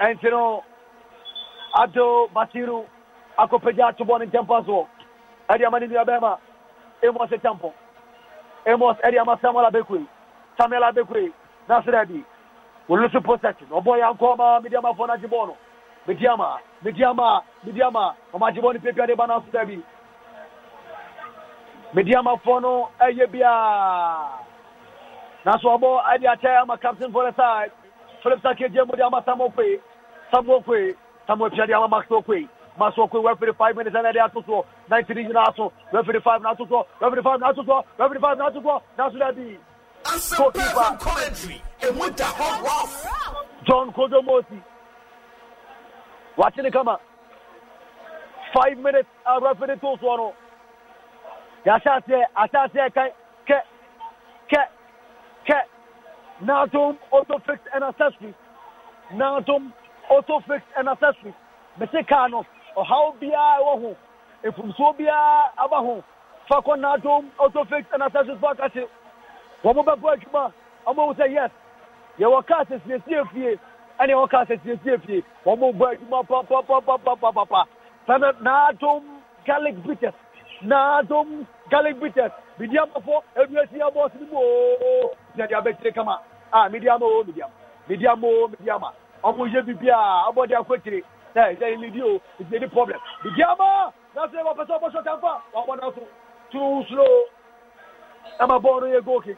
ɛnti no ado basiru akɔpagya ato bɔ ne nkyɛmpa soɔ ɛde ama ne nua bɛrima amos tampo amos ɛde ama samuel abekue samuel abekue nasere bi wɔlusu posɛti ɔbɔ yɛ ankɔ ma medi ama fɔ n'agye bɔɔ no medi ama medi ama medi ama ɔmo agye bɔɔ no pepia de ba n'aso dɛ bi medi ama fɔ no ɛyɛ biaa naso ɔbɔ ɛde akyɛ ama captain forest a philip sakeje mo de ama samuel kwe. samuel kwe samuel fiade ama maxwell kwe maxwell kwe referee five minutes ɛna ɛde ato soɔ nineteen yi for referee five n'ato soɔ referee five n'ato soɔ referee five n'ato soɔ n'aso dɛbi. goalkeeper commentary emu da hɔ rough. john kojo mosi wàtí ni kama five minutes a referee tó soɔ no yàtí aseɛ aseɛ aseɛ kan kɛ kɛ kɛ n'atom auto fix and accessories uh, n'atom. auto fix and accessories bɛsi kaa no ɔhaw biara ɛwɔ ho mfumsuo biara aba ho fakɔ n'adom auto fix and accessories fo akakye wɔn bɛbɔ adwuma wɔn ahu sɛ yes yɛwɔ kaa sɛsiesie fie ɛna yɛwɔ kaa sɛsiesie fie wɔn bɔ adwuma papapapapapa sanni n'adom garlic bitters n'adom garlic bitters midiamafo eduasi abɔ sinimu ooo sɛdeɛ abɛkyerɛ kama media midiama ah, Media midiama midiama ooo midiama ɔmo yɛ bibi a ɔmo de akwetire sɛ sɛ elidi o it's any problem bibi ama n'asɛ wɔpɛ sɛ ɔmo sɔ tanfa wɔabɔ n'aso too slow ama bɔɔl no yɛ goke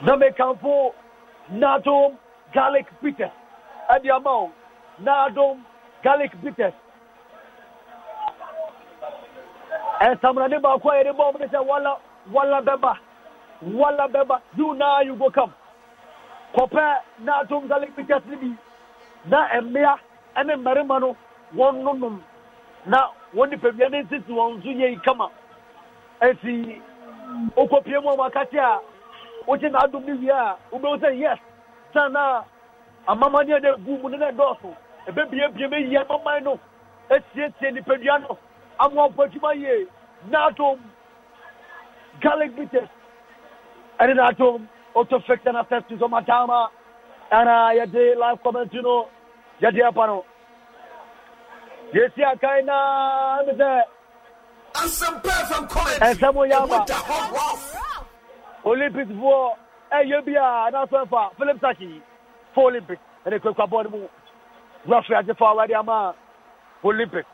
na mekanfo nadom garlic bitters ɛde ama o nadom garlic bitters ɛsamurade baako a yɛde bɔ ɔmo de sɛ wala wala bɛba wala bɛba you now you go come kɔpɛ na atom garlic bitters no bi na mmea ne mmarima no wɔnonom na wɔn nipadua ne nsisi wɔn nso yie kama esi okopie mu a wakate a wogye na adom ne wie a wobɛwo sɛ yes san na amamanneɛ no agu mu no na ɛdɔɔso ɛbɛbiebie bɛyi amaman no asiesie nipadua no ama ɔbɔ adwuma yie na atom garlic bitters ɛne na atom وتفكتنا تفتزو مداما أنا يدي لايف كومنتينو يدي أبانو يسيا كاينا مزي ɛsɛm yaba olympics foɔ ɛyɛ bi a n'asɔn fa philip sachi fo olympics ɛna ekura bɔɔl mu referee agyefa awari ama olympic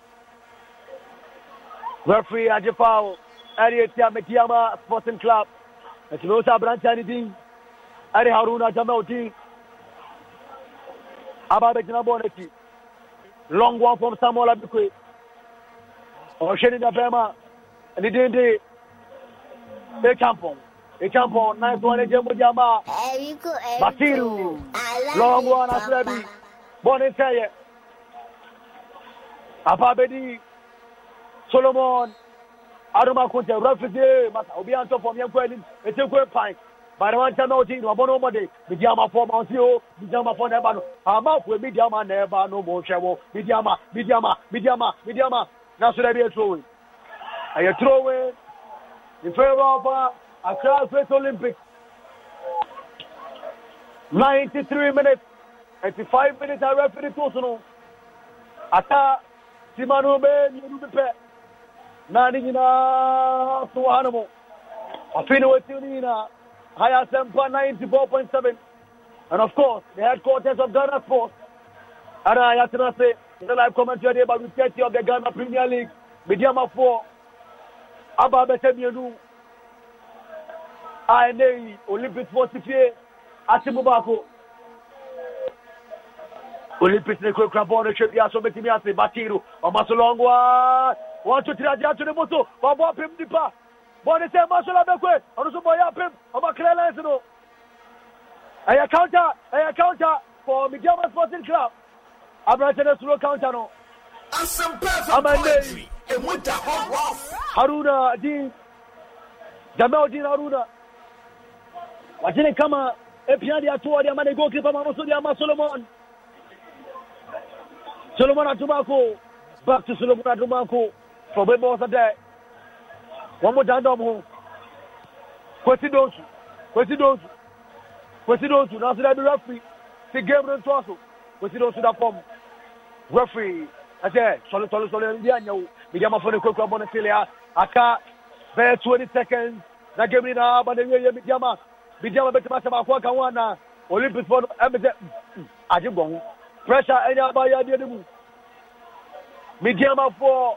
referee agyefa ɛna eti ameti ama sporting club ɛtumi wosan are haruna jamauti ababe gyina bɔɔnɛti long one from samuel abikwe ɔhwɛ ne dabɛma ne din de echampɔn echampɔn nice one agye mogya ama basiru long one afra bi bɔɔne nsɛyɛ apa bɛdi solomon adomako nkyɛ wura fidie masa obi antɔ fɔm yɛnkɔ anim ɛtɛkɔ pan bari wọn kyɛn n'o ti ɲinɛ ɔbɔ n'o mɔ de bi di o bi di a ma fɔ n'ɛba no a ma fo bi di a ma n'ɛba no mo hwɛ wo bi di a ma bi di a ma bi di a in favour of Accra Great Olympics ninety three minutes eighty five minutes a referee to so no ata simanu bɛ mienu bi pɛ naani nyinaa to wa hanamu afei na High Asempa 94.7. And of course, the headquarters of Ghana Sports. And I have to say, the live commentary today about the 30 of the Ghana Premier League. Mediama 4. Abba Besemienu. INA Olympic Sports Fie. Asimubako. Olympic ne kwe kwa bɔɔl rehwɛ bi aso betumi ase batiru ɔma so lɔngwa wɔn to tiri adeɛ ato ne mu so wɔabɔ apem nipa bɔɔde sɛ masola bɛkue ɔno so bɔɔyɛ apem ɔmakrɛ lines no ɛyɛ counter ɛyɛ counter for midiama sporting club aberante no suro counter no amande haruna din jamel din haruna wagyene kama apia de atoɔ de ama ne goalkeeper ma no so de ama solomon solomon adomako back to solomon adomako from bɛbɔɔ sɛ dɛ wɔn mo dan dɔm ho kwesi donsu kwesi donsu kwesi donsu na ɔsɛ ɛbi referee ti game no ntɔ so kwesi donsu da fam referee ɛsɛ sɔli sɔli sɔli ɛni bi anya o midiama fɔ ne kurakura bɔ ne tele aka bɛɛ twenty seconds na game ni na aba na ewie yɛ midiama midiama bɛ tɛmɛ asɛm akɔ kan wa na olympics fɔ no ɛmi sɛ agye gbɔn ho pressure ɛni aba yɛ adiɛ ne mu midiama fɔ.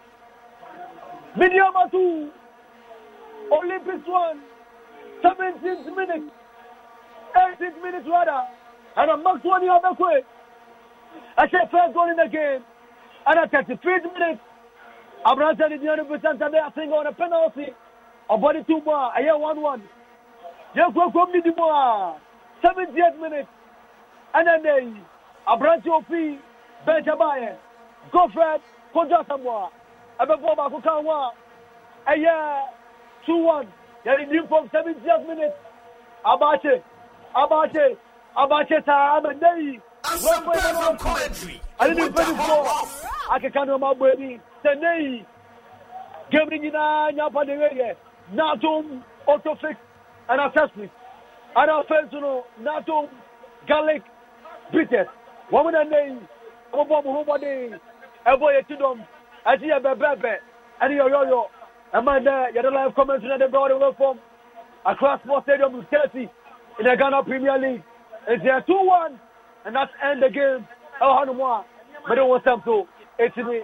Midiama 2, Olympics 1, 17th minute, 18th minute rather, and a max one the other way. I said first goal in the game, and at 33th minute, Abranta did the other percent today, I think on a penalty, a body two more, I hear one one. Just go from the more, 78th minute, and then they, Abranta OP, Benjamin, Goffred, Kodja Samoa ɛbɛbɔ baako kan ho a ɛyɛ two one yɛredi fam seventieth minute abaakye abaakye abaakye taa amanda yi wɔmfɔ ne mpanyinfoɔ akeka ne ɔmo ani sɛ ne yi game ne nyinaa nyapa ne yɛ natom autofix and assessment ana afei no natom garlic bitters wɔn mu na ne yi wɔn bɔ ho bɔden ɛbɔ yɛ ti dɔm ɛti yɛ bɛbɛbɛ ɛne yɛyɔyɔ ɛma nɛ yɛde live comment na de bɛ ɔde wɔ fam across sports stadium with Chelsea in the Ghana Premier League it's a two one and that's end the game ɛwɔ hɔ nom a mɛde wɔn sɛm so etimi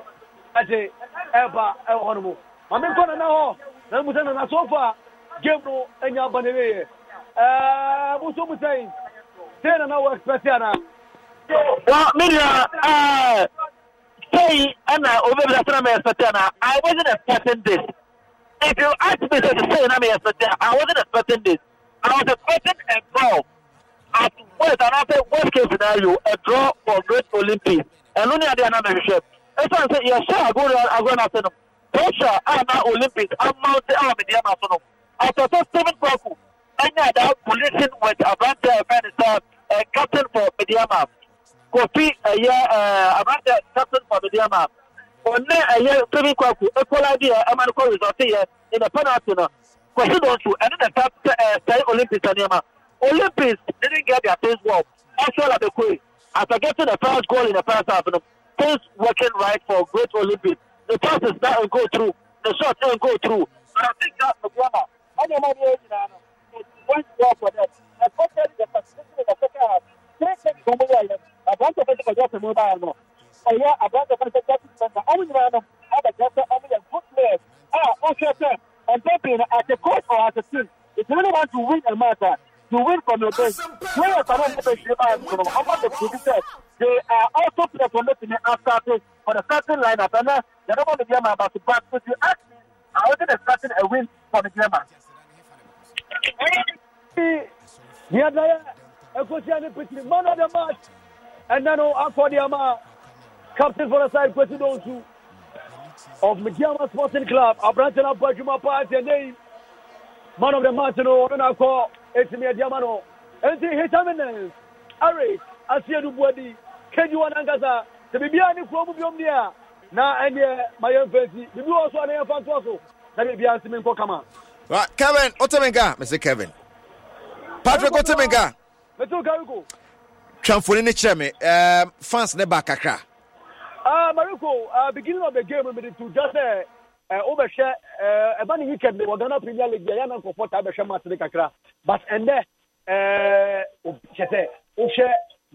ɛde ɛba ɛwɔ hɔ nom maame nkɔ nana hɔ na musa nana so far game no enya aba ne yɛ ɛɛ muso musa yi sɛ nana wɔ expect yɛ na. wɔ mi nira ɛɛ say, and I over the time expecting, I wasn't expecting this. If you ask me to say, I'm expecting, I wasn't expecting this. I was expecting a draw at worst, and I said, worst case scenario, a draw for Great Olympics. And only at the end of the ship. That's why I said, yeah, sure, I go there, I go and I said, Russia, I'm at Olympics, I'm mounted, I'm in the Amazon. After just seven people, any other collision with Abrante Afghanistan, a captain for Mediama kopi ɛyɛ ɛɛ abante captain kwabediam a ɔne ɛyɛ tobi kwaku ekola bi a ɛma no kɔ resɔte yɛ ɛna penalty no kwasi dɔn so ɛne na ta ɛɛ sɛɛ olympics nneɛma olympics didn't get their things well ɛsɛ labekoe after getting the first goal in the first half no things working right for great olympics the passes that go through the shot don't go through But i think that obiama ɔnyɛma bi ɛyɛ nyinaa no it went well for them especially the participation in the second half three things wɔn mo yɛ abrante bɛ se ka jɔsi mu baa nɔ ɔyɛ abrante bɛ se ka jɔsi mu na ɔmu nyinaa no ɛbɛ jɛ sɛ ɔmu yɛ good players ah, a ɔhwɛ sɛ ɛntɛ pii no as a coach or as a team if you really want to win a match ah to win from your base players are not able to win baa nɔ ɔmu bɛ tuntun sɛ they are also players for making it after this for the starting lineup ɛnɛ yɛ dɔbɔ mi diɛ ma ba to back to the act I wasn't expecting a win from the German. The other, a coach and a pitcher, man of the match ɛnɛ no oh, akɔde ama captain for the side kwesi of mediama sporting club aberante no abɔ adwuma paa sɛ nei man of the match no ɔno oh. na ɛtumi adiama no ɛnti hitaminens aris aseɛ no buadi kɛgyiwa no ankasa sɛ biribiaa ne kurom biom deɛ a na ɛneɛ ma yɛmfa nti biribi wɔ so a na yɛmfa ntoa so na biribiaa ntimi nkɔ kama kevin wotemenka Mr. kevin patrick wotemenka metew kariko twa mfoni ne kyerɛ me um, fans ne ba kakra ah, mariko uh, beginning of the game mede to just sɛ eh, wobɛhwɛ eh, ɛba eh, ne weekend wɔ ghana premier league yɛna nkɔfɔ taa bɛhwɛ match ne kakra but ɛndɛ kyɛ sɛ wohwɛ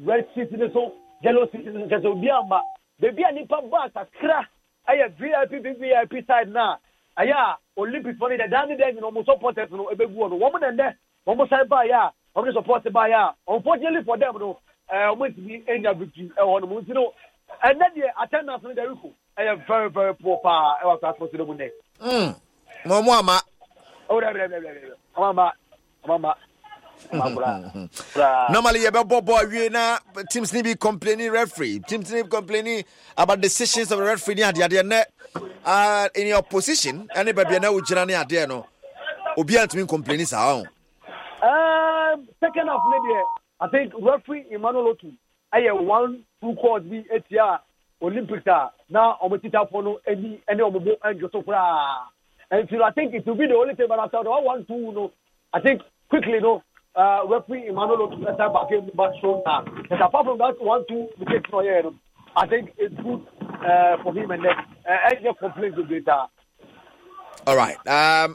red city ne so yellow city ne so kyɛ sɛ obi amma baabi a nnipa baa kakra ɛyɛ vip vvip side na. a ɛyɛ a olympics fɔ no dɛ daa ne dɛ nyina ɔmo supporters no ɛbɛgu hɔ no wɔm ne ndɛ wɔmo sane baeɛ a ɔmo ne support baeɛ a unfortunately for them no wɔntumi anya victory ɛwɔ no mu nti no ɛnɛ deɛ attendance no dɛreko ɛyɛ very very poor paa ɛwɔ asase fo sino mu nnɛ. mɔ mu ama. ɔwɔ dɛ dɛ dɛ dɛ ɔmɔ ama ɔmɔ ama. bɔ awie na teams ne bi complaining referee teams ne complaining about decisions of the referee ne adeadeɛ nɛ uh, in your position ɛne baabi na wogyina ne adeɛ no obiaa ntumi complaining saa ho oh. um, second half ne deɛ eh. I think referee Emmanuel Otu have one two calls bi etia Olympics I'm ɔmo titafo no any any ɔmo bo ɛndwo so koraa and so I think it will be the only thing but I thought I want to know, I think quickly you no. Know, uh, referee Emmanuel Otu have back in back strong now but apart from that one two the case yɛ I think it's good uh, for him and then ɛnyɛ uh, complaints o greater. All right. Um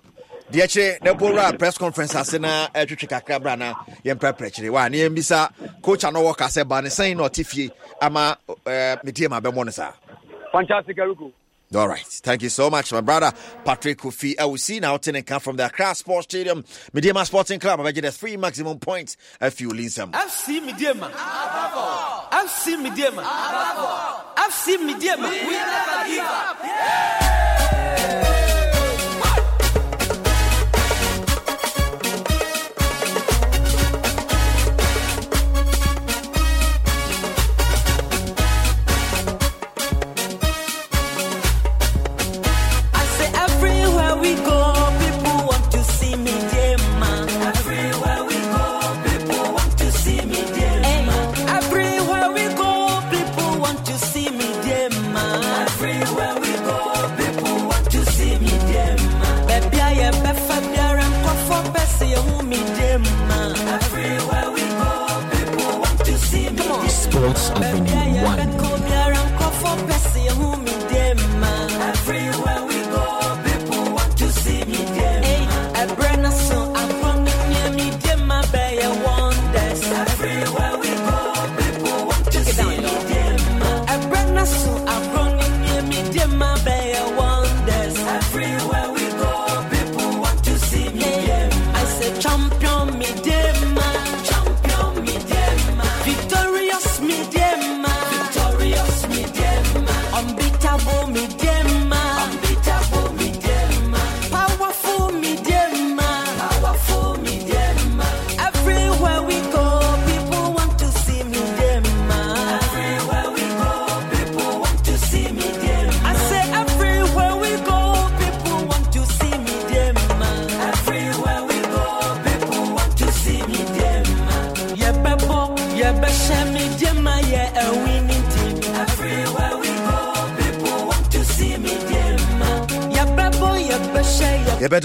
deɛ kyerɛ na bowra press conference ase na ɛtwetwe kakra bra na yɛmprɛprɛkyere wa ne yɛmbisa coach a no wɔka sɛ ba ne sɛn na ɔte fie ama medie ma bɛmmɔ no saa fantastic All right. Thank you so much, my brother Patrick Kofi see Now, Tenen come from the Accra Sports Stadium, Medema Sporting Club. I have get three maximum points if you lean some. FC Medema. FC Mediema. FC Medema. We never give up.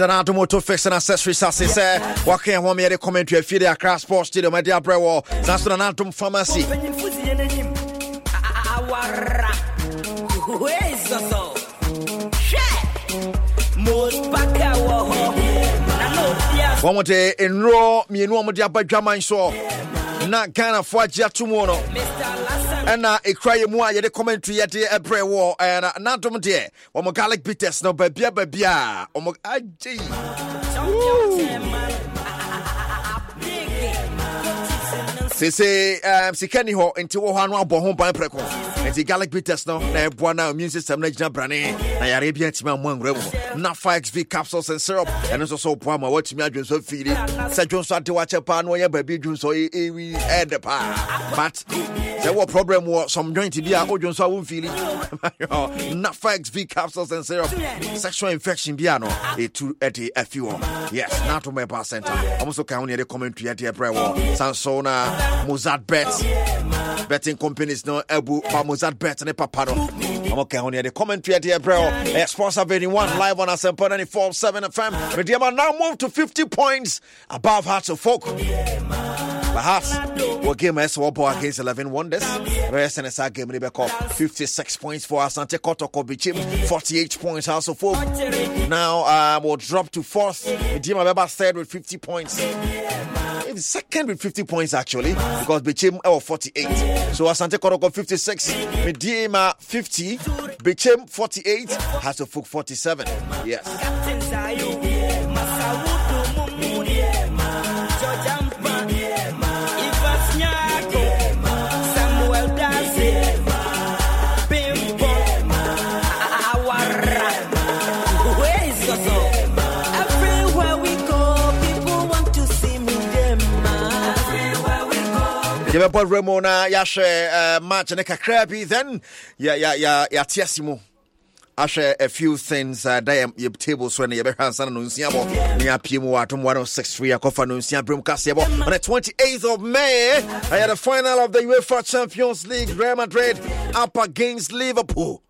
and automotive fix and accessories asese wɔka ɛho meyɛde commentary afie de akra sports stadium ɛde abrɛ wɔ saa so na nadom pharmacy wɔn mo de nnuro mmienu wɔn de aba dwaman soɔ na ghanafoɔ agye ato mu no ɛna ekura yɛ mu a yɛde commentary yɛde ɛbrɛ wɔ ɛna nadom deɛ wɔn garlic bitters no baabia baabia wɔn agye sese eh, sika ni hɔ nti wɔ hɔ ano abɔ ho ban prɛko. nti garlic bitters no na ɛboa no immune system no agyina brane na yare bia atumi ammu anwura mu na fa capsules and syrup ɛno nso so wopoa ma woatumi adwonso afiiri sɛ dwonso ade wakyɛ paa na wɔyɛ baabi dwonso ɛwi ɛde paa but sɛ wɔ problem wɔ some joint bi a wodwonso a womfiiri na fa capsules and syrup sexual infection bi a no ɛtu ɛde afi wɔ yes na atom ɛba center ɔmo so ka ho ne yɛde commentary ɛde ɛbrɛ wɔ sanso na mozart bet betting companies no ɛbu pa mozart that Bet ne papa no ɔmo ka ho ne yɛde commentary adeɛ brɛ hɔ ɛyɛ sports live on asɛmpa 94.7 FM medeɛma now move to 50 points above Hearts of Folk but Hearts wɔ game a ɛsɛ wɔbɔ against 11 Wonders ɛbɛyɛ sɛ ne saa game ne bɛkɔ 56 points for Asante Kotoko Bichim 48 points House of Folk now uh, will drop to fourth medeɛma bɛba third with 50 points second with 50 points actually because Bechem or 48. So Asante Koroko 56, Medima 50, Bechem 48, has fuck 47. Yes. yɛbɛbɔ na yɛahwɛ eh, match ne kakra bi then yɛate ase mu ahwɛ a few things uh, da yɛ table so yɛbɛhwɛ ansa bɔ ne wɔ oh akɔfa kaseɛ bɔ on the 28th of may had the final of the uefa champions league real madrid up against liverpool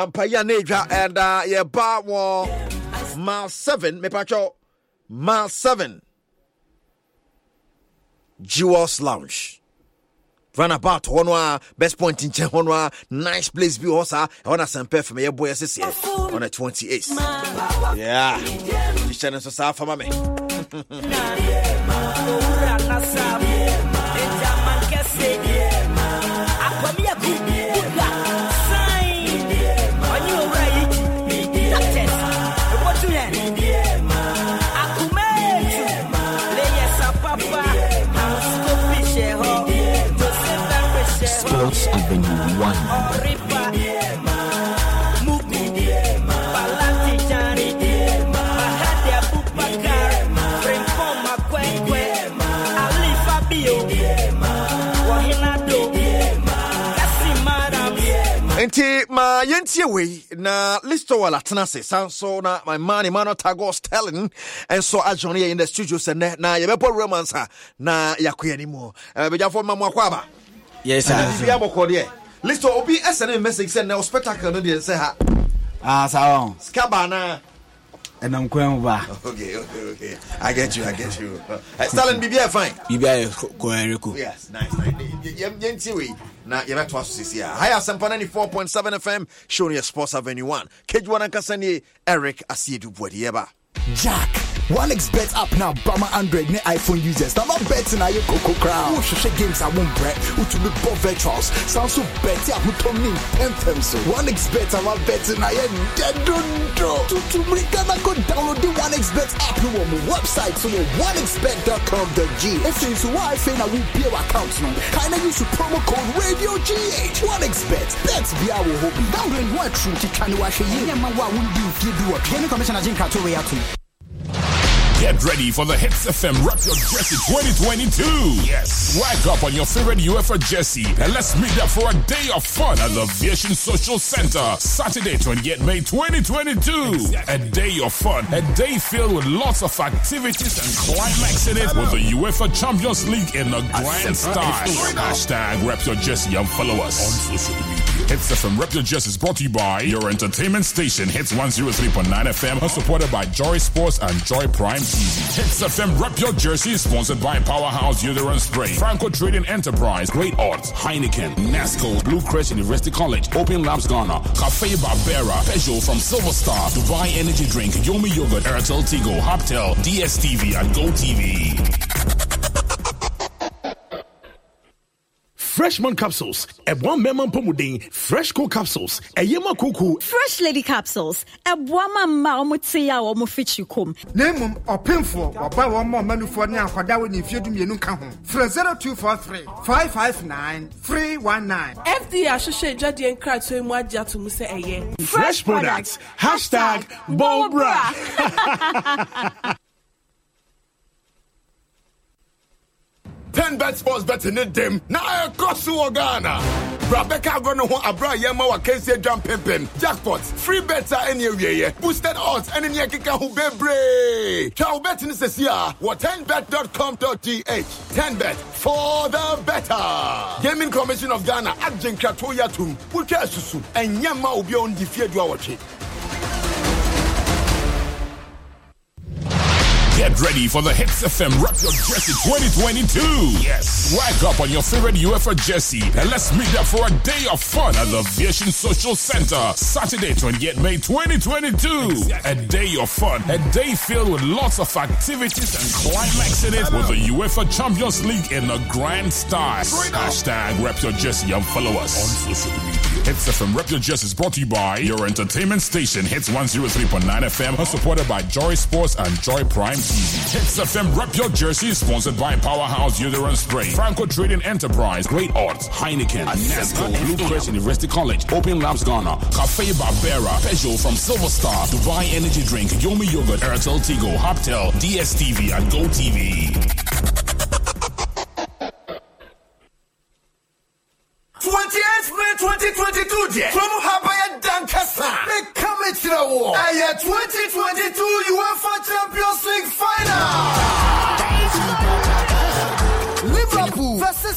ampaya ne dwa and uh, yɛba wɔ mile 7 mepatwɛ mile 7 Jewels Lounge. Run about one wa. best point in Chen wa. nice place view also. I wanna send pay from your boy SSA on the 28th. Yeah. You channel so far for mommy. nti ma yɛntie wei na listowal atena ase san so na my man emmanuel tagos telling nso agye no yɛ in the studio sɛ nnɛ na yɛbɛbɔ romance a na yɛakɔ yɛni mu eh, bɛgyafoɔ ma moakɔ aba yɛsfie deɛ listo obi ɛsɛ ne message sɛ nnɛ wo spectacle no deɛ sɛ ha ah, saa sika baa naa and I'm going over. Okay, okay, okay. I get you, I get you. Uh, Stalin, BBI fine. BBI oh, Yes, nice, nice. Yentiwi. Now, you're not to us here. Hi, Sampanani 4.7 FM, showing your sports avenue one. Kejwan Kasani, Eric Asiedu Bwedieba. Jack. One expert app now, Bama Android, ne iPhone users. Now, my betting in your Coco Crown. Who should games I won't bet. Who to be poor virtuals? Sounds so betty, I'm would come in 10th so. One expert, I'm a bet in Ayo Dedundo. To to bring Ghana, go download the One Expert app on my website. So, you're oneexpert.com.g. If you use iPhone, I will be your account now. Kinda use the promo code Radio GH. One Expert. That's be our hobby. Download what truth to can to wash a year. Yeah, my wife wouldn't be if you do a piano commission. I think I'll Get ready for the Hits FM Rock Your Jersey 2022. Yes. Rack up on your favorite UFO jersey and let's meet up for a day of fun at the Vision Social Center, Saturday, 28 May 2022. Exactly. A day of fun, a day filled with lots of activities and climaxing it with the UEFA Champions League in a grand style. Hashtag Rep Your Jersey and follow us on social media. Hits FM Rep Your Jersey is brought to you by your entertainment station Hits 103.9 FM, supported by Joy Sports and Joy Prime Hits FM Rep Your Jersey is sponsored by Powerhouse Uterine Spray, Franco Trading Enterprise, Great Arts, Heineken, Nasco, Blue Crest University College, Open Labs Ghana, Cafe Barbera, Peugeot from Silver Star, Dubai Energy Drink, Yomi Yogurt, Airtel Tigo, Hoptel, DSTV, and GoTV freshman capsules, a one memon pomudin, fresh cool capsules, a yema kuku, fresh lady capsules, a wama mama or mufichukum. Nemum or pinful or buy one more menu for now for that when you feed me no come home. From 0243 FDA Associate Jadi and Crat to Mwaja to Musa Aye. Fresh products, hashtag Bobra. ten bet sports bet ne dɛm na ɛkɔ so wɔ ghana Rebecca gonna want ho abra a yɛma wɔ akansie dwan pimpin jackpots free bet a ɛne awieeɛ boosted odds and in your ho bebree twa wo bet ne sɛsi a wɔ 10 betcomth 10bet for the better gaming commission of ghana agyenkratoo yɛatom wotwa asusu ɛnyɛ ma obi a ɔndi fiedua wɔtwe Get ready for the Hits FM Rock Your Jersey 2022. Yes. Swag up on your favorite UFO jersey and let's meet up for a day of fun at the Aviation Social Center, Saturday, 28 May 2022. Exactly. A day of fun, a day filled with lots of activities and climaxing it with the UEFA Champions League in a grand style. Hashtag Rep Your Jersey and follow us on social media. Hits FM Rep Your Jersey is brought to you by your entertainment station Hits 103.9 FM, supported by Joy Sports and Joy Prime Hits FM Rep Your Jersey is sponsored by Powerhouse Uterine Spray, Franco Trading Enterprise, Great Arts, Heineken, Anesco, Blue Crest University College, Open Labs Ghana, Cafe Barbera, Peugeot from Silver Star, Dubai Energy Drink, Yomi Yogurt, Airtel Tigo, Hoptel, DSTV, and GoTV. Twenty-eight May 2022, dear. From Habaya Dancaster. It's to the And yeah, 2022 UEFA Champions League final.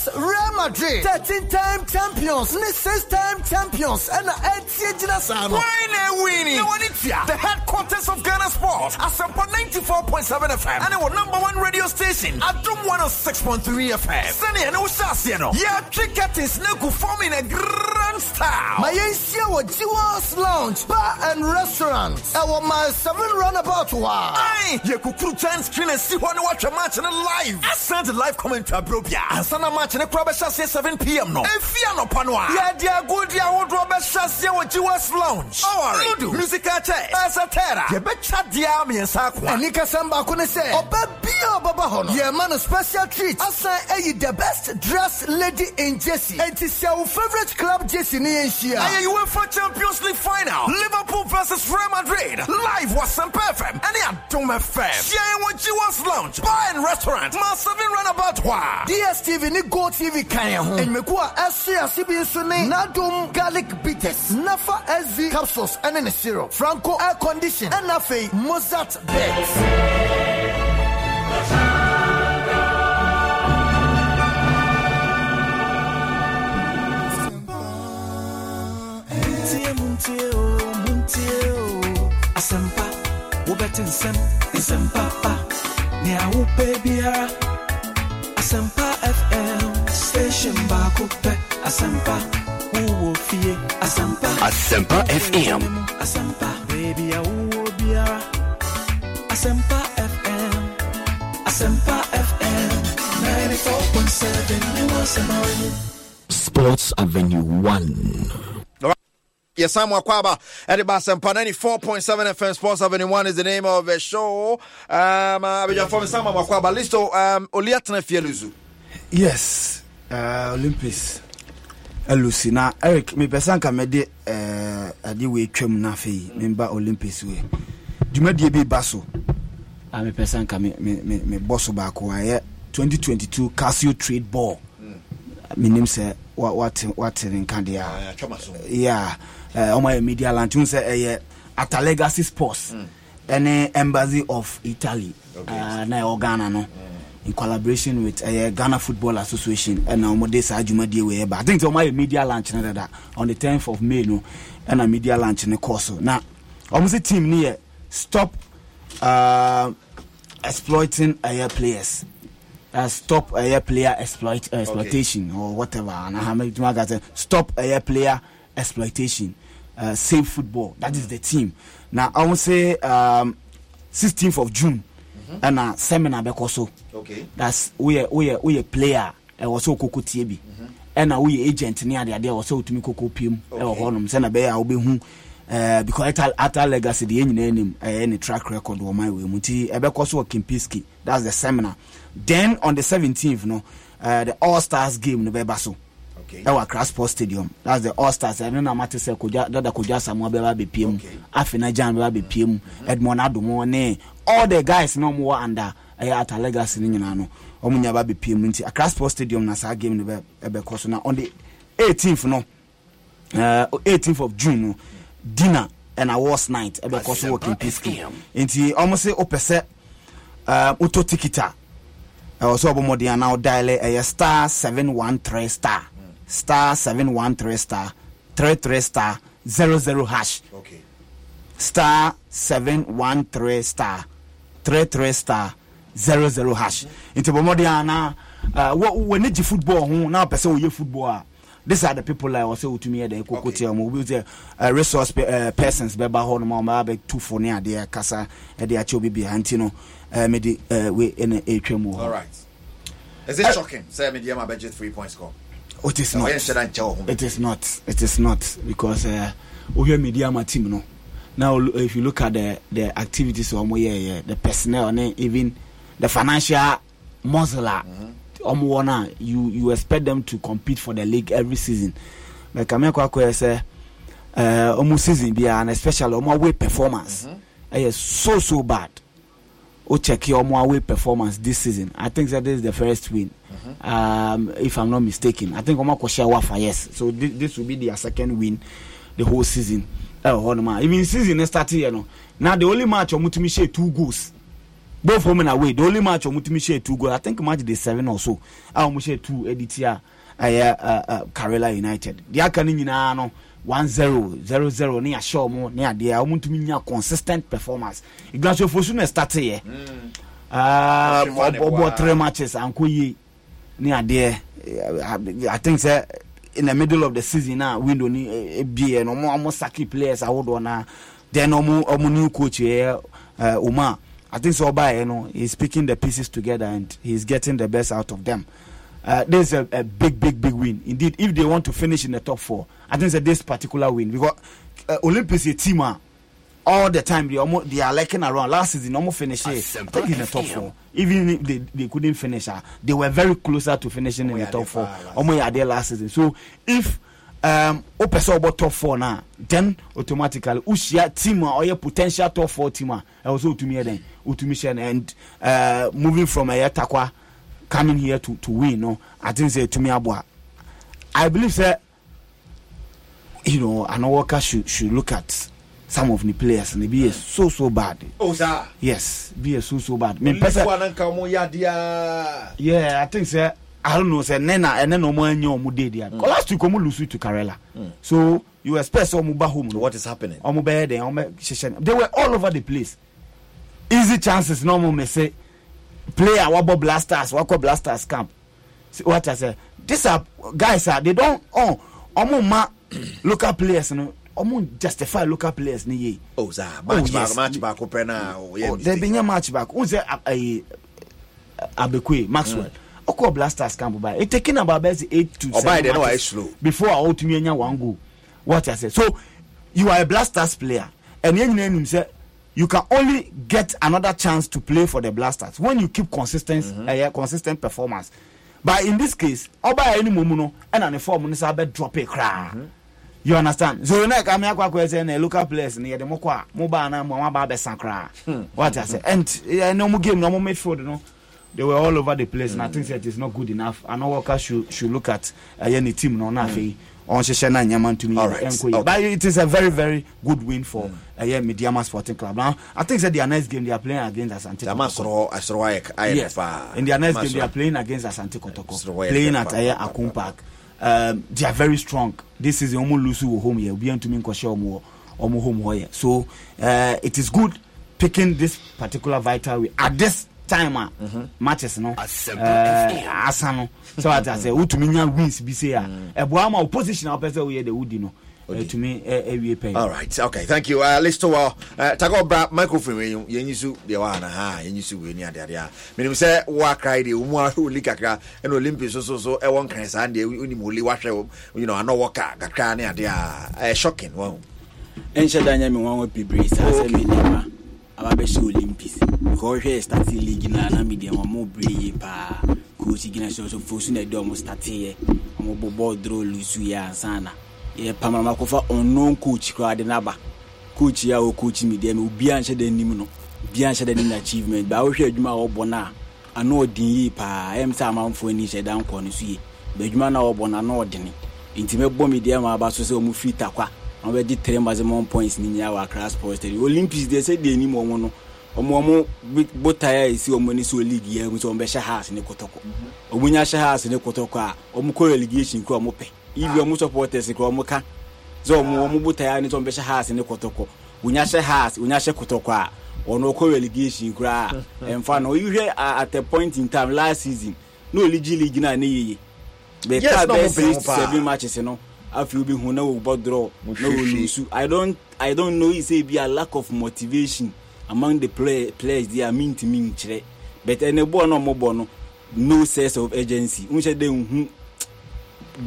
versus Real Madrid. 13 time champions ne time champions and ɛna ɛtie gyina saa no. Wọ́n na winning. Na wọ́n ni The headquarters of Ghana Sports. Asempa 94.7 FM. and our number one radio station. Adum 106.3 FM. Sani ɛna wohyɛ aseɛ no. Yɛ tri curtains na gu a grand style. My yɛn nsia wɔ Lounge Bar and Restaurant. Our my 7 runabout hɔ you Ayi yɛ kukuru giant screen esi hɔ watch a match in a live. I Asante live comment to commentary bro send a match church ne kora bɛhyɛ aseɛ 7 pm no ɛfi anɔpa no a yɛde agodi ahodoɔ bɛhyɛ aseɛ wɔ gyewas lounge ɔware musical church ɛsɛ tɛra yɛbɛtwa deɛ mmiɛnsa akoa ɛni kasɛm baako ne sɛ ɔba bia ɔbɛba hɔ no yɛma no special treat asan ayi the best dressed lady in jersey enti sɛ wo favorite club Jesse. jersey ne yɛnhyia ɛyɛ for champions league final liverpool versus real madrid live was wɔ sɛmpa fm ɛne adom fm hyia yɛn wɔ gyewas lounge bar and restaurant ma 7 runabout hɔ a dstv ne go tv kan ho enyimako a ɛso ase bi nso ne garlic bitters nafa sv capsules ɛne ne syrup franco air condition ɛna afei mozart bet oh, oh. Asempa. o muntie o asɛmpa wobɛte pa nea wopɛ biara Asempa fm Asempa kupe Asempa fm Asempa baby fm Asempa fm 94.7 sports avenue 1 Yes, I'm Wakwaba. Edibas and Panani 4.7 FM Sports Avenue 1 is the name of the show. Um, uh, Abidjan Wakwaba. Listo, um, Fieluzu. Yes. Eh, olympics ɛlusi eh, na eric mepɛ sɛ anka mɛde eh, ade wei twam no yi memba olympics wei dwumadie bi ba so a mepɛ sɛ anka mebɔ so baako ayɛ 2022 casio trade ball menim hmm. sɛ wate ne nka deɛ a ɔma yɛ media lunch hu sɛ ɛyɛ atalegacy sports hmm. ɛne embassy of italy ah, na ɛwɔ ghana no mm. in collaboration with uh, Ghana Football Association and now they say dwumadie we ba i think say my media launch na dada on the 10th of May no and eh, a media launch ne course na omo say team ne stop uh, exploiting uh, players uh, stop a uh, player exploit uh, exploitation okay. or whatever and I have stop a uh, player exploitation uh, save football that is the team now I will say um, 16th of June Mhm. ɛna seminar bɛkɔ so that's woyɛ woyɛ woyɛ player ɛwɔ sɛ okoko tie bi mhm. ɛna woyɛ agent ne adeade ɛwɔ so otumi koko piem ɛwɔ hɔnom sɛna bɛyɛ a wobɛhu ɛɛ eh, because ata ata legacy deɛ nyinaa nim ɛyɛ ne track record wɔ man wei mu nti ɛbɛkɔ so wɔ kimpiski that's the seminar then on the seventeenth no ɛɛ eh, the all stars game no bɛba so ɛwɔ akra sports stadium that's the all stars ɛno na mate sɛ kodwa dada kodwa samoa bɛba abɛpie mu afei na gyan bɛba abɛpie mu mhm. edmond adomo ne all the guys na ɔmo wɔ under ɛyɛ ata legacy no nyinaa no ɔmo nyaba bepie mu nti akra sports stadium na saa game no bɛ ɛbɛkɔ so na on the 18th no uh, 18th of june no dinner and awards night ɛbɛkɔ so wɔ kempiski nti ɔmo se wopɛ sɛ wotɔ ticket a ɛwɔ sɛ ɔbɔ mmɔden anaa wodiale ɛyɛ star 713 star star three star Three three star Zero zero hash okay. star seven one three star three three star zero zero hash nti bɔ mmɔden ana uh, wɔne gye football who now wɔpɛ sɛ wɔyɛ football these are the people like ɔsɛ wotumi to dɛn koko tia mu obi sɛ uh, resource pe, uh, persons bɛba hɔ nom a ɔmaa bɛtu fo ne adeɛ kasa ɛde akyɛ obi bia nti uh, mede uh, we in a mu All right. Is it uh, shocking? Say, me dear, my budget three points score. It is not. It is not. It is not because uh, we hear media my team, no. now if you look at the the activities wɔn yeah, yeah, the personnel ne even the financial muscle a wɔn wɔ na you you expect them to compete for the league every season but kame kɔ akɔ yɛ sɛ wɔn season bi and especially wɔn um, away performance ɛyɛ mm -hmm. Uh, so so bad Oh check wɔn um, away performance this season i think that this is the first win mm -hmm. um, if i'm not mistaken i think wɔn akɔ hyɛ wafa yes so this, this will be their second win the whole season ɛwɔ hɔ nom a even season ne start yɛ no na the only match ɔmo tumi hyɛ two goals both home and away the only match ɔmo tumi hyɛ two goals i think match day seven or so a ɔmo hyɛ two ɛdi ti a ɛyɛ karela united deɛ aka no nyinaa no one zero zero zero ne yɛahyɛ ɔmo ne adeɛ a ɔmo tumi nya consistent performance igbansofoɔ so na start yɛ ɔbɔ three matches anko yie ne adeɛ i think sɛ. in the middle of the season na ah, window ni ebie na ɔmo ɔmo saki players ahodoɔ na ah. then ɔmo ɔmo new coach here. uh, I think so by you know he's picking the pieces together and he's getting the best out of them. Uh, eh, this is a, a, big, big, big win indeed. If they want to finish in the top four, I think this particular win because uh, Olympics is a team. Uh, all the time they almost they are lacking around. Last season, almost finish it. I in the top four. Even if they, they couldn't finish, uh, they were very closer to finishing in the top four. Almost are there last season. So if um open so about top four now, then automatically who's your team or your potential top four team also to me then Utumishan and uh moving from a takwa coming here to to win. No, I didn't say to me abwa. I believe that you know an worker should should look at some of the players and be so so bad. Oh sir. Yes, be so so bad. Me person. Yeah, I think sir. I don't know, sir. Nena and then no more any omu day there. Last week we lose to Karela. Mm. So you expect omu ba home. What is happening? Omu ba there. Omu They were all over the place. Easy chances. No more me say. Player wabo blasters. Wako blasters camp. What I say. These are guys. Are they don't. Oh, omu ma local players. You know, ɔmo justify local players ne yie. o saa match oh, baako match baako pɛ na o oh, yɛ oh, mistake. dɛbi n yɛ match baako n sɛ ɛyi abekue maxwell ɔkɔ hmm. blasters camp ba it taken about bɛsi eight to seven matches ɔbaa yɛ dɛ wa yɛ slow before a o tun yɛ nya one goal what i say so you are a blasters player and yɛn nyinaa sɛ you can only get another chance to play for the blasters when you keep consistent mm-hmm. uh, consistent performance but in this case ɔbaa yɛ ni mu no ɛna ne form ne sa bɛ drop it koraa. Mm-hmm you understand so na ka me akwa kwa say na local players na yede mokwa mo ba na mo ba be sankra hmm. what i say and uh, eh, no mo game no mo midfield no they were all over the place mm. and i think hmm. that is not good enough and all worker should should look at uh, eh, any team no na hmm. afei on hyehyɛ na nyama ntumi nko yɛ but it is a very very good win for ɛyɛ mm. uh, eh, yeah, mediama sporting club now i think say their next game they are playing against asante kotoko asoro asoro ayɛ yes ah. in their next game they are playing against asante kotoko playing at ɛyɛ akun park um, they are very strong this season wɔn lose wɔ home yɛ obiara ntumi nkɔhyɛ wɔn wɔ wɔn home here. so uh, it is good picking this particular vital at this time a uh, mm-hmm. matches no uh, asa no so ati ase wotumi nya wins bi se a ɛboa ama o position a wɔpɛ sɛ woyɛ de ɛtumi ɛwie pɛn alright okay thank you uh, listo wɔ uh, taka ɔbra microphone wei yɛnyi so deɛ wɔ ana ha yɛnyi so wei ni adeade a menim sɛ wo akra deɛ wo mu ahwɛ oli kakra ɛna olympic so so so ɛwɔ nkran saa deɛ wonim oli wahwɛ you know ana wɔ ka kakra ne ade a ɛyɛ shocking wɔn ɛnhyɛ da nyɛ me wɔn wɔ bebree saa sɛ me nema aba bɛhyɛ olympics because wɔhwɛ starting league na na media wɔn mo bere yie paa coach gyina so so fo so na ɛde wɔn starting yɛ wɔn bɔ bɔɔl draw lusu yɛ ansana yɛ pamama kɔfa unknown coach koraa de naba coach yi a wɔ coach mi deɛ mi nhyɛ dɛ nim no obiara nhyɛ dɛ nim achievement baa wohwɛ adwuma a wɔbɔ no a ano ɔden yie paa ɛyɛ mi sɛ amanfoɔ ani hyɛ dan kɔɔ no so yie baa adwuma no a wɔbɔ no ano ɔdene nti mɛbɔ mi deɛ ma aba so sɛ wɔn firi takwa wɔn bɛ di three maximum points ni nyinaa wɔ akra sports tɛri olympics deɛ sɛ deɛ nim wɔn no wɔn wɔn botae a esi wɔn ani so league yɛ mu sɛ wɔn bɛhyɛ house ne kɔtɔkɔ wɔn nyɛ hyɛ house ne kɔtɔkɔ a wɔn kɔ relegation kura wɔn pɛ ibi ɔmo supporters kura ɔmo ka sɛ ɔmo ɔmo bu taya ne sɛ ɔmo bɛhyɛ haas ne kɔtɔkɔ wonya hyɛ haas wonya hyɛ kɔtɔkɔ a ɔno ɔkɔ relegation a ɛnfa no oyi hwɛ at a point in time last season na oli gyi league na ne yeye bɛka bɛ six to seven matches no afei obi hu na wɔbɔ draw na wɔlusu i don't i don't know it say bi a lack of motivation among the play, players there mintimi nkyerɛ but ɛnɛ bɔɔl na ɔmo bɔ no no sense of urgency n hyɛ dɛ nhu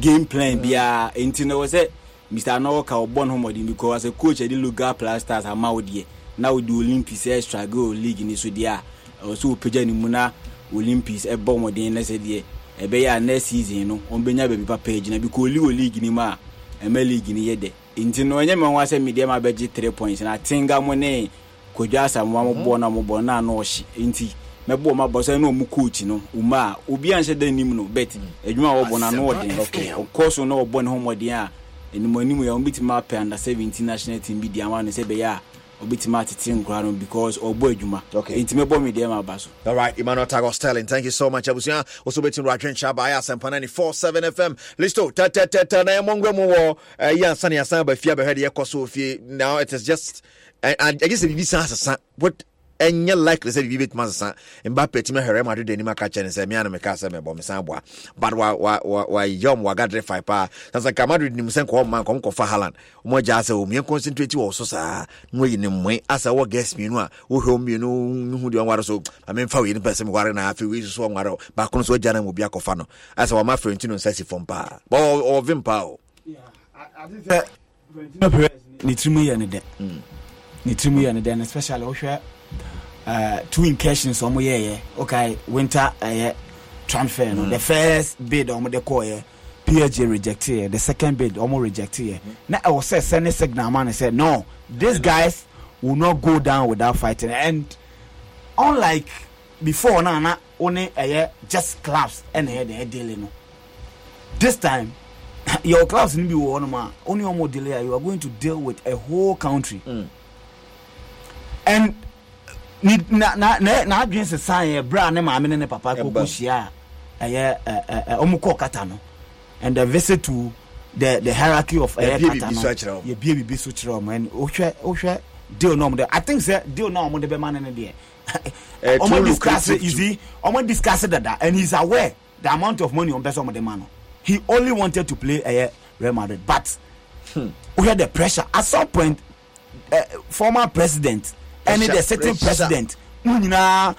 game plan biara nti na wɔsɛ mr anawɔka ɔbɔ no homɔden bi kɔ wɔsɛ coach ɛde local plasters ama wo deɛ na wode olympics ɛ eh, struggle league ni so deɛ a ɛwɔ sɛ wɔpagya ne mu na olympics ɛbɔ mmɔden na sɛ deɛ ɛbɛyɛ a next season no ɔmbɛnya baabi papa agyina bi kɔɔli wɔ league ni mu a ɛma league ni yɛ dɛ nti no ɛnyɛ wa asɛ medeɛ ma bɛgye 3 points na tenga mo ne kodwa asamoa mobɔ no a mobɔ no na ano ɔhye nti mɛbɔ ɔma bɔ sɛ ne ɔmu coach no ɔma a obi anhyɛ da nim no bet mm. adwuma a wɔbɔ no ɔden ɔkɔ so na ɔbɔ ne ho mmɔden a anim anim yɛ ɔbɛtumi apɛ under 17 national team bi de ama no sɛ bɛyɛ a obitumi atitiri nkura no because ọgbọ edwuma nti mẹbọ mi diẹ ma ba so. all right emmanuel tagos telling thank you so much abusua oso betumi ra adwene kyaba ayé asẹmpa ninety four seven fm listo tẹtẹtẹtẹ na ẹmọ ngwẹ mu wọ ẹyẹ asan abẹ fie de yẹ kọ so fie now it is just ẹ ẹ ẹ gye ɛnyɛ likely sɛ biribi bɛtumi asesa mbappɛ tumi ahwɛ real madrid anim aka kyɛ ne sɛ mea no meka sɛ mɛbɔ me san boa but wayɛ m wagadere fae paa sansa ka madrid nim sɛ nkɔɔ ma nkɔm kɔfa haland ɔmɔ sɛ ɔmia concentrate wɔ so saa na wayi ne mmoe asɛ wɔ gas mmienu a wohwɛ mmienu no hu deɛ ɔnware so amemfa wei no pɛ sɛ meware na afei wei so so baako no so agya no mu akɔfa no asɛ wama frentino nsa si fam paa ɔvem paa o ne tirim yɛ ne dɛ mm. ne tirim yɛ ne dɛ ne special wohwɛ uh, two incursions ɔmo yɛɛyɛ okay winter ɛyɛ uh, transfer no the mm. first bid ɔmo de kɔɔyɛ PHG rejected yɛ the second bid ɔmo rejected yɛ mm. Mm-hmm. na ɛwɔ sɛ sɛne signal man sɛ no these mm-hmm. guys will not go down without fighting and unlike before na na one ɛyɛ just clubs ɛna ɛyɛ de ɛdealing no this time your clubs ni be one man. a only one more delay you are going to deal with a whole country mm. and n'adwene sesan yɛ bere a ne maame ne ne papa koko hyia a ɛyɛ ɔmo kɔ kata no and the visit to the the hierarchy of ɛyɛ kata no yɛ bie bibi so kyerɛ ɔmo and ohwɛ ohwɛ deal na ɔmo de i think sɛ deal na ɔmo de bɛ ma ne ne deɛ ɔmo discuss you see ɔmo discuss dada and he is aware the amount of money ɔmo pɛ sɛ ɔmo de ma no he only wanted to play ɛyɛ real madrid but hmm. ohwɛ the pressure at some point uh, former president. Any the certain president mo nyinaa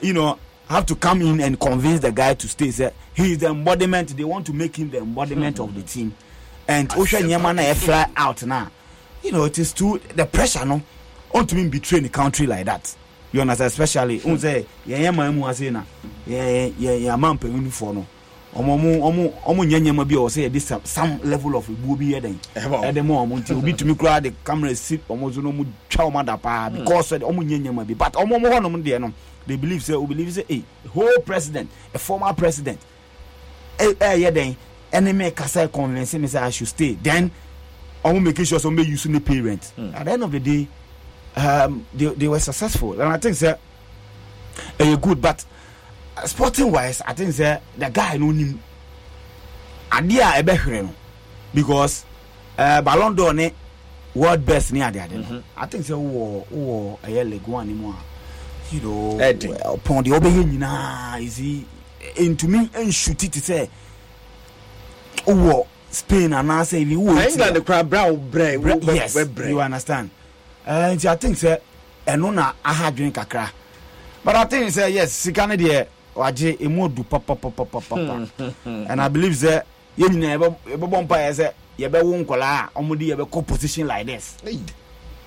you know have to come in and convince the guy to stay sɛ he is the embodiment they want to make him the embodiment of the team and wohwɛ nneɛma na fly out na you know it is too the pressure no on to ɔntumi betray the country like that you understand especially n sɛ yɛn yɛn maa mu ase na yɛn yɛn yɛn ama mpanyin foɔ no ɔmo ɔmo ɔmo nyɛ nyɛma bi a ɔsɛ yɛde some some level of ebuo bi yɛ dɛn ɛde mu ɔmo nti obi tumi kura de camera si ɔmo so na ɔmo twa ɔmo ada paa hmm. because ɔmo nyɛ nyɛma bi but ɔmo ɔmo hɔnom deɛ no they believe say o believe say hey whole president a former president ɛ e, ɛyɛ e dɛn ɛne mi kasa e convince me say i should stay then ɔmo make sure say ɔmo bɛ use ne parent hmm. at the end of the day um, they they were successful and i think say ɛyɛ good but sporting wise i think say the guy no nim adeɛ a ɛbɛhwere no because uh, ballon d'or ne world best ne adeade no mhm. i think say wowɔ wowɔ ɛyɛ eh, legua one mu a you know pɔn deɛ wobɛyɛ nyinaa ɛsi ntumi nsuti te sɛ wowɔ spain anaasɛ ibi wowɔ england kora bra wo brɛ wobɛbrɛ you understand nti uh, eh, i think sɛ ɛno na ahadwene kakra but i think say yes sika ne deɛ wagye emu odu papapapapa and i believe sɛ yɛn nyinaa yɛbɛbɔ mpa yɛ sɛ yɛbɛwo nkɔlaa a wɔn de yɛbɛkɔ position like this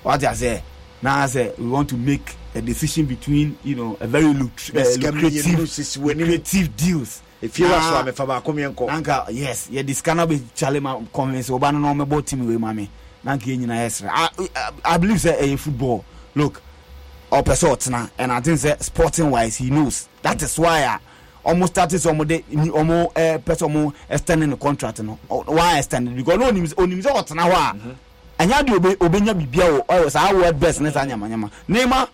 wagye asɛ naa sɛ we want to make a decision between you know a very eh, lucrative uh, lucrative, deals. efi wa so amefa baako mmiɛ nkɔ. nanka yes yɛ de scanner bɛ kyale ma convince ɔba no na ɔmɛbɔ team wei ma mi nanka yɛ nyinaa yɛ srɛ i i believe sɛ ɛyɛ football look ɔpɛ sɛ ɔtena and i think sɛ sporting wise he knows that is why a ɔmo start sɛ ɔmo de ɔmo ɛɛ pɛ sɛ ɔmo extend ne contract no why extending because no onim onim sɛ ɔtena hɔ a ɛnya de obe obenya bibia o ɔyɛ saa world best ne saa nyamanyama neema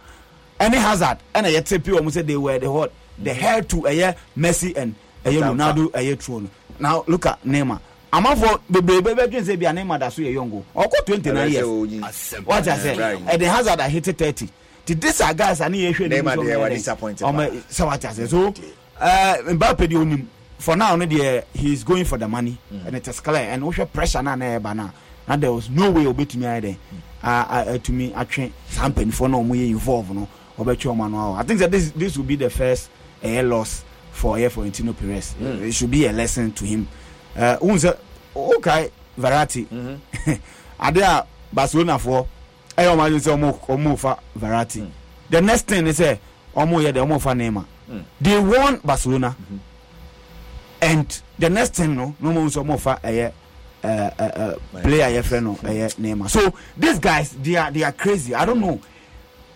ɛne hazard ɛna yɛ tipi ɔmo sɛ they were the hot the hair to ɛyɛ messi and ɛyɛ ronaldo ɛyɛ tro no now look at neema amanfo bebrebe bɛ dwen sɛ bi a neema da so yɛ yɔngo ɔkɔ twenty nine years wɔte ase ɛde hazard hit thirty ti disa guys ani yɛ hwɛ ne mu sɔmi ɔmɛ sawa ti ase so eh, mbappe de onim for now no deɛ he is going for the money mm. and it is clear and wohwɛ pressure na na yɛ ba na na there was no way obetumi ayɛ dɛ atumi atwe saa mpanyinfoɔ na wɔn yɛ involve no ɔbɛtwe wɔn ano awɔ i think that this this will be the first ɛyɛ uh, eh, loss for ɛyɛ florentino perez mm. it should be a lesson to him wohun sɛ okae variety ade a barcelona foɔ ɛyɛ ɔmo adi sɛ ɔmo fa Verratti hmm. the next thing ni sɛ ɔmo yɛ dɛ ɔmo fa Neymar hmm. they won Barcelona hmm. and the next thing no no mo nso ɔmo fa ɛyɛ. Uh, player uh, player yɛfrɛ no ɛyɛ Neymar so these guys they are they are crazy I don't know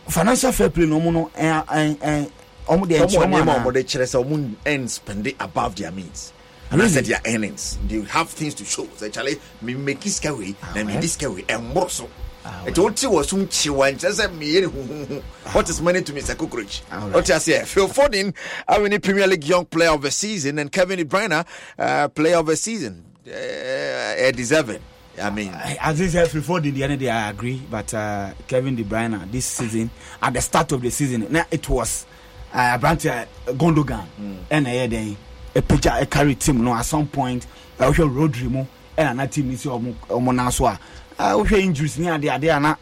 financial fair play na ɔmo no ɛn ɛn ɛn ɔmo de ɛnkyɛn ɔmo ana ɔmo de kyerɛ sɛ ɔmo ɛn spending above their means really? and I said their earnings they have things to show sɛ kyale mi meki sika wei na mi di sika wei so. Ah, I don't see what's nkyi wɔn nkyɛn sɛ mmienu what is money to me is a cockroach o ti ase Phil Foden awini Premier League young player of the season and Kevin De Bruyne uh, player of the season ɛɛ uh, deserving. I mean, I, I think uh, before the, the end of the day, I agree. But uh, Kevin De Bruyne this season, at the start of the season, now it was uh, uh, Gondogan mm. and uh, then a picture a carry team. You no, know, at some point, I uh, was Rodri mo and another team is your Omonasoa. Ah, wohwɛ injuries ne adeade ana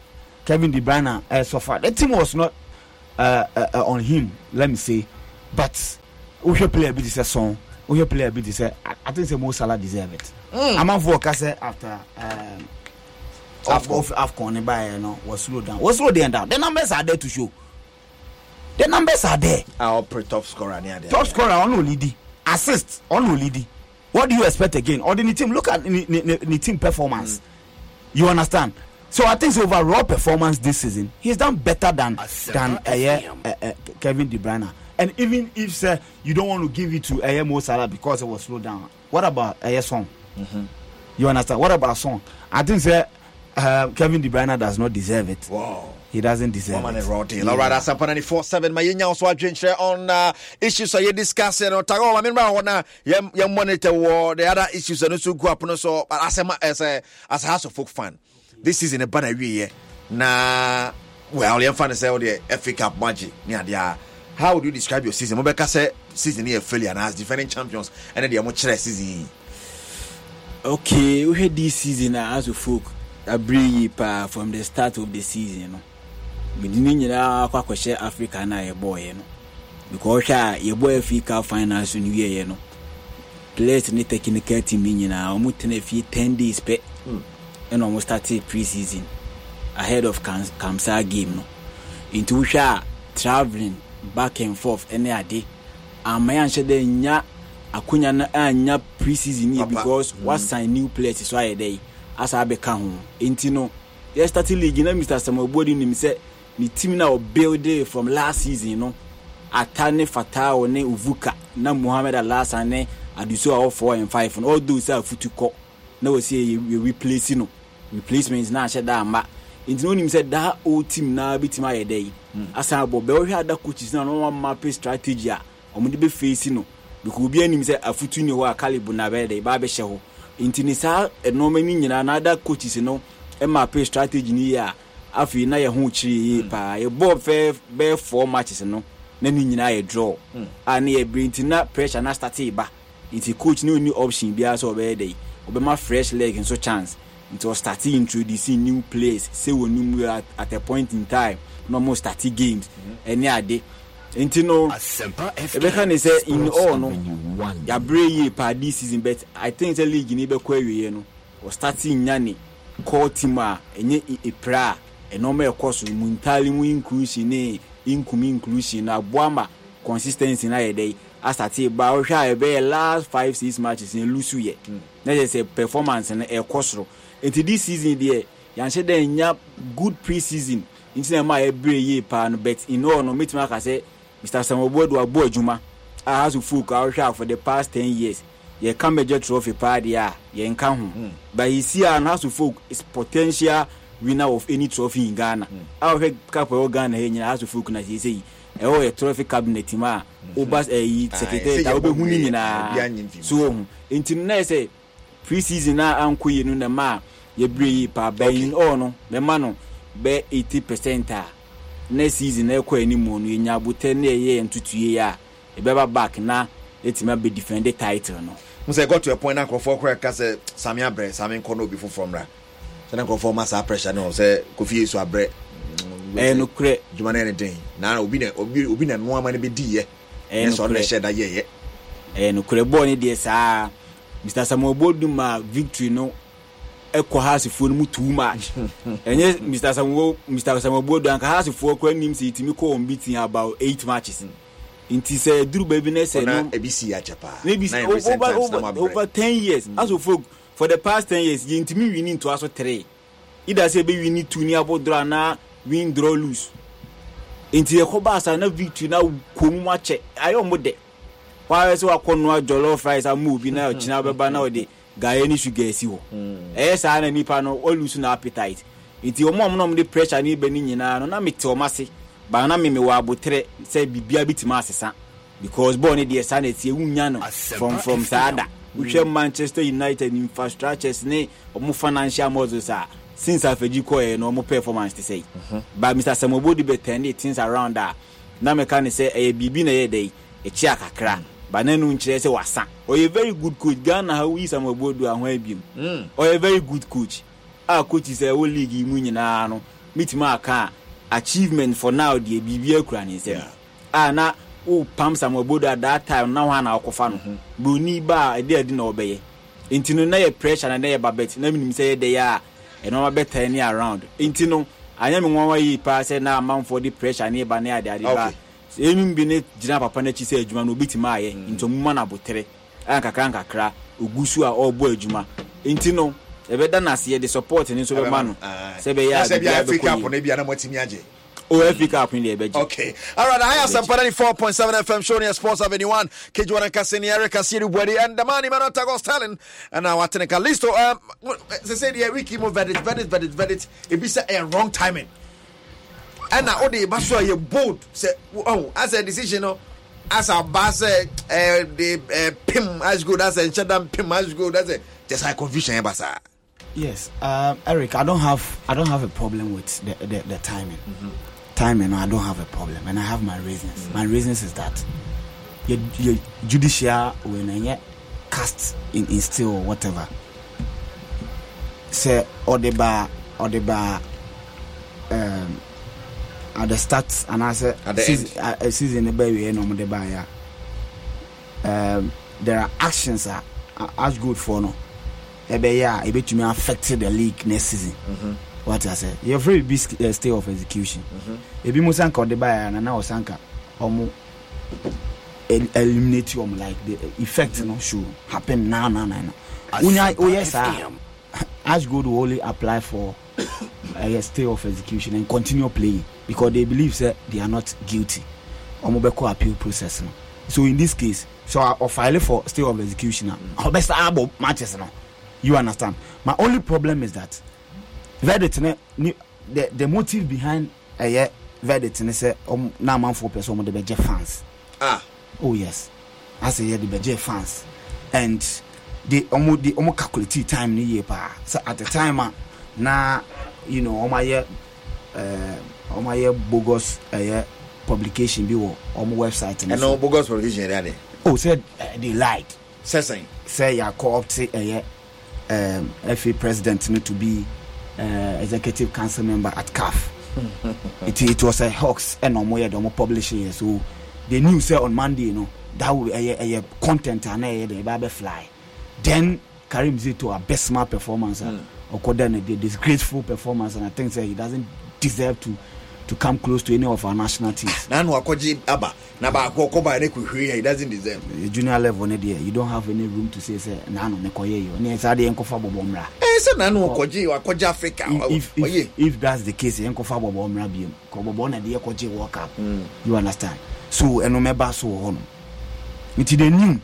kevin de bruyne uh, eh, suffered the team was not uh, uh, on him let me say but wohwɛ player bi te sɛ son wohwɛ player bi te sɛ i think sɛ mo salah deserve it mm. amanfoɔ ka sɛ after um, afcon afcon ne baayɛ no was slow down was slow down the numbers are there to show the numbers are there. a ah, ɔpere top scorer ni adeɛ. top scorer ɔno ò lidi assist ɔno ò lidi what do you expect again ɔdi ni team look at ni ni ni team performance. Mm. You understand? So I think his overall performance this season, he's done better than than uh, yeah, uh, uh, Kevin De Bruyne. And even if you don't want to give it to Aye Mo Salah because it was slowed down, what about Aye Song? Mm-hmm. You understand? What about Song? I think say, uh, Kevin De Bruyne does not deserve it he doesn't deserve Woman it. Yes. All right, that's up on seven. My yinya also adventure on uh, issues I discuss and talk all I mean right now. Yam monitor the other issues and also go up no so but as a as a as a house of folk fan. This season a banner we na well yam fan say all the FA Cup magic Yeah, there. How would you describe your season? Mobeka say season here failure and as defending champions and then the amochre season. Okay, we had this season uh, as a folk. I bring it uh, from the start of the season. You know. mede ne nyinaa kɔ akɔhyɛ africa na a yɛbɔɔyɛ no because a yɛbɔ africa finance so no wieɛ no players ne technical team ne nyinaa ɔmo tena fie ten days pɛ hmm. ɛna ɔmo starte pre season ahead of kamsa game no nti wohwɛ a travelling back and forth ɛne ade ama yɛanhyɛ dɛ nya akonya no anya pre season yɛ because mm. wasan new players so ayɛ dɛ asa abɛka ho nti no yɛstarte league na mr samuel bodi nim sɛ ne team na ɔbuild from last season no ata ne fatao ne ovuka na mohamed alasa ne adusu a four and five no all those are futu kɔ na wɔsi yɛ replace no replacement na ahyɛ da ama nti na onim sɛ daa old team na bitumi ayɛ dɛ yi hmm. asan abɔ bɛɛ wɔhwɛ ada coaches na wɔn amape strategy a wɔn de bɛ face no because obi anim sɛ afutu ni hɔ a calibre na bɛyɛ dɛ ba bɛhyɛ hɔ nti ne saa nneɛma ni nyinaa na ada coaches no e mape strategy ni yɛ a afei na yɛho kyiri yie hmm. paa yɛbɔɔ fɛ bɛyɛ four matches no na ne nyinaa yɛ draw hmm. a ne yɛbere nti na pressure na starte ba nti coach ne ɔni option biara sɛ ɔbɛyɛ dɛ ɔbɛma fresh leg nso chance nti ɔstarte introducing new players sɛ wɔ nimu at, at a point in time na ɔmo starte games hmm. ɛne ade nti no ɛbɛka ne sɛ in all no yɛabrɛ yie paa this season but i think sɛ league ne bɛkɔ awieɛ no ɔstarte nya ne core team a ɛnyɛ epra ɛnɔɔma ɛkɔ so mu ntaale mu inclusion ne income inclusion na aboa ma consistency na yɛ dɛ asate ba ɔhwɛ a ɛbɛyɛ last five six matches ne lusu yɛ hmm. na yɛ sɛ performance no ɛkɔ soro nti this season deɛ yɛnhyɛ dɛ nya good pre season nti na ɛma yɛbere yie paa no but in all no mɛtumi aka sɛ mr samuel do abɔ adwuma a haso folk a ɔhwɛ a for the past ten years yɛka major trophy paa deɛ a yɛnka ho hmm. but yɛsi a no haso folk is potential winner of any trophy in ghana hmm. eh, oh, a wɔhwɛ cup ɛwɔ ghana yɛ nyinaa aso folk na sese yi ɛwɔ yɛ trophy cabinet mu a woba ɛyi secretary ta wobɛhu ne nyinaa so wɔn ho nti no na yɛ sɛ pre-season a anko yie no na ma a yɛbire yi paa bɛyin ɔɔ no bɛma no bɛ eighty percent a ah. next season ɛkɔ anim no yɛnya abotɛ ne yɛyɛ ntutuye a ɛbɛba back na ɛtumi abɛ defend the title no. n sɛ got to a point na nkurɔfoɔ koraa ka sɛ sami abrɛ sami nkɔ n'obi foforɔ mra sɛnɛ nkurɔfoɔ ma saa pressure ne wɔ sɛ kofi yesu abrɛ mm, ɛyɛ nokorɛ dwuma no yɛ ne den na obi na obi obi na nnoɔma no bɛdiiɛ ɛyɛ nokorɛ ɔno na ɛhyɛ da yɛyɛ ɛyɛ nokorɛ bɔɔl ne deɛ saa mr samuel bodum a victory no ɛkɔ haasefoɔ no mu too much ɛnyɛ mr samuel mr samuel bodum anka haasefoɔ kora nim sɛ ɛtumi kɔ wɔn beating about eight matches hmm. nti sɛ duru baabi ne sɛ no ɛbi si akyɛ paa na ebi times na ma brɛ over ten years asofo. Mm for the past ten years yɛntumi wini ntoa so three either sɛ ɛbɛ wini two ni abɔdoro anaa win draw lose nti yɛkɔ ba asa na victory na kɔn mu akyɛ ayɛ ɔmo dɛ wɔayɛ sɛ wakɔ noa jollof rice ama obi na ɔkyina bɛba na ɔde gaya ne sugar esi hɔ mm. ɛyɛ saa na nipa no ɔlusu na appetite nti wɔn a wɔn na wɔn de pressure ne bɛ ne nyinaa no na mi te wɔn ase baa na mi mi wɔ abotire sɛ biribiara bi ti ma asesa because bɔɔl ne deɛ saa na etie wunya no from from saa da wohwɛ manchester united infrastructures ne ɔmo financial models a since afɛgyi kɔɛ no ɔmo performance te sɛi but mr samobodi bɛtɛne things around a na mɛka ne sɛ ɛyɛ biribi na ɛyɛ dɛ ɛkyi a kakra but na no nkyerɛ sɛ wasa ɔyɛ very good coach ghana ha woyi samobodi aho abiem ɔyɛ very good coach a ah, coaches a eh, ɛwɔ league yi mu nyinaa ah, no metumi aka ah, achievement for now deɛ eh, biribi akura ne nsɛm a na wopam obodo at that time na hɔ na wɔkɔfa no mhm. buroni a ɛde adi na ɔbɛyɛ nti no na yɛ pressure na na yɛ babet na menim sɛ yɛ a ɛnɔma bɛtɛn ne around nti no anyɛ nwanwa yie paa sɛ na amanfoɔ de pressure ne ba ne adeade ba bi ne gyina papa no sɛ adwuma no obi tumi ayɛ mhm. nti ankakra ogu so a ɔrebɔ adwuma nti no ɛbɛda de support ne nso bɛma no sɛ a bɛkɔ OFB Cup in the Okay. All right. I have some 4.7 FM showing your sports avenue one. Kijuan and Cassini, Eric Cassini, Wedi, and the man, Emmanuel Tagos Talent. And now, Atenica Listo. Oh, um, they say yeah, we keep on verdict, verdict, verdict, verdict. It's a eh, wrong timing. And now, all the basso, you bold. Say, oh, as a decision, no. Oh, as a bass, uh, eh, eh, the uh, Pim as good as a Shadam Pim as good as a just like confusion, Basa. Yes, um, Eric, I don't have I don't have a problem with the the, the timing. Mm-hmm time and I don't have a problem. And I have my reasons. Mm. My reasons is that your, your judicial when yet cast in, in still or whatever. Say odeba odeba um at the start and I say at the season, end. I, uh, uh, season the baby no the buyer. Um there are actions that are as good for no. Ebe yeah, it me affect the league next season. Mm-hmm. What I wate you're biribi uh, stay of execution mm-hmm. ebi mu sanka ɔde baeɛ na na ɔsanka ɔmo eliminate you like the uh, effect should happen now now now now Oh yes, saa ash gold will only apply for a uh, stay of execution and continue playing because they believe say they are not guilty ɔmo bɛkɔ appeal process so in this case so I uh, file for stay of execution na best abɔ matches you understand my only problem is that. verdict ne the the motive behind ɛyɛ eh, verdict ne sɛ ɔm na amanfoɔ pɛ sɛ ɔmo de bɛgye fans ah oh yes asɛ yɛ de bɛgye fans and de ɔmo de ɔmo calculate time ne yie paa sɛ at the time a na you know ɔmo ayɛ ɛɛ eh, ɔmo ayɛ bogus ɛyɛ eh, publication bi wɔ ɔmo website ne so ɛnna bogus publication yɛrɛ de. oh sɛ ɛɛ they lied. sɛsɛn. sɛ yɛ akɔ up to ɛyɛ ɛɛ ɛfɛ president ne to be. uh, executive council member at CAF. it, it was a hoax, and no more than publishing. So the news say on Monday, you know, that will a eh, eh, eh, content and a the fly. Then Karim Zito, a best man performance, mm. or uh, the disgraceful performance, and I think that he doesn't deserve to to come close to any of our national teams. na anu akɔgye aba na baako ɔkɔba ne ko hwee he doesn't deserve. Eh, junior level ne deɛ you don't have any room to say sɛ nanu ne kɔ yɛ yi o ne saa de yɛn kɔfa bɔbɔ mra. ɛɛ eh, sɛ nanu ɔkɔgye ɔkɔgye africa ɔyɛ. Oh, if that's the case yɛn kɔfa bɔbɔ mra bi mu kɔ bɔbɔ na de yɛ world cup. Hmm. you understand so ɛnu mɛba so wɔ hɔ no nti de nim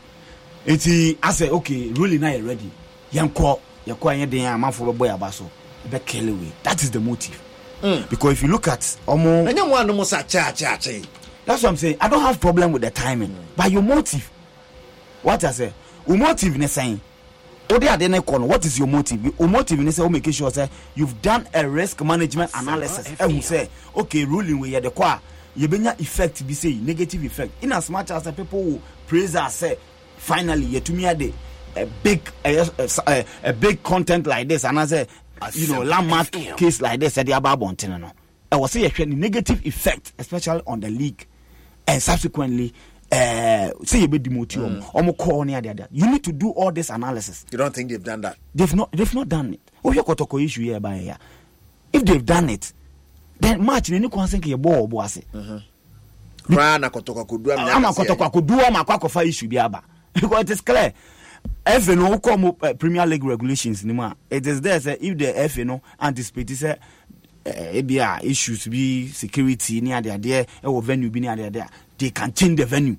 nti asɛ okay ruling na yɛ ready yɛn kɔ yɛ kɔ yɛn den yɛn amafo bɛbɔ yaba so ɛbɛ kɛlɛ wei that is the motive. Mm. Because if you look at Omo. That's what I'm saying. I don't have problem with the timing. Mm. But your motive. What I say? Your motive is saying. Ode ade ne kɔ no what is your motive? Your motive ne sɛ o make sure Say you've done a risk management analysis. Ɛhun e sɛ okay ruling wey yɛ de kɔ a yɛbɛnya effect bi sɛ negative effect. In as much as people will praise us sɛ finally yɛtumi ade a big a, a, a, a big content like this and I say you know landmark case like this ɛde aba abɔnten no ɛwɔ sɛ yɛhwɛ ne negative effect especially on the league and subsequently uh, say you be demoted mm. um, omo omo call ni adiada you need to do all this analysis. you don't think they've done that. they've not they've not done it o yẹ kọtọkọ issue yẹ ba yẹ ya if they've done it then match ni ni kwan sẹ kì í bọ ọbọ ase. koraa na kọtọkọ kò du ama. ama kọtọkọ kò du ama akọ akọfa issue bi aba because it is clear fa no wokɔ mu eh, premier league regulations no mu a it is there sɛ if the fa no anticipate sɛ eh, ebi a issues bi security ne adeadeɛ ɛwɔ venue bi ne adeadeɛ a they can change the venue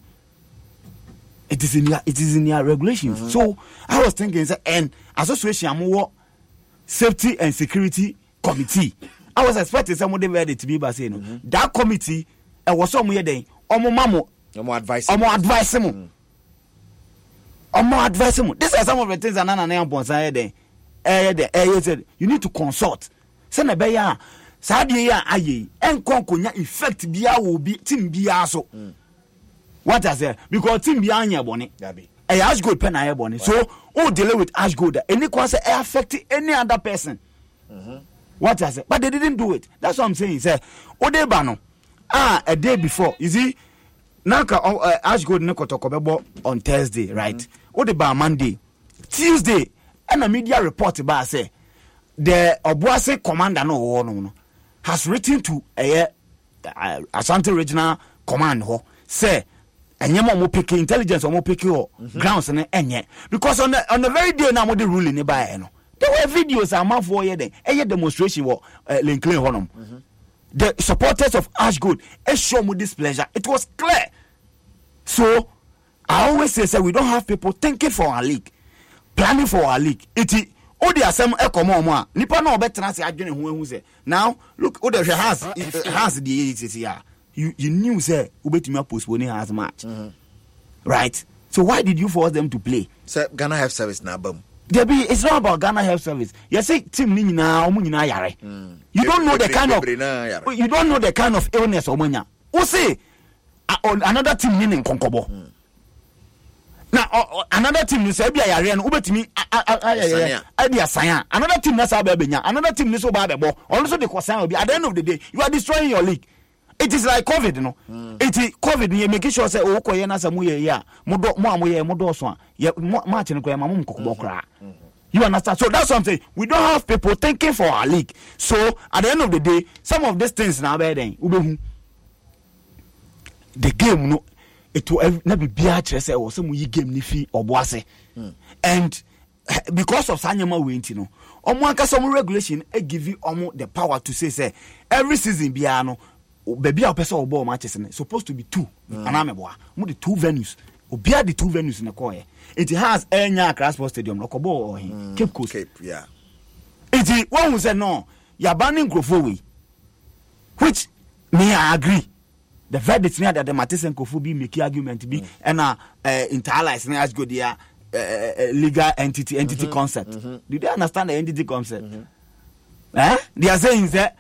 it is in their it is in their regulations mm-hmm. so i was thinking say and association amuwo safety and security committee i was expecting say mo de bɛ de ti bi ba say no mm-hmm. that committee ɛwɔ sɛ ɔmo yɛ den ɔmo ma mo ɔmo advice mo. Mm-hmm ọmọ advice mu This are some of the things anana na abọnsa ɛyɛ dɛ ɛyɛ dɛ ɛyɛ sɛ you need to consult sɛnɛ ɛbɛyɛ a saa adeɛ yi a ayɛ yi ɛnkɔ nkonya effect bia wɔ bi team bia so hmm. what i say because team bia anyɛ bɔne ɛyɛ eh, ash gold pɛ na ayɛ bɔne so o deal with ash gold a ɛni kwan sɛ affect any other person mm-hmm. what i say but they didn't do it that's what i'm saying sɛ o de ba no ah a day before you see. Naka ka uh, ash gold ne kɔtɔkɔ bɛbɔ on thursday right wode baa monday tuesday ɛna media report baa sɛ the ɔboase commander no ɔwɔ no no has written to ɛyɛ uh, asante regional command hɔ sɛ ɛnyɛma ɔmo peke intelligence ɔmo peke wɔ grounds no ɛnyɛ because on the, on the very day na mode ruling ne baeɛ no there were videos amanfoɔ yɛ dɛn ɛyɛ demonstration wɔ uh, linklin hɔnom the supporters of ash gold ɛhyɛ ɔmo displeasure it was clear So I always say, say we don't have people thinking for our league, planning for our league. It o de asɛm ɛkɔmɔ ɔmo a nipa naa ɔbɛtena ase adwene ho ehu sɛ now look o de has house house de yeye sisi a you you knew sɛ obetumi apostpone house match mm-hmm. right so why did you force them to play. sɛ ghana health service na aba mu. debi it's not about ghana health service You yɛsɛ team ni nyinaa ɔmo nyinaa yare. you don't know the kind of you don't know the kind of illness ɔmo nya o say another team ni ne nkɔnkɔbɔ na another team ni sɛ ebi ayareɛ no wobɛtumi ɛde asan a another team na saa bɛɛ bɛnya another team ni so baa bɛbɔ ɔno nso de kɔsan obi at the end of the day you are destroying your league it is like covid no mm. eti covid yɛ make sure say owó oh, kɔ yɛ n'asa mu yɛ yɛ a mo dɔ mo a mo yɛ mo dɔɔso a yɛ mo maakyi no kɔ yɛ ma mo mu kɔkɔbɔ hmm. koraa. Hmm. You understand? So that's what I'm saying. We don't have people thinking for our league. So at the end of the day, some of these things now better than the game no etu na biribiara kyerɛ sɛ ɛwɔ sɛ mo yi game ne fi ɔbo ase hmm. and because of saa nneɛma wei nti no ɔmo ankasa ɔmo regulation agivi ɔmo the power to say sɛ every season biara no baabi a wɔpɛ sɛ wɔbɔ ɔmo akyɛ sɛ no supposed to be two hmm. anaa mɛboa mo de two venues obiara de two venues ne kɔɔyɛ nti Hearts ɛnya Accra Sports Stadium no ɔkɔbɔ ɔhin hmm. Cape Coast Cape, yeah. nti wɔn ho sɛ no yaba ne nkurɔfoɔ wei which me I agree the verdict ne adada mate sɛ nkurɔfoɔ bi make argument bi ɛna mm. eh, interallies ne go deɛ eh, eh, legal entity mm-hmm. entity concept mm do they understand the entity concept mm-hmm. eh? they are saying sɛ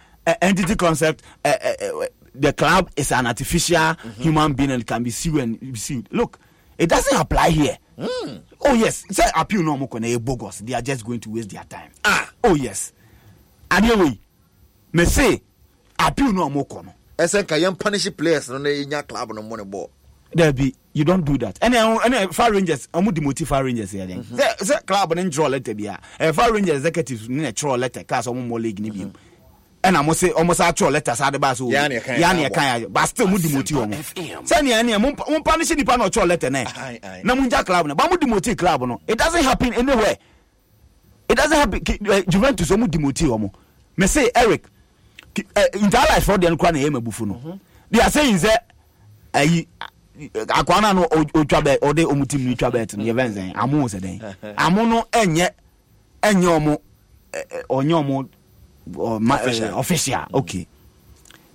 entity concept the club is an artificial mm-hmm. human being and can be sued be sued look it doesn't apply here. Mm. oh yes sɛ appeal no ɔmo kɔ na bogus they are just going to waste their time ah oh yes adeɛ wei mɛ appeal no ɔmo kɔ no ɛsɛ nka yɛn punish players no na yɛnya club no dabi you don do that ɛnna ɛnna far rangers ɔmu demote far rangers yɛ dɛ sɛ sɛ club ne ntwerɛ lɛtɛ bi a ɛɛ far rangers executives ne na twerɛ lɛtɛ kaa sɛ ɔmu mɔ league ne bi mu ɛnna mo se ɔmo sa twerɛ lɛtɛ sa de ba so yanni yɛ kan yɛ still mu demote wɔn sɛniya ɛniya mo punish nipa na nɛ na club no ba mo club no it doesn't happen anywhere it doesn't happen eh, juventus ɔmu demote wɔn mɛ se eric. ntaala ɛfɔ deɛ no kora na ɛyɛ ma bufu no deɛ asɛ yin sɛ ayi akwa na no otwa bɛ ɔde ɔmu tim no twa bɛɛt no yɛbɛn sɛn amu sɛ dɛn amu no ɛnyɛ ɛnyɛ ɔmo ɔnyɛ ɔmo official mm-hmm. okay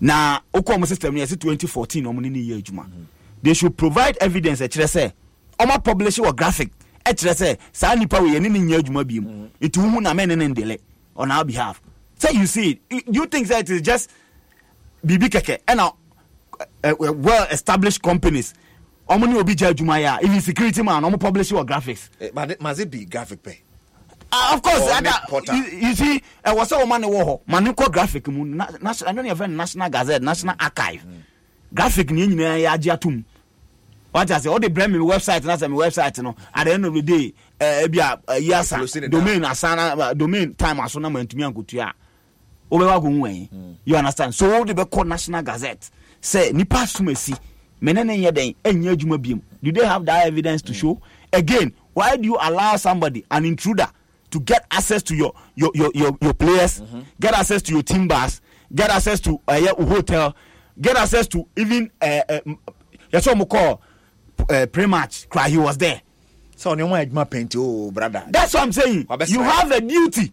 na okɔ ɔmo system no yɛsɛ 2014 ɔmo ni ne yɛ adwuma they should provide evidence ɛkyerɛ sɛ ɔmo publish wɔ graphic ɛkyerɛ eh, sɛ saa nipa wei yɛne ne nyɛ adwuma bi mu nti mm-hmm. wohu na mɛne ne ndele on our behalf say you see it you think that it is just bibi keke ɛna uh, uh, well established companies ɔmo ni obi jɛ adwuma yɛ a even security man ɔmo publish your graphics. Eh, maze bi graphic pɛ. Uh, ah, of course oh, uh, ada you, you see ɛwɔ sɛ ɔma ne wɔ hɔ ma ne kɔ graphic mu national ɛno yɛ fɛ national gazette national archive mm. graphic ni nyinaa yɛ agye atum wata sɛ ɔde brɛ mi website na sɛ mi website no at the end of the day ɛɛ uh, ebi a ɛyi uh, asa domain asa domain time aso na ma ntumi ankotua. wobɛwɔ agonwai hmm. you understand so wode bɛkɔ national gazette sɛ nipa asom asi mene ne nyɛ dɛn ɛnyɛ adwuma biom do they have that evidence to mm. show again why do you allow somebody an intruder to get access to your your your, your, your players mm-hmm. get access to your team bars get access to uh, your hotel get access to even uh, uh, yes, uh, pre-match cry he was there so no one paint oh brother that's what i'm saying you have a duty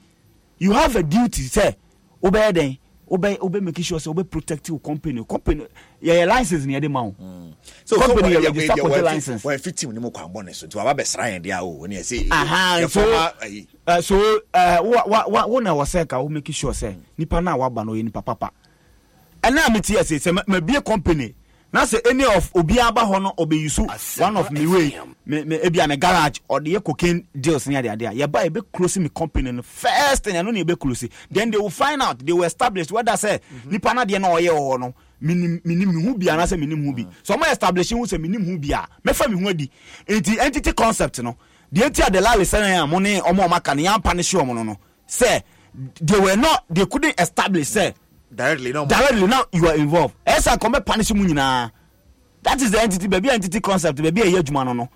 you have a duty sir. wobɛyɛ dɛn wobɛ wobɛ make sure sɛ wobɛ protect your company company yɛyɛ license ni yɛde ma wo. Mm. so company yɛ register for the license. wɔn efi team ni mu kwan bɔ ne so nti waba bɛ sra yɛn de a o wɔn yɛ sɛ. so eh, eh, so eh, wa wa wa wo na wɔ sɛ ka wo make sure sɛ mm. nipa naa waba no yɛ nipa papa ɛnna mi ti yɛ e sɛ sɛ mɛ bie company na sɛ any of obiara ba hɔ no ɔbɛyisu one of me way me me ebi a garage ɔde yɛ cocaine deals ne adeade a yɛba yɛbɛ close me company no first thing ɛno ne yɛbɛ close then they will find out they will establish whether sɛ mhm. nipa na deɛ na ɔyɛ wɔ hɔ no minim minim hu bi anaasɛ minim hu bi ah. so ɔmo establish hu sɛ minim hu bi a mɛfa mi hu adi nti entity concept no deɛ ti a de laale sɛnɛ a mo ne ɔmo ɔmo aka no yɛn apa ne ɔmo no no sɛ they were not they couldn't establish sɛ. Mm -hmm directly no directly now you are involved ɛsɛ akɔmɛ punish mu nyinaa that is the entity baabi entity concept baabi ɛyɛ adwuma no no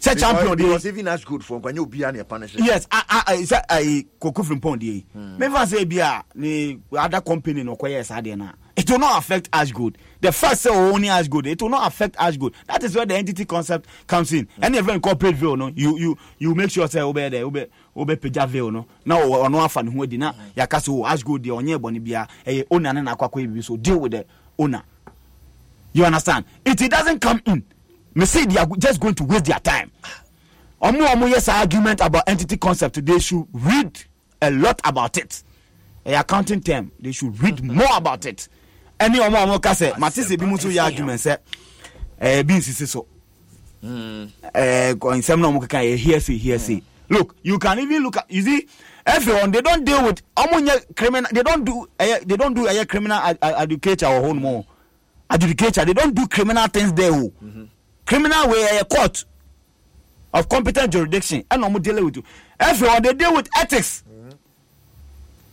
champion de because even as good for nkwa nye obi a na yɛ punish. yes I, I, hmm. a sɛ ayi koko firimpɔn de ye mefa sɛ ebi a ne ada company na ɔkɔ yɛ saa deɛ na. It will not affect Ashgood. The first say only Ashgood. It will not affect Ashgood. That is where the entity concept comes in. Mm-hmm. Any event corporate veil, no, you you you make sure say obey there, obey over peja view, no. Now or no afan who did na Ya yakaso Ashgood the onye boni biya eh owner na ibi so deal with the owner. You understand? If it doesn't come in. Me see they are just going to waste their time. Omo omo yes argument about entity concept. They should read a lot about it. A accounting term. They should read more about it ɛne ɔmo a ɔmo ka sɛ mate sɛ bi mu nso yɛ adwuma sɛ ɛɛ bi nsisi so ɛɛ nsɛm na ɔmo keka yɛ hearsay hearsay look you can even look at you see everyone they don't deal with ɔmo nyɛ criminal they don't do ɛyɛ they don't do ɛyɛ criminal adjudicator wɔ hɔ nom adjudicator they don't do criminal things there o criminal way ɛyɛ court of competent jurisdiction ɛna ɔmo deal with you everyone they deal with ethics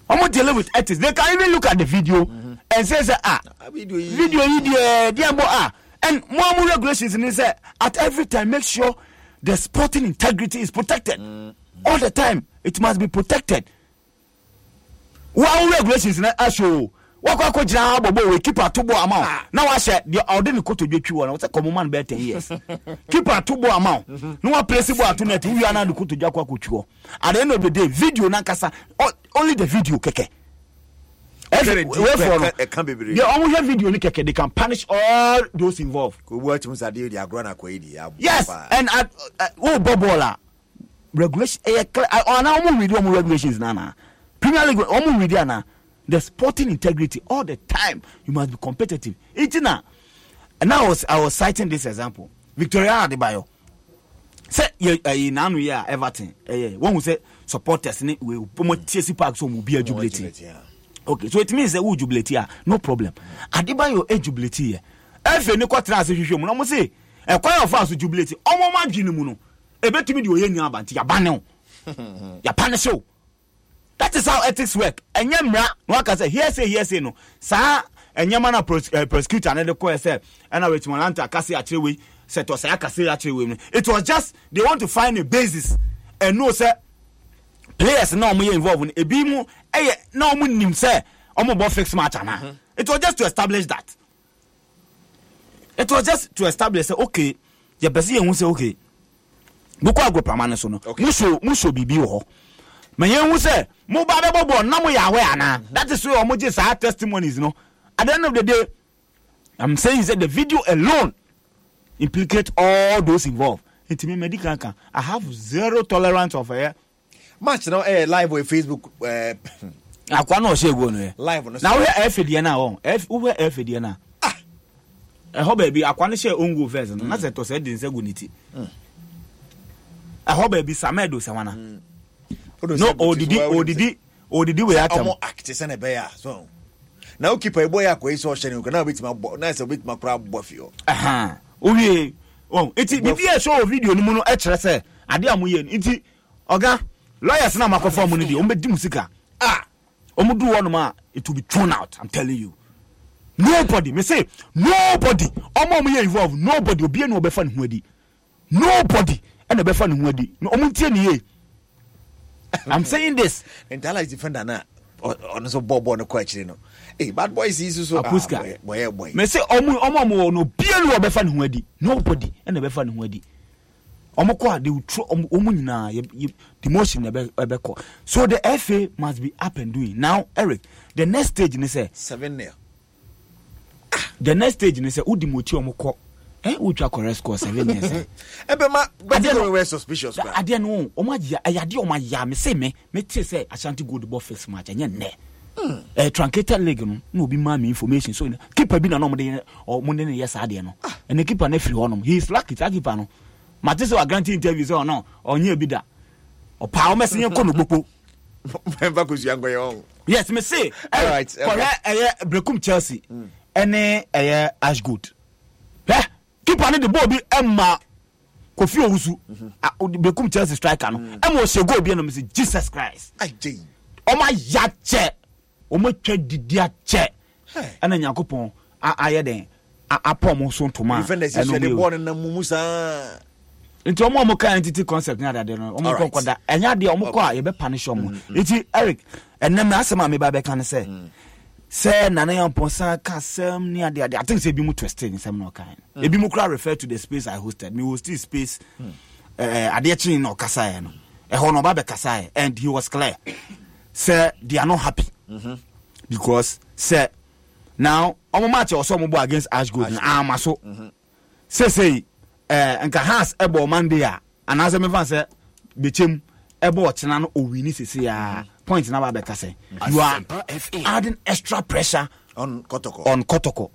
ɔmo deal with ethics they can even look at the video. Mm -hmm ɛnsɛ sɛ a video yi deɛ deɛ bɔ a and more more regulations ni sɛ at every time make sure the sporting integrity is protected mm. all the time it must be protected wɔn regulations na aso wakɔ akɔ gyina abɔ bɔ wɔ kipa ato bɔ ama o na wahyɛ deɛ ɔde ne koto dwe twi wɔ no sɛ kɔmoma no bɛyɛ ten years kipa ato bɔ ama o na wapilesi bɔ ato net wia na de koto dwe akɔ akɔ twi wɔ at the end of the day video nankasa only the video kɛkɛ ɛka bebree deɛ video ni kɛkɛ they can punish all those involved. owu ɛtum sadi di agorɔ na kɔ yi di. yes and wo bɔ bɔɔl a regulation ɛyɛ clear ɔna ɔmo read ɔmo regulations nana premier league ɔmo read ana the sporting integrity all the time you must be competitive eti na and i was i was citing this example victoria adebayo sɛ yɛ ɛyi nanu yɛ a everton ɛyɛ wɔn mu sɛ supporters ni wɔn mu tiɛ si park so wɔn mu bi adjubilate okay so it means sɛ wo jubilate a no problem Adibayo e eh, jubilate yɛ efe ne kɔtena ase hwehwɛ mu na ɔmo se eh, ɛkwan yɛ ɔfa so jubilate ɔmo ɔmo adwene mu no ebetumi eh, de oyɛ nyina abante yaba ne o yaba ne se that is how ethics work ɛnyɛ mmira na waka sɛ hearsay hearsay no saa ɛnyɛma na prosecutor ne de kɔɛ sɛ ɛna wetin wɔn nanta akase akyerɛ wei sɛ tɔsɛ akase akyerɛ wei no it was just they want to find a basis and know sɛ players na ɔmo yɛ involve no ebi mu ɛyɛ na ɔmo nim sɛ ɔmo bɔ fix match ana mhm. it was just to establish that it was just to establish sɛ okay yɛ pɛ si yɛn ho sɛ okay boko agoprama ne so no okay. muso muso biribi wɔ hɔ mɛ yɛn ho say? mo ba bɛ bɔ bɔ na mo yɛ awɛ ana mhm. that is why ɔmo gye saa testimonies no at the end of the day i'm saying that the video alone implicates all those involved nti mi medical i have zero tolerance of. Uh, match no eh, live wɔ facebook ɛɛ. Eh, akwa na ɔhyɛ eguo eh. oh. ah! mm. mm. mm. no yɛ. live no na wohɛ ɛfɛ deɛ na wɔn ɛf wohɛ ɛfɛ deɛ na. ɛhɔ baabi akwa no hyɛ ongo first no na sɛ tɔ sɛ de nsɛ gu ne ti. ɛhɔ baabi samuel no odidi odidi odidi wei atam. ɔmo akiti sɛ na ɛbɛyɛ a so na o kipa ebo yɛ akɔ yi sɛ na obetuma bɔ na sɛ obetuma kora bɔ fi hɔ. owie eti bibi yɛ sɔ lawyers na ma kɔfa di no deɛ ɔmbɛdi mu sika ah ɔmo du hɔ nom a it will be thrown out i'm telling you nobody me say nobody ɔmo a ɔmo yɛ involved nobody obiara na ɔbɛfa ne ho adi nobody ɛna ɔbɛfa ne ho adi ɔmo ntie ni yie i'm saying this. ntala is defender na ɔno so bɔɔ bɔɔ no kɔ akyire no hey bad boys yi soso ah, apuska bɔyɛ bɔyɛ me say ɔmo ɔmo a wɔ no obiara na ɔbɛfa ne ho adi nobody ɛna ɔbɛfa ne ho adi ɔmo kɔ a de wotro ɔmo nyinaa yɛ yɛ demotion yɛ so the fa must be up and doing now eric the next stage ni sɛ. seven nil. Ah, the next stage ni sɛ o demoti ɔmo kɔ ɛ o twa correct score seven nil sɛ. ɛ ma bɛtɛ no wɛ suspicious pa. adeɛ no ɔmo ayi ɛyɛ adeɛ ɔmo ayi a mi se mi mi ti sɛ ashanti gold bɔ first match ɛnyɛ nɛ. Mm. Uh, eh, truncated league no na obi maa mi information so keeper bi na na ɔmo de ɔmo de ne yɛ saa adeɛ no ɛnna ah. keeper no efiri hɔ nom he is lucky saa keeper no mate sɛ wagrante interview sɛ ɔno ɔnyɛ bi da ɔpaa wɔmɛsɛ yɛnkɔ no gbopo mɛmfa kosua nkɔyɛ ɔ yes me se kɔhwɛ ɛyɛ brekum chelsea ɛne hmm. ɛyɛ ashgood hɛ kipa no de bɔɔl bi ɛma kofi owusu mhm. ah, brekum chelsea striker no ɛma hmm. ɔhyɛ goal bi ɛnam sɛ jesus christ ɔma ya kyɛ ɔma twa didi akyɛ ɛna nyankopɔn ayɛ den apɔ mo so ntoma ɛnom yɛ nti ɔmo a ɔmo ka ntt concept ne adade no ɔmo kɔ kɔda ɛnyɛ adeɛ ɔmo kɔ a yɛbɛ punish ɔmo mm, mm, mm. nti eric ɛnam asɛm a meba bɛka no sɛ sɛ nana yɛmpɔnsa ka asɛm ne adeade i think sɛ ebi mu twɛste ne nsɛm na ɔka no ebi mu kora refer to the space i hosted me hosted space eh, adeɛ kyene na ɔkasaeɛ no ɛhɔ na ɔba bɛkasaeɛ and he was clear sɛ they are not happy mm-hmm. because sɛ now ɔmo match ɔsɔ ɔmo bɔ against ash gold na ama so mm-hmm. sesei Eh, nka hans ɛbɔ monday a anaasɛ mefa sɛ bɛkyɛm ɛbɔ ɔkyena no owi sese a point na ba sɛ you are adding extra pressure on Kotoko. on kɔtɔkɔ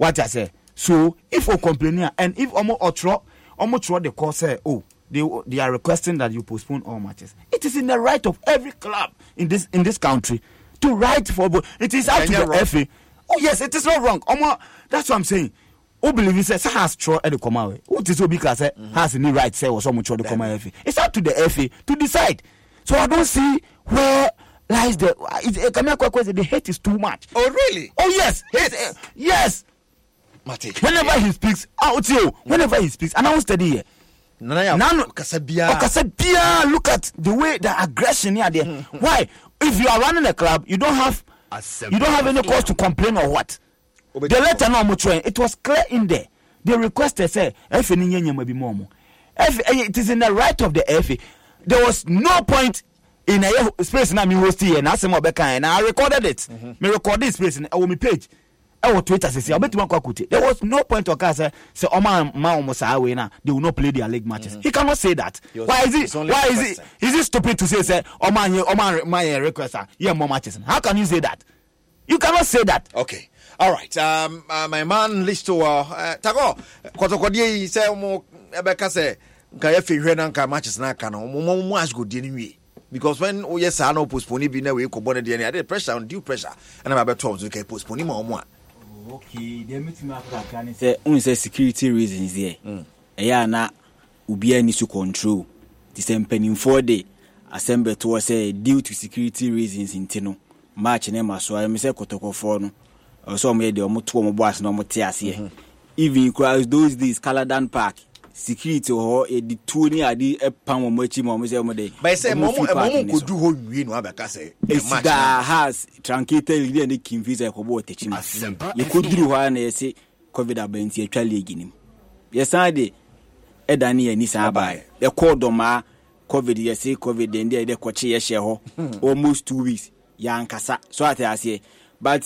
wati ase so if o complain a and if ɔmo ɔtwerɔ ɔmo twerɔ de kɔ sɛ o oh, they they are requesting that you postpone all matches it is in the right of every club in this in this country to write for it is out to the fa oh yes it is not wrong ɔmo that's what i'm saying. o believe sɛ sɛ has twerɛ ɛde come away. o this will obi ka sɛ mm-hmm. has ni right say wɔsɔ mo twerɛ come away ɛfɛ it's up to the FA to decide so I don't see where lies the it kàmi akɔ ɛkɔ the hate is too much. oh really. oh yes hate uh, yes. Mate, whenever yeah. he speaks ah, out oh, whenever he speaks and I won study here. Nano kasa biara. Oh, kasa biara look at the way the aggression here there. Mm-hmm. Why? If you are running a club you don't have Assemble. you don't have any cause to complain or what. the letter na ɔmo twerɛ it was clear in there they requested sɛ ɛfɛ ni nye nyɛma bi mu ɔmo ɛfɛ it is in the right of the ɛfɛ there was no point in ɛyɛ space na mi host yɛ na asɛm ɔbɛka yɛ na i recorded it mm -hmm. me recorded space na ɛwɔ mi page ɛwɔ twitter sisi ɔbɛtumi akɔ akute there was no point ɔka sɛ sɛ ɔma ma wɔn saa wei na they will not play their league matches mm-hmm. he cannot say that why is it why is it is it stupid to say sɛ ɔma yɛ ɔma ma yɛ request a yɛ matches how can you say that you cannot say that. okay alright um, uh, my man listo uh, uh, tako kɔtɔkɔdeɛ yi sɛ mo ɛbɛka sɛ nka yɛfɛ hwɛ na nka matches no aka no moma mu asgodeɛ no wie because when woyɛ saa na wopostpone bi na wei kɔbɔ no deɛ no ade pressure due pressure ɛna mabɛtɔ so ka postpone ma ɔmo a oh, okay deɛ metumi akɔaka ne sɛ wohu sɛ security reasons deɛ mm. ɛyɛ mm. a na obiaa ni so control nti sɛ mpanimfoɔ de asɛm bɛtoɔ sɛ due to security reasons nti no match ne ma so a ɛme sɛ kɔtɔkɔfoɔ no ɔsɛ ɔmo yɛ deɛ ɔmo to ɔmo boys na ɔmo te aseɛ even kura those days Caladan Park security hɔ yɛde tuo ne ade pam wɔn akyi ma wɔn sɛ wɔn de. bɛyɛ sɛ mɔmu mɔmu nkodu hɔ nwie na wabɛka sɛ. esi da has trancated leader ne kim visa ɛkɔbɔ ɔtɛkyi mu yɛkɔduru hɔ a na yɛsɛ covid abɛnti atwa league nim yɛsan de ɛda ne yɛn ni san abaa yɛkɔɔ dɔmaa covid yɛsɛ covid deɛ ne yɛde kɔkye yɛhyɛ hɔ hmm. almost two weeks yɛankasa so ate aseɛ but.